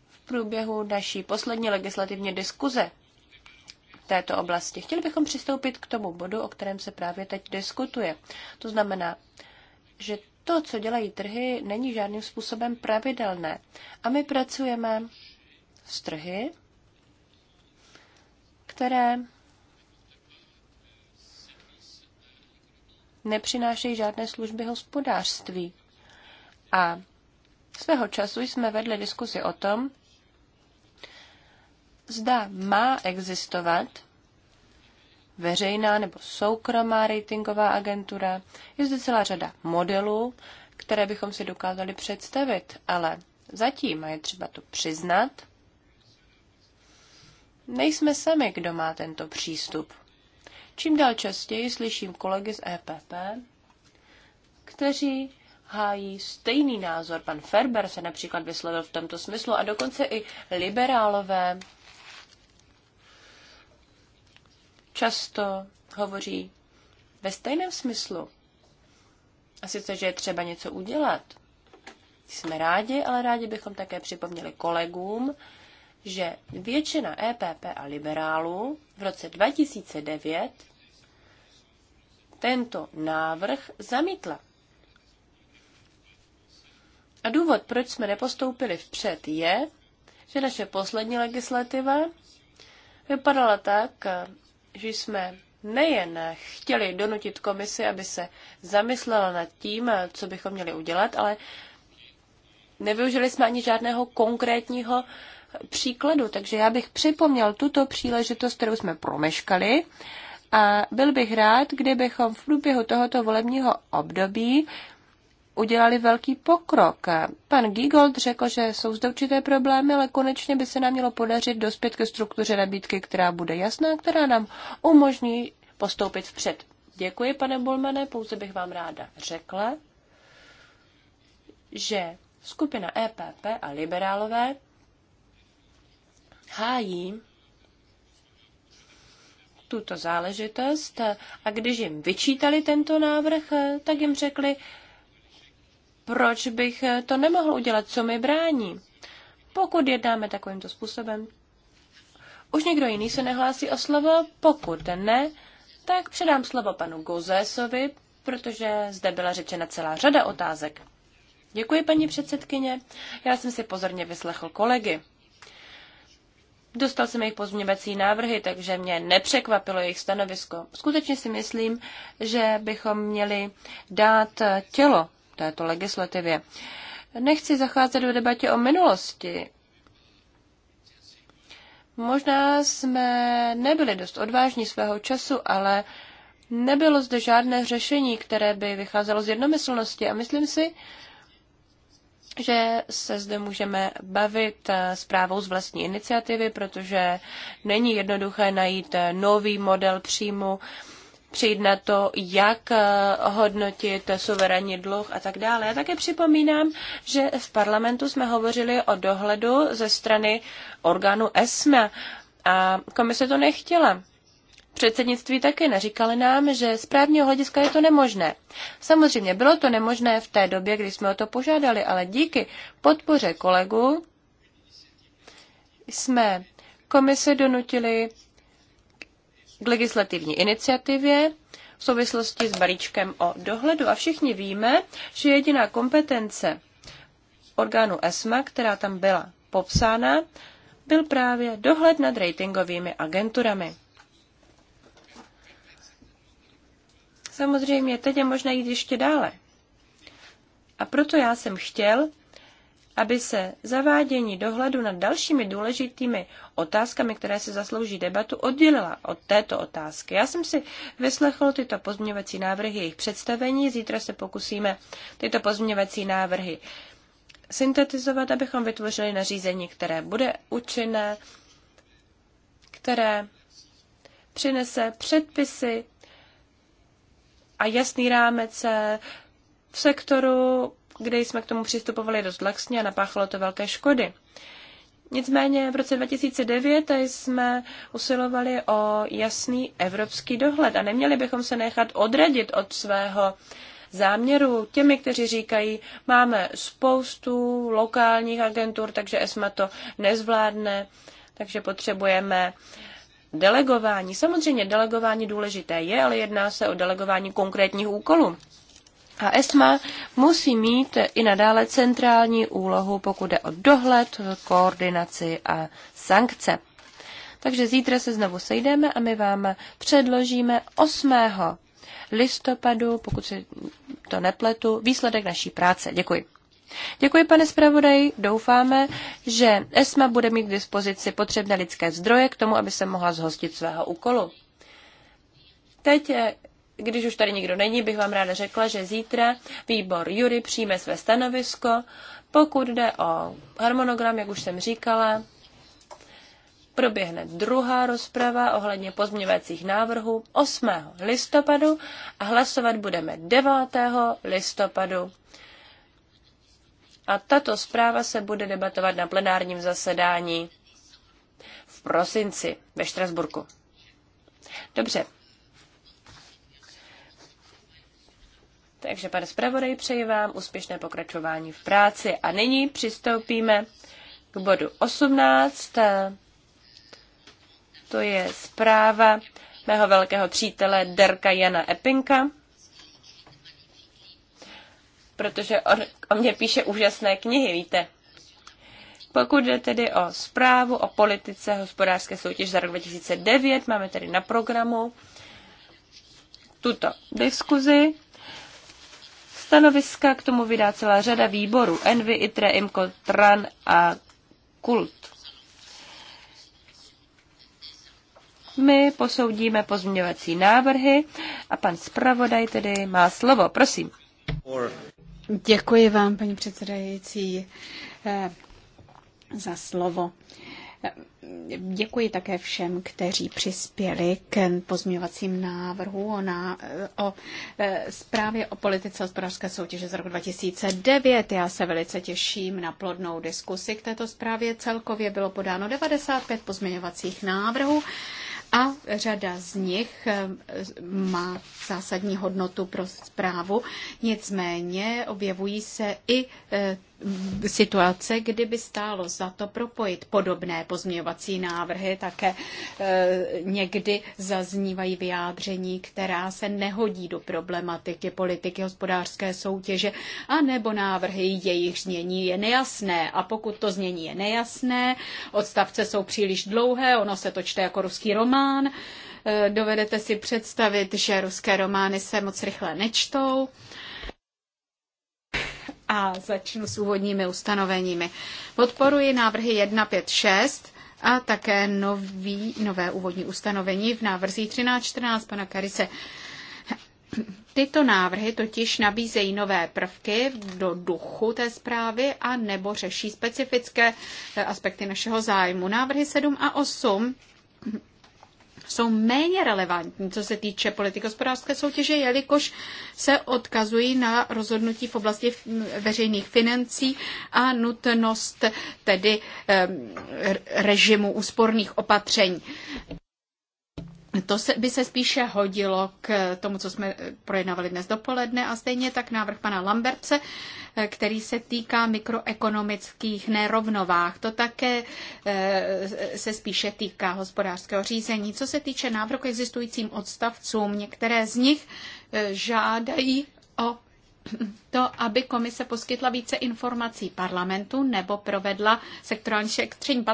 V průběhu naší poslední legislativní diskuze této oblasti. Chtěli bychom přistoupit k tomu bodu, o kterém se právě teď diskutuje. To znamená, že to, co dělají trhy, není žádným způsobem pravidelné. A my pracujeme s trhy, které nepřinášejí žádné služby hospodářství. A svého času jsme vedli diskuzi o tom, zda má existovat veřejná nebo soukromá ratingová agentura. Je zde celá řada modelů, které bychom si dokázali představit, ale zatím, a je třeba to přiznat, nejsme sami, kdo má tento přístup. Čím dál častěji slyším kolegy z EPP, kteří hájí stejný názor. Pan Ferber se například vyslovil v tomto smyslu a dokonce i liberálové často hovoří ve stejném smyslu. A sice, že je třeba něco udělat. Jsme rádi, ale rádi bychom také připomněli kolegům, že většina EPP a liberálů v roce 2009 tento návrh zamítla. A důvod, proč jsme nepostoupili vpřed, je, že naše poslední legislativa vypadala tak, že jsme nejen chtěli donutit komisi, aby se zamyslela nad tím, co bychom měli udělat, ale nevyužili jsme ani žádného konkrétního Příkladu, takže já bych připomněl tuto příležitost, kterou jsme promeškali a byl bych rád, kdybychom v průběhu tohoto volebního období udělali velký pokrok. Pan Gigold řekl, že jsou zde určité problémy, ale konečně by se nám mělo podařit dospět ke struktuře nabídky, která bude jasná, která nám umožní postoupit vpřed. Děkuji, pane Bulmane, pouze bych vám ráda řekla, že skupina EPP a liberálové hájí tuto záležitost a když jim vyčítali tento návrh, tak jim řekli, proč bych to nemohl udělat, co mi brání. Pokud jednáme takovýmto způsobem, už někdo jiný se nehlásí o slovo, pokud ne, tak předám slovo panu Gozésovi, protože zde byla řečena celá řada otázek. Děkuji, paní předsedkyně. Já jsem si pozorně vyslechl kolegy. Dostal jsem jejich pozměňovací návrhy, takže mě nepřekvapilo jejich stanovisko. Skutečně si myslím, že bychom měli dát tělo této legislativě. Nechci zacházet do debatě o minulosti. Možná jsme nebyli dost odvážní svého času, ale nebylo zde žádné řešení, které by vycházelo z jednomyslnosti a myslím si, že se zde můžeme bavit eh, zprávou z vlastní iniciativy, protože není jednoduché najít eh, nový model příjmu, přijít na to, jak eh, hodnotit suverénní dluh a tak dále. Já také připomínám, že v parlamentu jsme hovořili o dohledu ze strany orgánu ESMA a komise to nechtěla předsednictví také naříkali nám, že z právního hlediska je to nemožné. Samozřejmě bylo to nemožné v té době, kdy jsme o to požádali, ale díky podpoře kolegů jsme komise donutili k legislativní iniciativě v souvislosti s balíčkem o dohledu a všichni víme, že jediná kompetence orgánu ESMA, která tam byla popsána, byl právě dohled nad ratingovými agenturami. Samozřejmě teď je možné jít ještě dále. A proto já jsem chtěl, aby se zavádění dohledu nad dalšími důležitými otázkami, které se zaslouží debatu, oddělila od této otázky. Já jsem si vyslechl tyto pozměňovací návrhy, jejich představení. Zítra se pokusíme tyto pozměňovací návrhy syntetizovat, abychom vytvořili nařízení, které bude účinné, které přinese předpisy a jasný rámec eh, v sektoru, kde jsme k tomu přistupovali dost laxně a napáchalo to velké škody. Nicméně v roce 2009 jsme usilovali o jasný evropský dohled a neměli bychom se nechat odradit od svého záměru těmi, kteří říkají, máme spoustu lokálních agentur, takže ESMA to nezvládne, takže potřebujeme uh, delegování. Samozřejmě delegování důležité je, ale jedná se o delegování konkrétních úkolů. A ESMA musí mít i nadále centrální úlohu, pokud jde o dohled, koordinaci a sankce. Takže zítra se znovu sejdeme a my vám předložíme 8. listopadu, pokud se to nepletu, výsledek naší práce. Děkuji. Děkuji, pane zpravodaj. Doufáme, že ESMA bude mít k dispozici potřebné lidské zdroje k tomu, aby se mohla zhostit svého úkolu. Teď eh, když už tady nikdo není, bych vám ráda řekla, že zítra výbor Jury přijme své stanovisko. Pokud jde o harmonogram, jak už jsem říkala, proběhne druhá rozprava ohledně pozměňovacích návrhů 8. listopadu a hlasovat budeme 9. listopadu a tato zpráva se bude debatovat na plenárním zasedání v prosinci ve Štrasburku. Dobře. Takže, pane zpravodaj, přeji vám úspěšné pokračování v práci. A nyní přistoupíme k bodu 18. To je zpráva mého velkého přítele Derka Jana Epinka protože on o mě píše úžasné knihy, víte. Pokud jde tedy o zprávu o politice hospodářské soutěž za rok 2009, máme tedy na programu tuto diskuzi. Stanoviska k tomu vydá celá řada výborů. Envy, ITRE, IMCO, TRAN a KULT. My posoudíme pozměňovací návrhy a pan zpravodaj tedy má slovo. Prosím. Děkuji vám, paní předsedající, eh, za slovo. Eh, děkuji také všem, kteří přispěli k pozměňovacím návrhu eh, o, na, o zprávě o politice hospodářské soutěže z roku 2009. Já se velice těším na plodnou diskusi k této zprávě. Celkově bylo podáno 95 pozměňovacích návrhů a řada z nich eh, má zásadní hodnotu pro zprávu. Nicméně objevují se i eh, situace, kdyby stálo za to propojit podobné pozměňovací návrhy, také e, někdy zaznívají vyjádření, která se nehodí do problematiky politiky hospodářské soutěže, anebo návrhy jejich znění je nejasné. A pokud to znění je nejasné, odstavce jsou příliš dlouhé, ono se to čte jako ruský román, e, dovedete si představit, že ruské romány se moc rychle nečtou, a začnu s úvodními ustanoveními. Podporuji návrhy 1, 5, 6 a také nový, nové úvodní ustanovení v návrzích 13, 14 pana Karise. Tyto návrhy totiž nabízejí nové prvky do duchu té zprávy a nebo řeší specifické aspekty našeho zájmu. Návrhy 7 a 8 jsou méně relevantní, co se týče politiky hospodářské soutěže, jelikož se odkazují na rozhodnutí v oblasti veřejných financí a nutnost tedy eh, režimu úsporných opatření. To se, by se spíše hodilo k tomu, co jsme projednávali dnes dopoledne a stejně tak návrh pana Lambertce, který se týká mikroekonomických nerovnovách. To také eh, se spíše týká hospodářského řízení. Co se týče návrhu k existujícím odstavcům, některé z nich eh, žádají o to, aby komise poskytla více informací parlamentu nebo provedla sektorální šetření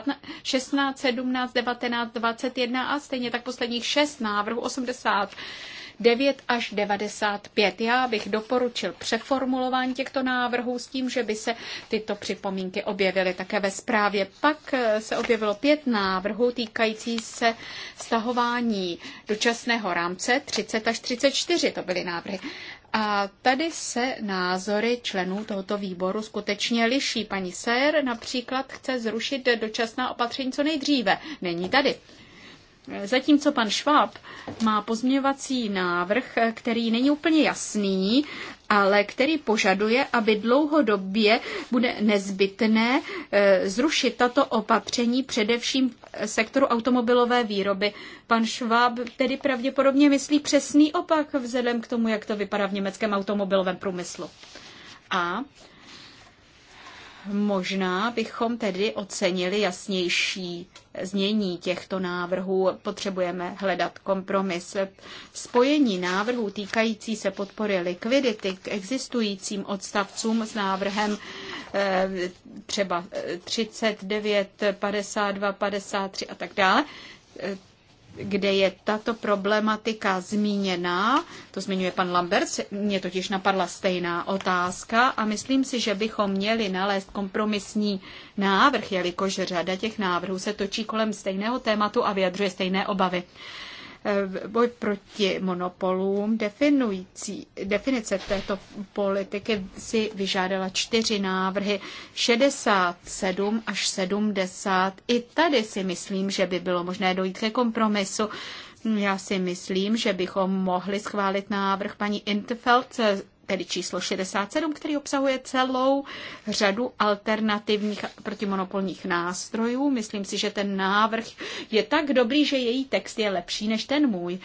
16, 17, 19, 21 a stejně tak posledních 6 návrhů 80 9 až 95. Já bych doporučil přeformulování těchto návrhů s tím, že by se tyto připomínky objevily také ve zprávě. Pak eh, se objevilo pět návrhů týkající se stahování dočasného rámce 30 až 34. To byly návrhy. A tady se názory členů tohoto výboru skutečně liší. Paní Sér například chce zrušit dočasná opatření co nejdříve. Není tady. Zatímco pan Šváb má pozměňovací návrh, který není úplně jasný, ale který požaduje, aby dlouhodobě bude nezbytné eh, zrušit tato opatření především v sektoru automobilové výroby. Pan Schwab tedy pravděpodobně myslí přesný opak vzhledem k tomu, jak to vypadá v německém automobilovém průmyslu. A Možná bychom tedy ocenili jasnější znění těchto návrhů. Potřebujeme hledat kompromis. Spojení návrhů týkající se podpory likvidity k existujícím odstavcům s návrhem eh, třeba 39, 52, 53 a tak dále, eh, kde je tato problematika zmíněná. To zmiňuje pan Lambert, mě totiž napadla stejná otázka a myslím si, že bychom měli nalézt kompromisní návrh, jelikož řada těch návrhů se točí kolem stejného tématu a vyjadřuje stejné obavy. Eh, boj proti monopolům. Definující, definice této politiky si vyžádala čtyři návrhy, 67 až 70. I tady si myslím, že by bylo možné dojít ke kompromisu. Já si myslím, že bychom mohli schválit návrh paní Interfeld tedy číslo 67, který obsahuje celou řadu alternativních protimonopolních nástrojů. Myslím si, že ten návrh je tak dobrý, že její text je lepší než ten můj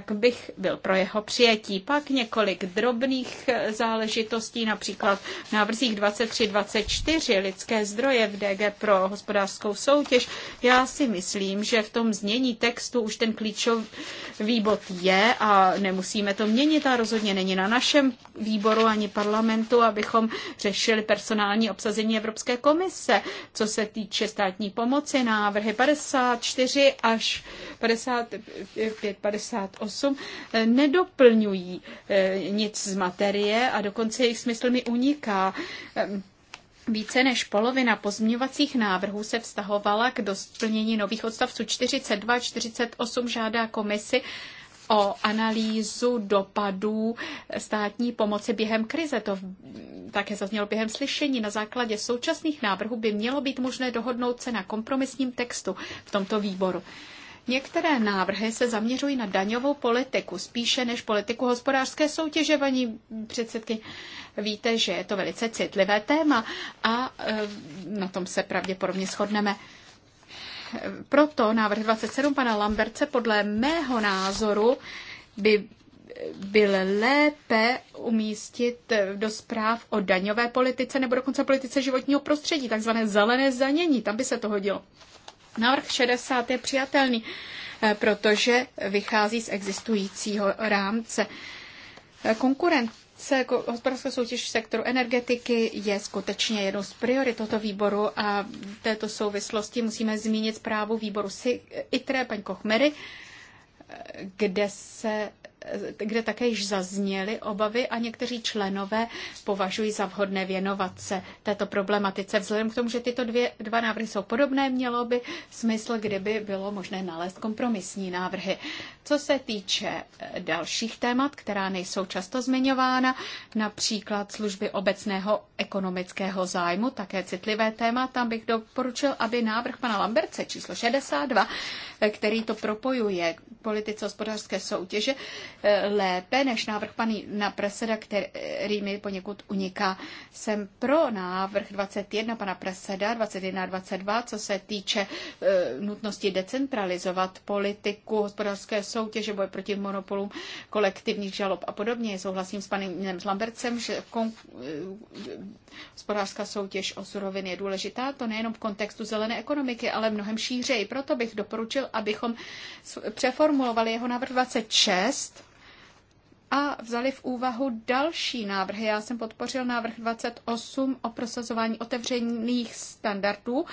tak bych byl pro jeho přijetí. Pak několik drobných záležitostí, například v návrzích 23-24 lidské zdroje v DG pro hospodářskou soutěž. Já si myslím, že v tom znění textu už ten klíčový bod je a nemusíme to měnit a rozhodně není na našem výboru ani parlamentu, abychom řešili personální obsazení Evropské komise. Co se týče státní pomoci, návrhy 54 až 55, 50, 8, eh, nedoplňují eh, nic z materie a dokonce jejich smysl mi uniká. Ehm, více než polovina pozměňovacích návrhů se vztahovala k dosplnění nových odstavců 42 48 žádá komisi, o analýzu dopadů státní pomoci během krize. To také zaznělo během slyšení. Na základě současných návrhů by mělo být možné dohodnout se na kompromisním textu v tomto výboru. Některé návrhy se zaměřují na daňovou politiku, spíše než politiku hospodářské soutěže, paní předsedky. Víte, že je to velice citlivé téma a eh, na tom se pravděpodobně shodneme. Proto návrh 27 pana Lamberce podle mého názoru by byl lépe umístit do zpráv o daňové politice nebo dokonce politice životního prostředí, takzvané zelené zdanění. Tam by se to hodilo. Návrh 60 je přijatelný, eh, protože vychází z existujícího rámce. Eh, Konkurent se hospodářská soutěž v sektoru energetiky je skutečně jednou z priorit tohoto výboru a v této souvislosti musíme zmínit zprávu výboru ITRE, paní Kochmery, eh, kde se kde také již zazněly obavy a někteří členové považují za vhodné věnovat se této problematice. Vzhledem k tomu, že tyto dvě, dva návrhy jsou podobné, mělo by smysl, kdyby bylo možné nalézt kompromisní návrhy. Co se týče eh, dalších témat, která nejsou často zmiňována, například služby obecného ekonomického zájmu, také citlivé téma, tam bych doporučil, aby návrh pana Lamberce číslo 62, eh, který to propojuje k politice hospodářské soutěže, Eh, lépe než návrh paní na preseda, který mi poněkud uniká. Jsem pro návrh 21 pana preseda, 21 a 22, co se týče eh, nutnosti decentralizovat politiku hospodářské soutěže, boje proti monopolům, kolektivních žalob a podobně. Souhlasím s panem Lambercem, že kon... Eh, hospodářská soutěž o suroviny je důležitá, to nejenom v kontextu zelené ekonomiky, ale mnohem šířeji. Proto bych doporučil, abychom přeformulovali jeho návrh 26 a vzali v úvahu další návrhy. Já jsem podpořil návrh 28 o prosazování otevřených standardů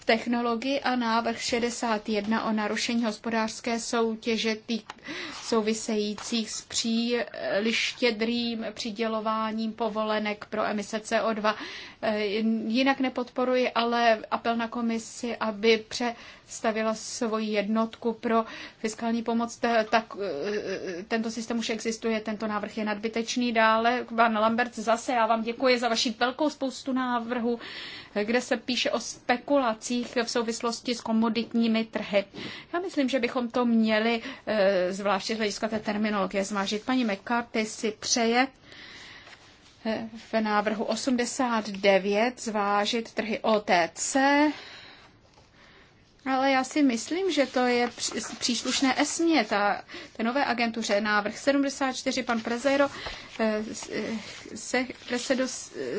v technologii a návrh 61 o narušení hospodářské soutěže tý, souvisejících s příliš štědrým přidělováním povolenek pro emise CO2. E, jinak nepodporuji, ale apel na komisi, aby pře stavěla svoji jednotku pro fiskální pomoc, tak eh, tento systém už existuje, tento návrh je nadbytečný. Dále, pan Lambert, zase já vám děkuji za vaši velkou spoustu návrhů, kde se píše o spekulacích v souvislosti s komoditními trhy. Já myslím, že bychom to měli, eh, zvláště z hlediska té terminologie, zvážit. Paní McCarthy si přeje, eh, v návrhu 89 zvážit trhy OTC, ale já si myslím, že to je příslušné esmě, ta, té nové agentuře. Návrh 74, pan Prezero eh, eh, se, se,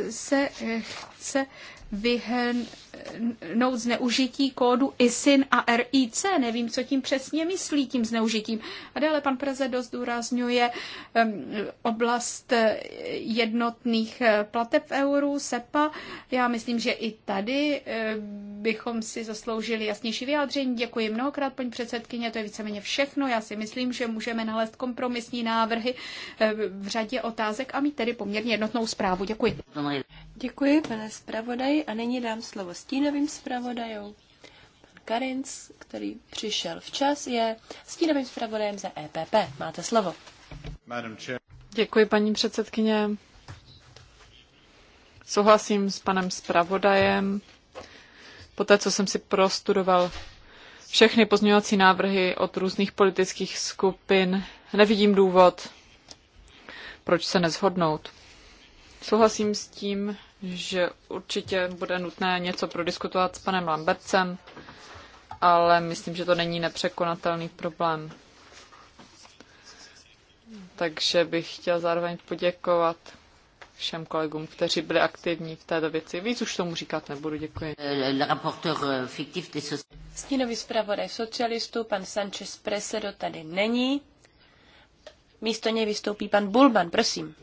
se eh, chce vyhnout zneužití kódu ISIN a RIC. Nevím, co tím přesně myslí tím zneužitím. A dále pan Prezedo zdůrazňuje oblast eh, jednotných eh, plateb v euru, SEPA. Já myslím, že i tady eh, bychom si zasloužili jasnější vyjádření. Děkuji mnohokrát, paní předsedkyně, to je víceméně všechno. Já si myslím, že můžeme nalézt kompromisní návrhy v řadě otázek a mít tedy poměrně jednotnou zprávu. Děkuji. Děkuji, pane zpravodaji a nyní dám slovo stínovým zpravodajům. Pan Karins, který přišel včas, je stínovým zpravodajem za EPP. Máte slovo. Děkuji, paní předsedkyně. Souhlasím s panem zpravodajem. Poté, co jsem si prostudoval všechny pozměňovací návrhy od různých politických skupin, nevidím důvod, proč se nezhodnout. Souhlasím s tím, že určitě bude nutné něco prodiskutovat s panem Lambercem, ale myslím, že to není nepřekonatelný problém. Takže bych chtěl zároveň poděkovat všem kolegům, kteří byli aktivní v této věci. Víc už tomu říkat nebudu, děkuji. Euh, euh, Stínový zpravodaj socialistů, pan Sanchez Presedo, tady není. Místo něj vystoupí pan Bulban, prosím.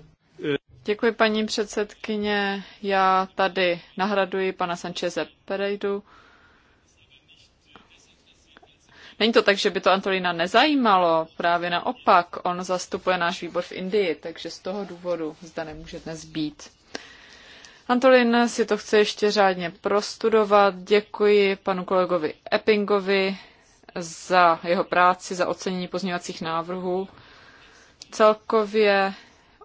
Děkuji, paní předsedkyně. Já tady nahraduji pana Sancheze Perejdu. Není to tak, že by to Antolina nezajímalo, právě naopak, on zastupuje náš výbor v Indii, takže z toho důvodu zde nemůže dnes být. Antolin si to chce ještě řádně prostudovat. Děkuji panu kolegovi Eppingovi za jeho práci, za ocenění pozměňovacích návrhů. Celkově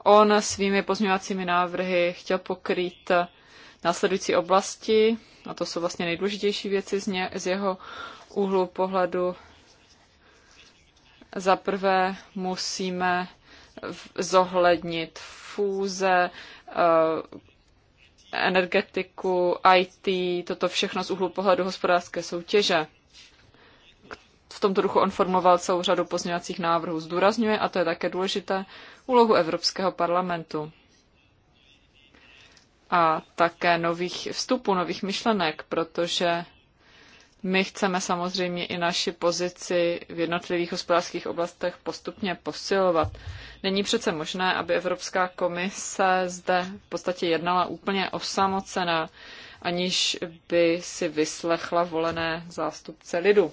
On svými pozměňovacími návrhy chtěl pokrýt následující oblasti, a to jsou vlastně nejdůležitější věci z, ně, z jeho úhlu pohledu. Za prvé musíme zohlednit fůze, eh, energetiku, IT, toto všechno z úhlu pohledu hospodářské soutěže tomto duchu on formoval celou řadu pozměňovacích návrhů. Zdůrazňuje, a to je také důležité, úlohu Evropského parlamentu a také nových vstupů, nových myšlenek, protože my chceme samozřejmě i naši pozici v jednotlivých hospodářských oblastech postupně posilovat. Není přece možné, aby Evropská komise zde v podstatě jednala úplně osamocená, aniž by si vyslechla volené zástupce lidu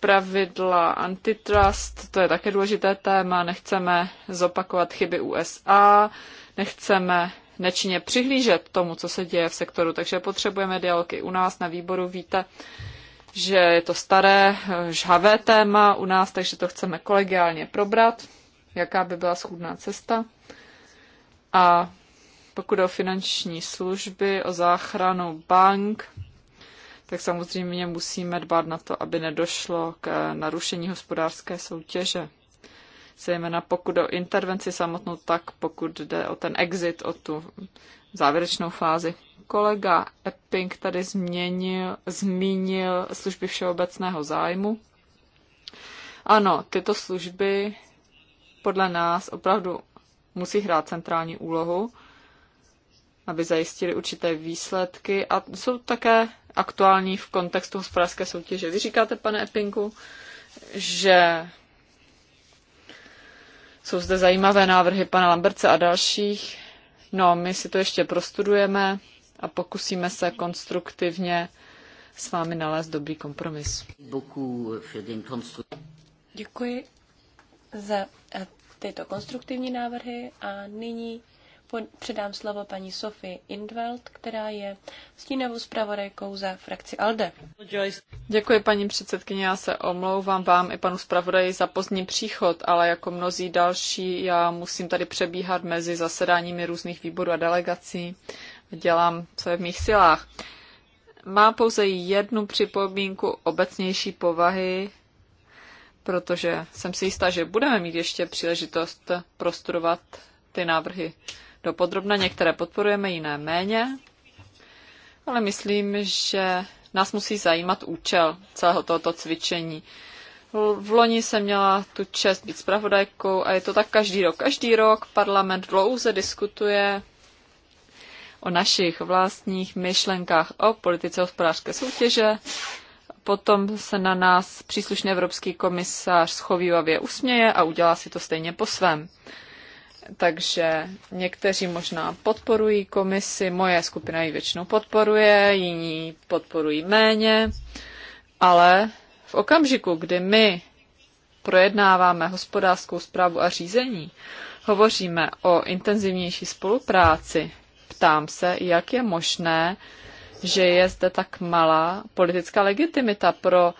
pravidla antitrust, to je také důležité téma, nechceme zopakovat chyby USA, nechceme nečinně přihlížet tomu, co se děje v sektoru, takže potřebujeme dialogy u nás na výboru. Víte, že je to staré, eh, žhavé téma u nás, takže to chceme kolegiálně probrat, jaká by byla schůdná cesta. A pokud o finanční služby, o záchranu bank, tak samozřejmě musíme dbát na to, aby nedošlo k eh, narušení hospodářské soutěže. Zejména pokud o intervenci samotnou, tak pokud jde o ten exit, o tu závěrečnou fázi. Kolega Epping tady změnil, zmínil služby všeobecného zájmu. Ano, tyto služby podle nás opravdu musí hrát centrální úlohu aby zajistili určité výsledky a jsou také aktuální v kontextu hospodářské soutěže. Vy říkáte, pane Epinku, že jsou zde zajímavé návrhy pana Lamberce a dalších. No, my si to ještě prostudujeme a pokusíme se konstruktivně s vámi nalézt dobrý kompromis. Děkuji za tyto konstruktivní návrhy a nyní předám slovo paní Sofii Indveld, která je stínovou zpravodajkou za frakci ALDE. Děkuji paní předsedkyně, já se omlouvám vám i panu zpravodaji za pozdní příchod, ale jako mnozí další já musím tady přebíhat mezi zasedáními různých výborů a delegací. Dělám, co je v mých silách. Má pouze jednu připomínku obecnější povahy, protože jsem si jistá, že budeme mít ještě příležitost prostudovat ty návrhy do podrobna. Některé podporujeme, jiné méně. Ale myslím, že nás musí zajímat účel celého tohoto cvičení. V loni jsem měla tu čest být zpravodajkou a je to tak každý rok. Každý rok parlament dlouze diskutuje o našich vlastních myšlenkách o politice hospodářské soutěže. Potom se na nás příslušný evropský komisář schovývavě usměje a udělá si to stejně po svém takže někteří možná podporují komisi, moje skupina ji většinou podporuje, jiní podporují méně, ale v okamžiku, kdy my projednáváme hospodářskou zprávu a řízení, hovoříme o intenzivnější spolupráci, ptám se, jak je možné, že je zde tak malá politická legitimita pro uh,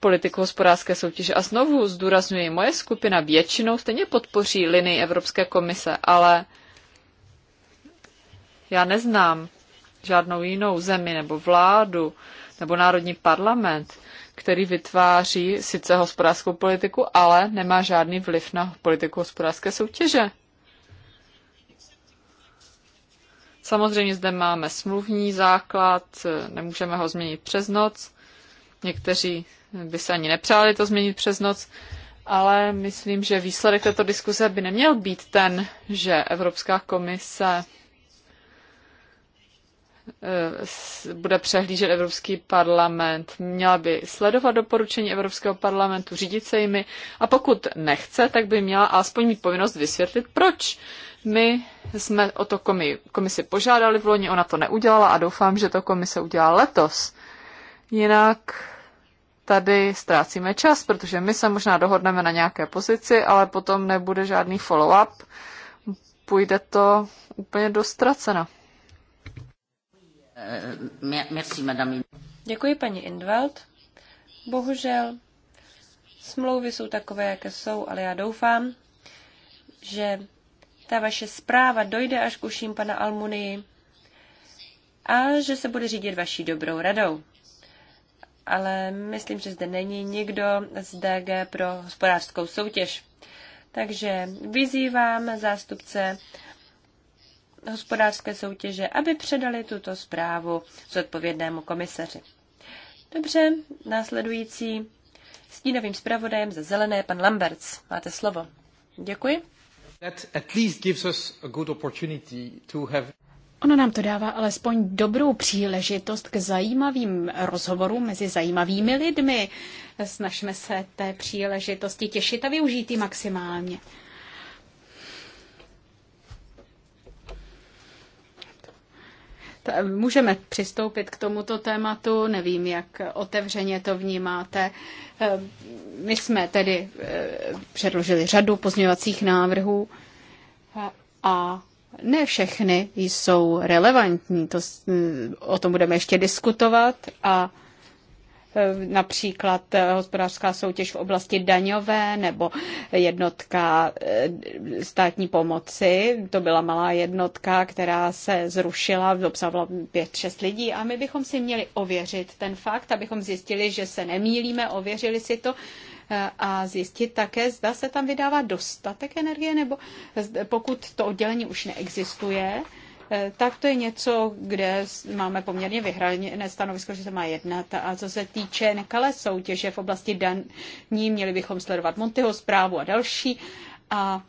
politiku hospodářské soutěže. A znovu zdůraznuju, moje skupina většinou stejně podpoří linii Evropské komise, ale já neznám žádnou jinou zemi nebo vládu nebo národní parlament, který vytváří sice hospodářskou politiku, ale nemá žádný vliv na politiku hospodářské soutěže. Samozřejmě zde máme smluvní základ, nemůžeme ho změnit přes noc, Někteří by se ani nepřáli to změnit přes noc, ale myslím, že výsledek této diskuse by neměl být ten, že Evropská komise eh, bude přehlížet Evropský parlament, měla by sledovat doporučení Evropského parlamentu, řídit se jimi a pokud nechce, tak by měla alespoň mít povinnost vysvětlit, proč. My jsme o to komisi požádali v loni, ona to neudělala a doufám, že to komise udělá letos. Jinak tady ztrácíme čas, protože my se možná dohodneme na nějaké pozici, ale potom nebude žádný follow-up. Půjde to úplně do ztracena. Eh, Děkuji, paní Indveld. Bohužel smlouvy jsou takové, jaké jsou, ale já doufám, že ta vaše zpráva dojde až k uším pana Almunii a že se bude řídit vaší dobrou radou ale myslím, že zde není nikdo z DG pro hospodářskou soutěž. Takže vyzývám zástupce hospodářské soutěže, aby předali tuto zprávu zodpovědnému komisaři. Dobře, následující stínovým zpravodajem za zelené pan Lamberts. Máte slovo. Děkuji. That at least gives us a good opportunity to have... Ono nám to dává alespoň dobrou příležitost k zajímavým rozhovorům mezi zajímavými lidmi. Snažme se té příležitosti těšit a využít ji maximálně. Můžeme přistoupit k tomuto tématu, nevím, jak otevřeně to vnímáte. Eh, my jsme tedy eh, předložili řadu pozměňovacích návrhů eh, a ne všechny jsou relevantní, to, o tom budeme ještě diskutovat a e, například e, hospodářská soutěž v oblasti daňové nebo jednotka e, státní pomoci. To byla malá jednotka, která se zrušila, obsahovala pět, šest lidí a my bychom si měli ověřit ten fakt, abychom zjistili, že se nemýlíme, ověřili si to a zjistit také, zda se tam vydává dostatek energie, nebo pokud to oddělení už neexistuje, eh, tak to je něco, kde máme poměrně vyhraněné stanovisko, že se má jednat. A co se týče nekalé soutěže v oblasti daní, měli bychom sledovat Montyho zprávu a další. A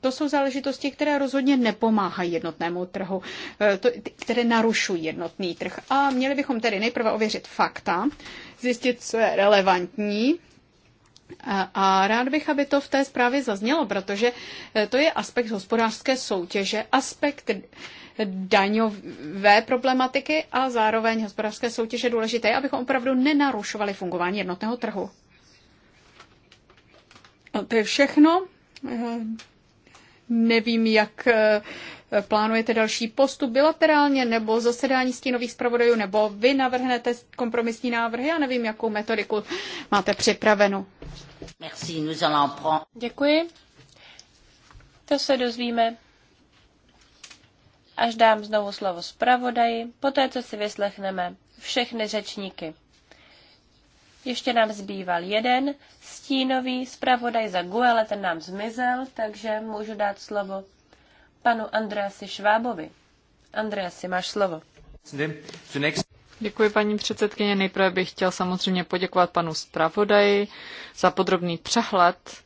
to jsou záležitosti, které rozhodně nepomáhají jednotnému trhu, eh, které narušují jednotný trh. A měli bychom tedy nejprve ověřit fakta, zjistit, co je relevantní a rád bych, aby to v té zprávě zaznělo, protože eh, to je aspekt hospodářské soutěže, aspekt daňové problematiky a zároveň hospodářské soutěže důležité, abychom opravdu nenarušovali fungování jednotného trhu. A no, to je všechno. Eh, nevím, jak eh, plánujete další postup bilaterálně nebo zasedání stínových zpravodajů, nebo vy navrhnete kompromisní návrhy, já nevím, jakou metodiku máte připravenu. Merci, nous allons prendre. Děkuji. To se dozvíme až dám znovu slovo zpravodaji, poté co si vyslechneme všechny řečníky. Ještě nám zbýval jeden stínový zpravodaj za Guele, ten nám zmizel, takže můžu dát slovo panu Andreasi Švábovi. Andreasi, máš slovo. Děkuji, paní předsedkyně. Nejprve bych chtěl samozřejmě poděkovat panu zpravodaji za podrobný přehled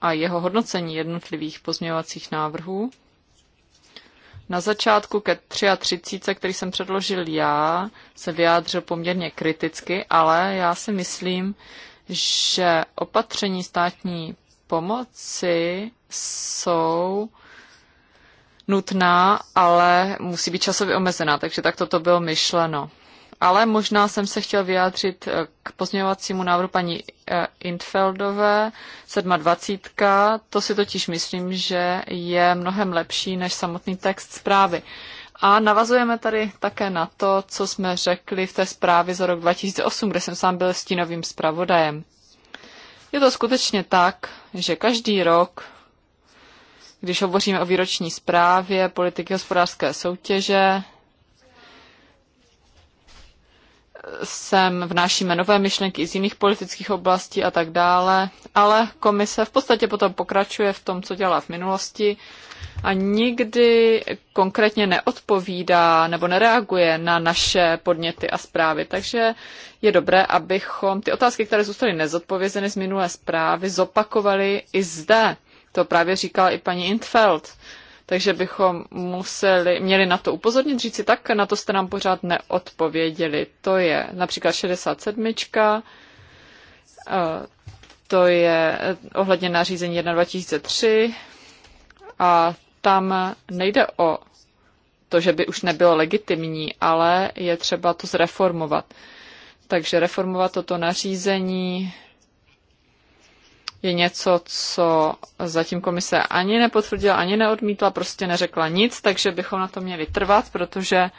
a jeho hodnocení jednotlivých pozměňovacích návrhů. Na začátku ke 33, který jsem předložil já, se vyjádřil poměrně kriticky, ale já si myslím, že opatření státní pomoci jsou nutná, ale musí být časově omezená, takže tak toto bylo myšleno. Ale možná jsem se chtěl vyjádřit eh, k pozměňovacímu návrhu paní eh, Intfeldové 27. To si totiž myslím, že je mnohem lepší než samotný text zprávy. A navazujeme tady také na to, co jsme řekli v té zprávě za rok 2008, kde jsem sám byl stínovým zpravodajem. Je to skutečně tak, že každý rok když hovoříme o výroční zprávě politiky hospodářské soutěže, sem vnášíme nové myšlenky z jiných politických oblastí a tak dále, ale komise v podstatě potom pokračuje v tom, co dělá v minulosti a nikdy konkrétně neodpovídá nebo nereaguje na naše podněty a zprávy. Takže je dobré, abychom ty otázky, které zůstaly nezodpovězeny z minulé zprávy, zopakovali i zde. To právě říkala i paní Intfeld. Takže bychom museli, měli na to upozornit, říci tak, na to jste nám pořád neodpověděli. To je například 67. Eh, to je eh, ohledně nařízení 1 2003 a tam nejde o to, že by už nebylo legitimní, ale je třeba to zreformovat. Takže reformovat toto nařízení je něco, co zatím komise ani nepotvrdila, ani neodmítla, prostě neřekla nic, takže bychom na to měli trvat, protože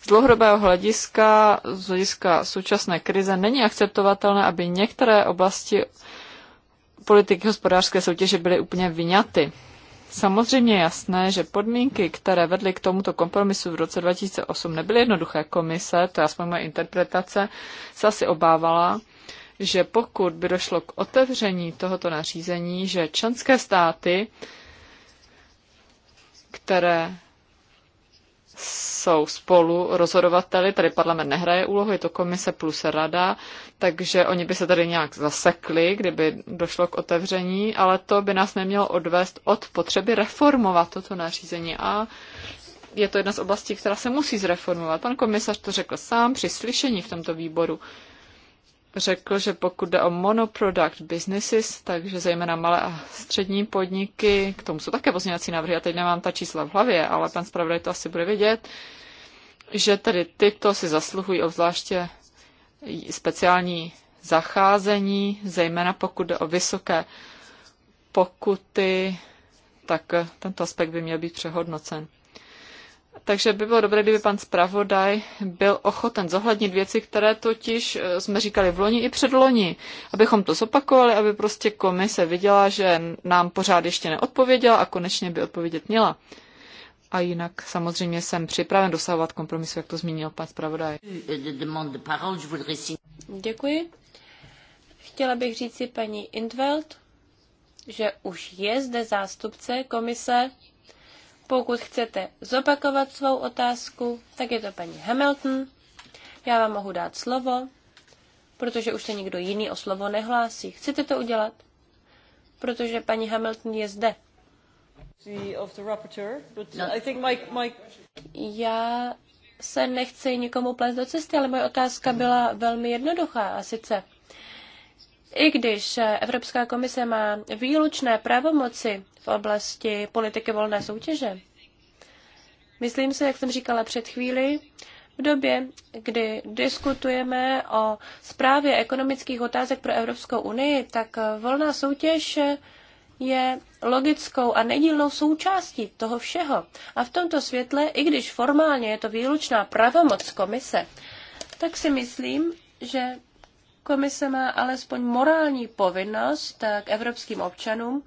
z dlouhodobého hlediska, z hlediska současné krize, není akceptovatelné, aby některé oblasti politiky hospodářské soutěže byly úplně vyňaty. Samozřejmě je jasné, že podmínky, které vedly k tomuto kompromisu v roce 2008, nebyly jednoduché. Komise, to je aspoň moje interpretace, se asi obávala, že pokud by došlo k otevření tohoto nařízení, že členské státy, které jsou spolu rozhodovateli, tady parlament nehraje úlohu, je to komise plus rada, takže oni by se tady nějak zasekli, kdyby došlo k otevření, ale to by nás nemělo odvést od potřeby reformovat toto nařízení a je to jedna z oblastí, která se musí zreformovat. Pan komisař to řekl sám při slyšení v tomto výboru řekl, že pokud jde o monoproduct businesses, takže zejména malé a střední podniky, k tomu jsou také pozměňovací návrhy, já teď nemám ta čísla v hlavě, ale pan zpravodaj to asi bude vědět, že tedy tyto si zasluhují obzvláště speciální zacházení, zejména pokud jde o vysoké pokuty, tak tento aspekt by měl být přehodnocen. Takže by bylo dobré, kdyby pan zpravodaj byl ochoten zohlednit věci, které totiž eh, jsme říkali v loni i předloni, abychom to zopakovali, aby prostě komise viděla, že nám pořád ještě neodpověděla a konečně by odpovědět měla. A jinak samozřejmě jsem připraven dosahovat kompromisu, jak to zmínil pan zpravodaj. Děkuji. Chtěla bych říct si paní Intveld, že už je zde zástupce komise pokud chcete zopakovat svou otázku, tak je to paní Hamilton. Já vám mohu dát slovo, protože už se nikdo jiný o slovo nehlásí. Chcete to udělat? Protože paní Hamilton je zde. No. Já se nechci nikomu plést do cesty, ale moje otázka byla velmi jednoduchá a sice i když Evropská komise má výlučné pravomoci oblasti politiky volné soutěže. Myslím si, jak jsem říkala před chvíli, v době, kdy diskutujeme o zprávě ekonomických otázek pro Evropskou unii, tak volná soutěž je logickou a nedílnou součástí toho všeho. A v tomto světle, i když formálně je to výlučná pravomoc komise, tak si myslím, že komise má alespoň morální povinnost k evropským občanům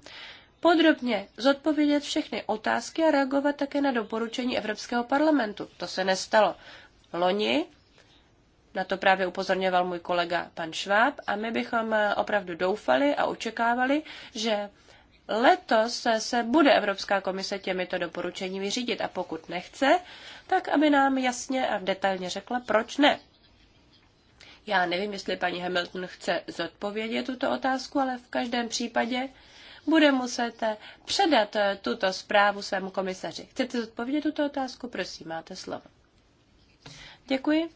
podrobně zodpovědět všechny otázky a reagovat také na doporučení Evropského parlamentu. To se nestalo. Loni, na to právě upozorňoval můj kolega pan Šváb, a my bychom eh, opravdu doufali a očekávali, že letos se bude Evropská komise těmito doporučení vyřídit a pokud nechce, tak aby nám jasně a detailně řekla, proč ne. Já nevím, jestli paní Hamilton chce zodpovědět tuto otázku, ale v každém případě bude muset předat tuto zprávu svému komisaři. Chcete zodpovědět tuto otázku? Prosím, máte slovo. Děkuji.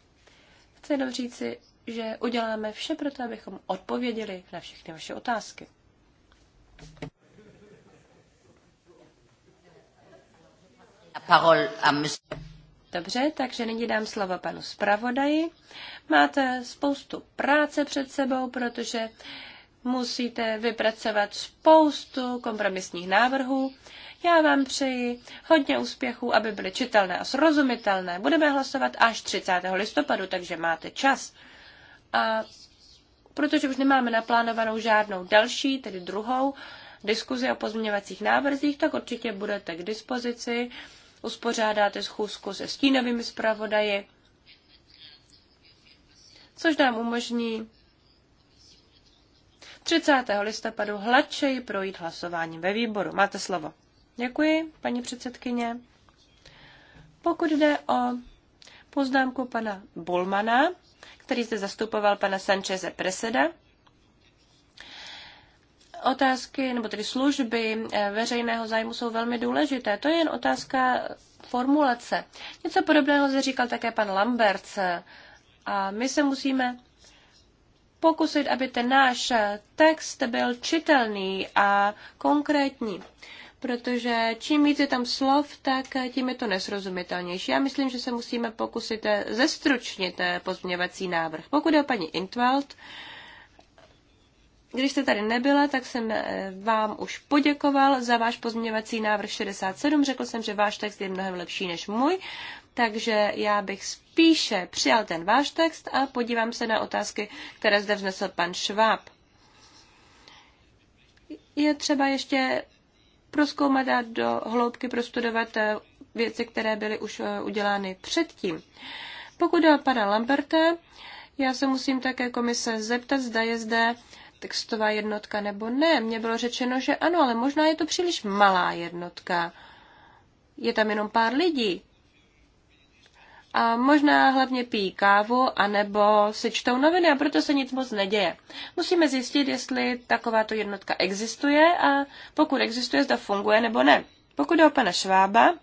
Chci jenom říci, že uděláme vše pro to, abychom odpověděli na všechny vaše otázky. Dobře, takže nyní dám slovo panu zpravodaji. Máte spoustu práce před sebou, protože musíte vypracovat spoustu kompromisních návrhů. Já vám přeji hodně úspěchů, aby byly čitelné a srozumitelné. Budeme hlasovat až 30. listopadu, takže máte čas. A protože už nemáme naplánovanou žádnou další, tedy druhou, diskuzi o pozměňovacích návrzích, tak určitě budete k dispozici. Uspořádáte schůzku se stínovými zpravodaji, což nám umožní 30. listopadu hladčeji projít hlasováním ve výboru. Máte slovo. Děkuji, paní předsedkyně. Pokud jde o poznámku pana Bulmana, který zde zastupoval pana Sancheze Preseda, otázky, nebo tedy služby eh, veřejného zájmu jsou velmi důležité. To je jen otázka formulace. Něco podobného zde říkal také pan Lamberts. Eh, a my se musíme pokusit, aby ten náš text byl čitelný a konkrétní protože čím víc je tam slov, tak tím je to nesrozumitelnější. Já myslím, že se musíme pokusit zestručnit pozměňovací návrh. Pokud je o paní Intveld, když jste tady nebyla, tak jsem vám už poděkoval za váš pozměňovací návrh 67. Řekl jsem, že váš text je mnohem lepší než můj takže já bych spíše přijal ten váš text a podívám se na otázky, které zde vznesl pan Šváb. Je třeba ještě proskoumat a do hloubky prostudovat eh, věci, které byly už eh, udělány předtím. Pokud jde o pana Lamberta, já se musím také komise zeptat, zda je zde textová jednotka nebo ne. Mně bylo řečeno, že ano, ale možná je to příliš malá jednotka. Je tam jenom pár lidí a možná hlavně pijí kávu anebo si čtou noviny a proto se nic moc neděje. Musíme zjistit, jestli takováto jednotka existuje a pokud existuje, zda funguje nebo ne. Pokud jde o pana Švába,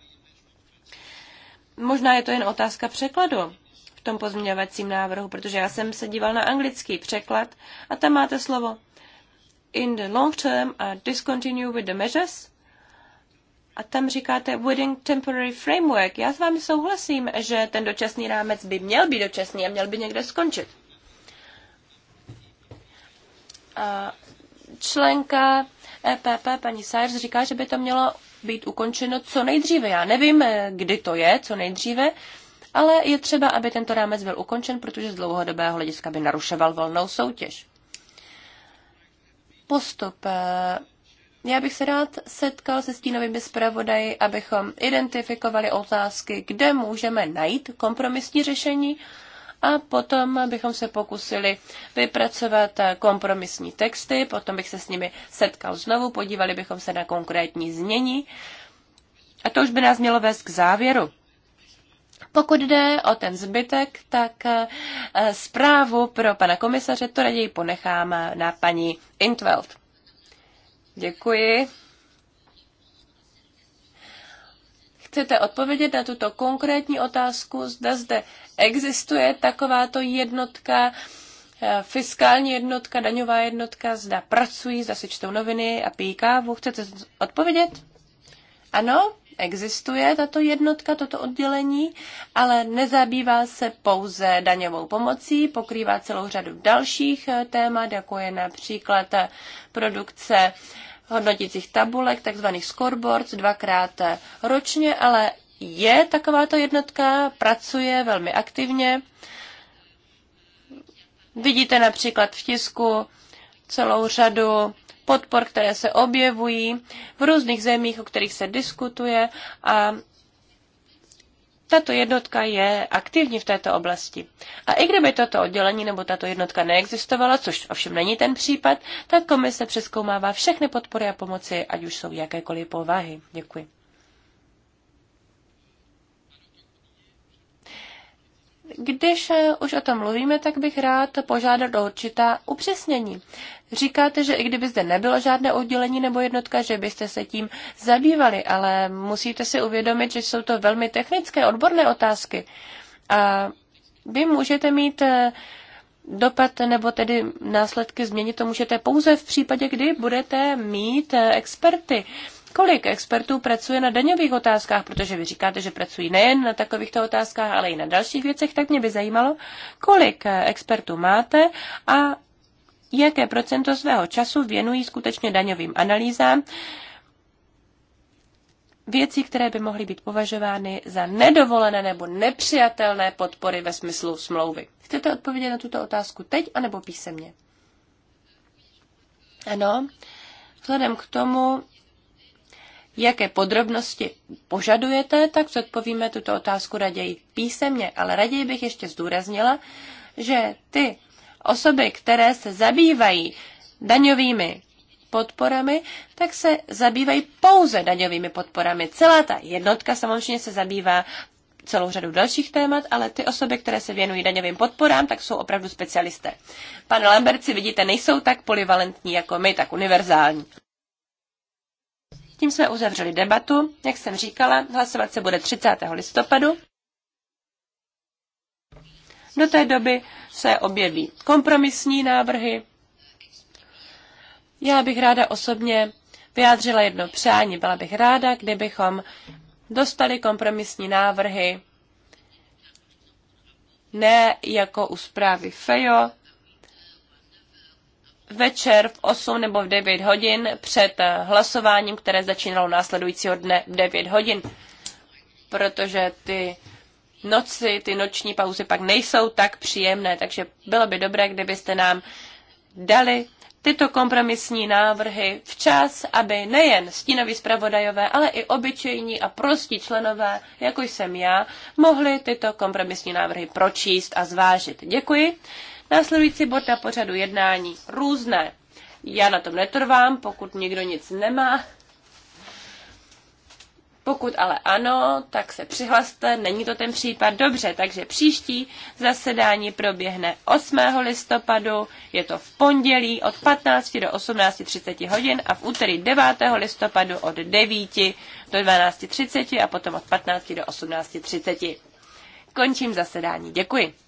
možná je to jen otázka překladu v tom pozměňovacím návrhu, protože já jsem se díval na anglický překlad a tam máte slovo in the long term a discontinue with the measures – a tam říkáte Within Temporary Framework. Já s vámi souhlasím, že ten dočasný rámec by měl být dočasný a měl by někde skončit. A členka EPP, paní Sayers, říká, že by to mělo být ukončeno co nejdříve. Já nevím, kdy to je, co nejdříve, ale je třeba, aby tento rámec byl ukončen, protože z dlouhodobého hlediska by narušoval volnou soutěž. Postup eh, já bych se rád setkal se stínovými zpravodaji, abychom identifikovali otázky, kde můžeme najít kompromisní řešení a potom bychom se pokusili vypracovat kompromisní texty, potom bych se s nimi setkal znovu, podívali bychom se na konkrétní znění a to už by nás mělo vést k závěru. Pokud jde o ten zbytek, tak eh, zprávu pro pana komisaře to raději ponechám na paní Intveld. Děkuji. Chcete odpovědět na tuto konkrétní otázku? Zda zde existuje takováto jednotka, eh, fiskální jednotka, daňová jednotka, zda pracují, zda si čtou noviny a pijí kávu. Chcete odpovědět? Ano? existuje tato jednotka, toto oddělení, ale nezabývá se pouze daňovou pomocí, pokrývá celou řadu dalších eh, témat, jako je například eh, produkce hodnotících tabulek, takzvaných scoreboards, dvakrát eh, ročně, ale je takováto jednotka, pracuje velmi aktivně. Vidíte například v tisku celou řadu podpor, které se objevují v různých zemích, o kterých se diskutuje a tato jednotka je aktivní v této oblasti. A i kdyby toto oddělení nebo tato jednotka neexistovala, což ovšem není ten případ, tak komise přeskoumává všechny podpory a pomoci, ať už jsou jakékoliv povahy. Děkuji. Když eh, už o tom mluvíme, tak bych rád požádal do určitá upřesnění. Říkáte, že i kdyby zde nebylo žádné oddělení nebo jednotka, že byste se tím zabývali, ale musíte si uvědomit, že jsou to velmi technické, odborné otázky. A vy můžete mít eh, dopad nebo tedy následky změnit to můžete pouze v případě, kdy budete mít eh, experty kolik expertů pracuje na daňových otázkách, protože vy říkáte, že pracují nejen na takovýchto otázkách, ale i na dalších věcech, tak mě by zajímalo, kolik eh, expertů máte a jaké procento svého času věnují skutečně daňovým analýzám, věcí, které by mohly být považovány za nedovolené nebo nepřijatelné podpory ve smyslu smlouvy. Chcete odpovědět na tuto otázku teď anebo písemně? Ano, vzhledem k tomu, jaké podrobnosti požadujete, tak zodpovíme tuto otázku raději písemně, ale raději bych ještě zdůraznila, že ty osoby, které se zabývají daňovými podporami, tak se zabývají pouze daňovými podporami. Celá ta jednotka samozřejmě se zabývá celou řadu dalších témat, ale ty osoby, které se věnují daňovým podporám, tak jsou opravdu specialisté. Pane si vidíte, nejsou tak polivalentní jako my, tak univerzální. Tím jsme uzavřeli debatu. Jak jsem říkala, hlasovat se bude 30. listopadu. Do té doby se objeví kompromisní návrhy. Já bych ráda osobně vyjádřila jedno přání. Byla bych ráda, kdybychom dostali kompromisní návrhy ne jako u zprávy FEJO, večer v 8 nebo v 9 hodin před eh, hlasováním, které začínalo následujícího dne v 9 hodin, protože ty noci, ty noční pauzy pak nejsou tak příjemné, takže bylo by dobré, kdybyste nám dali tyto kompromisní návrhy včas, aby nejen stínoví zpravodajové, ale i obyčejní a prostí členové, jako jsem já, mohli tyto kompromisní návrhy pročíst a zvážit. Děkuji. Následující bod na pořadu jednání. Různé. Já na tom netrvám, pokud nikdo nic nemá. Pokud ale ano, tak se přihlaste, není to ten případ. Dobře, takže příští zasedání proběhne 8. listopadu, je to v pondělí od 15 do 18.30 hodin a v úterý 9. listopadu od 9 do 12.30 a potom od 15 do 18.30. Končím zasedání. Děkuji.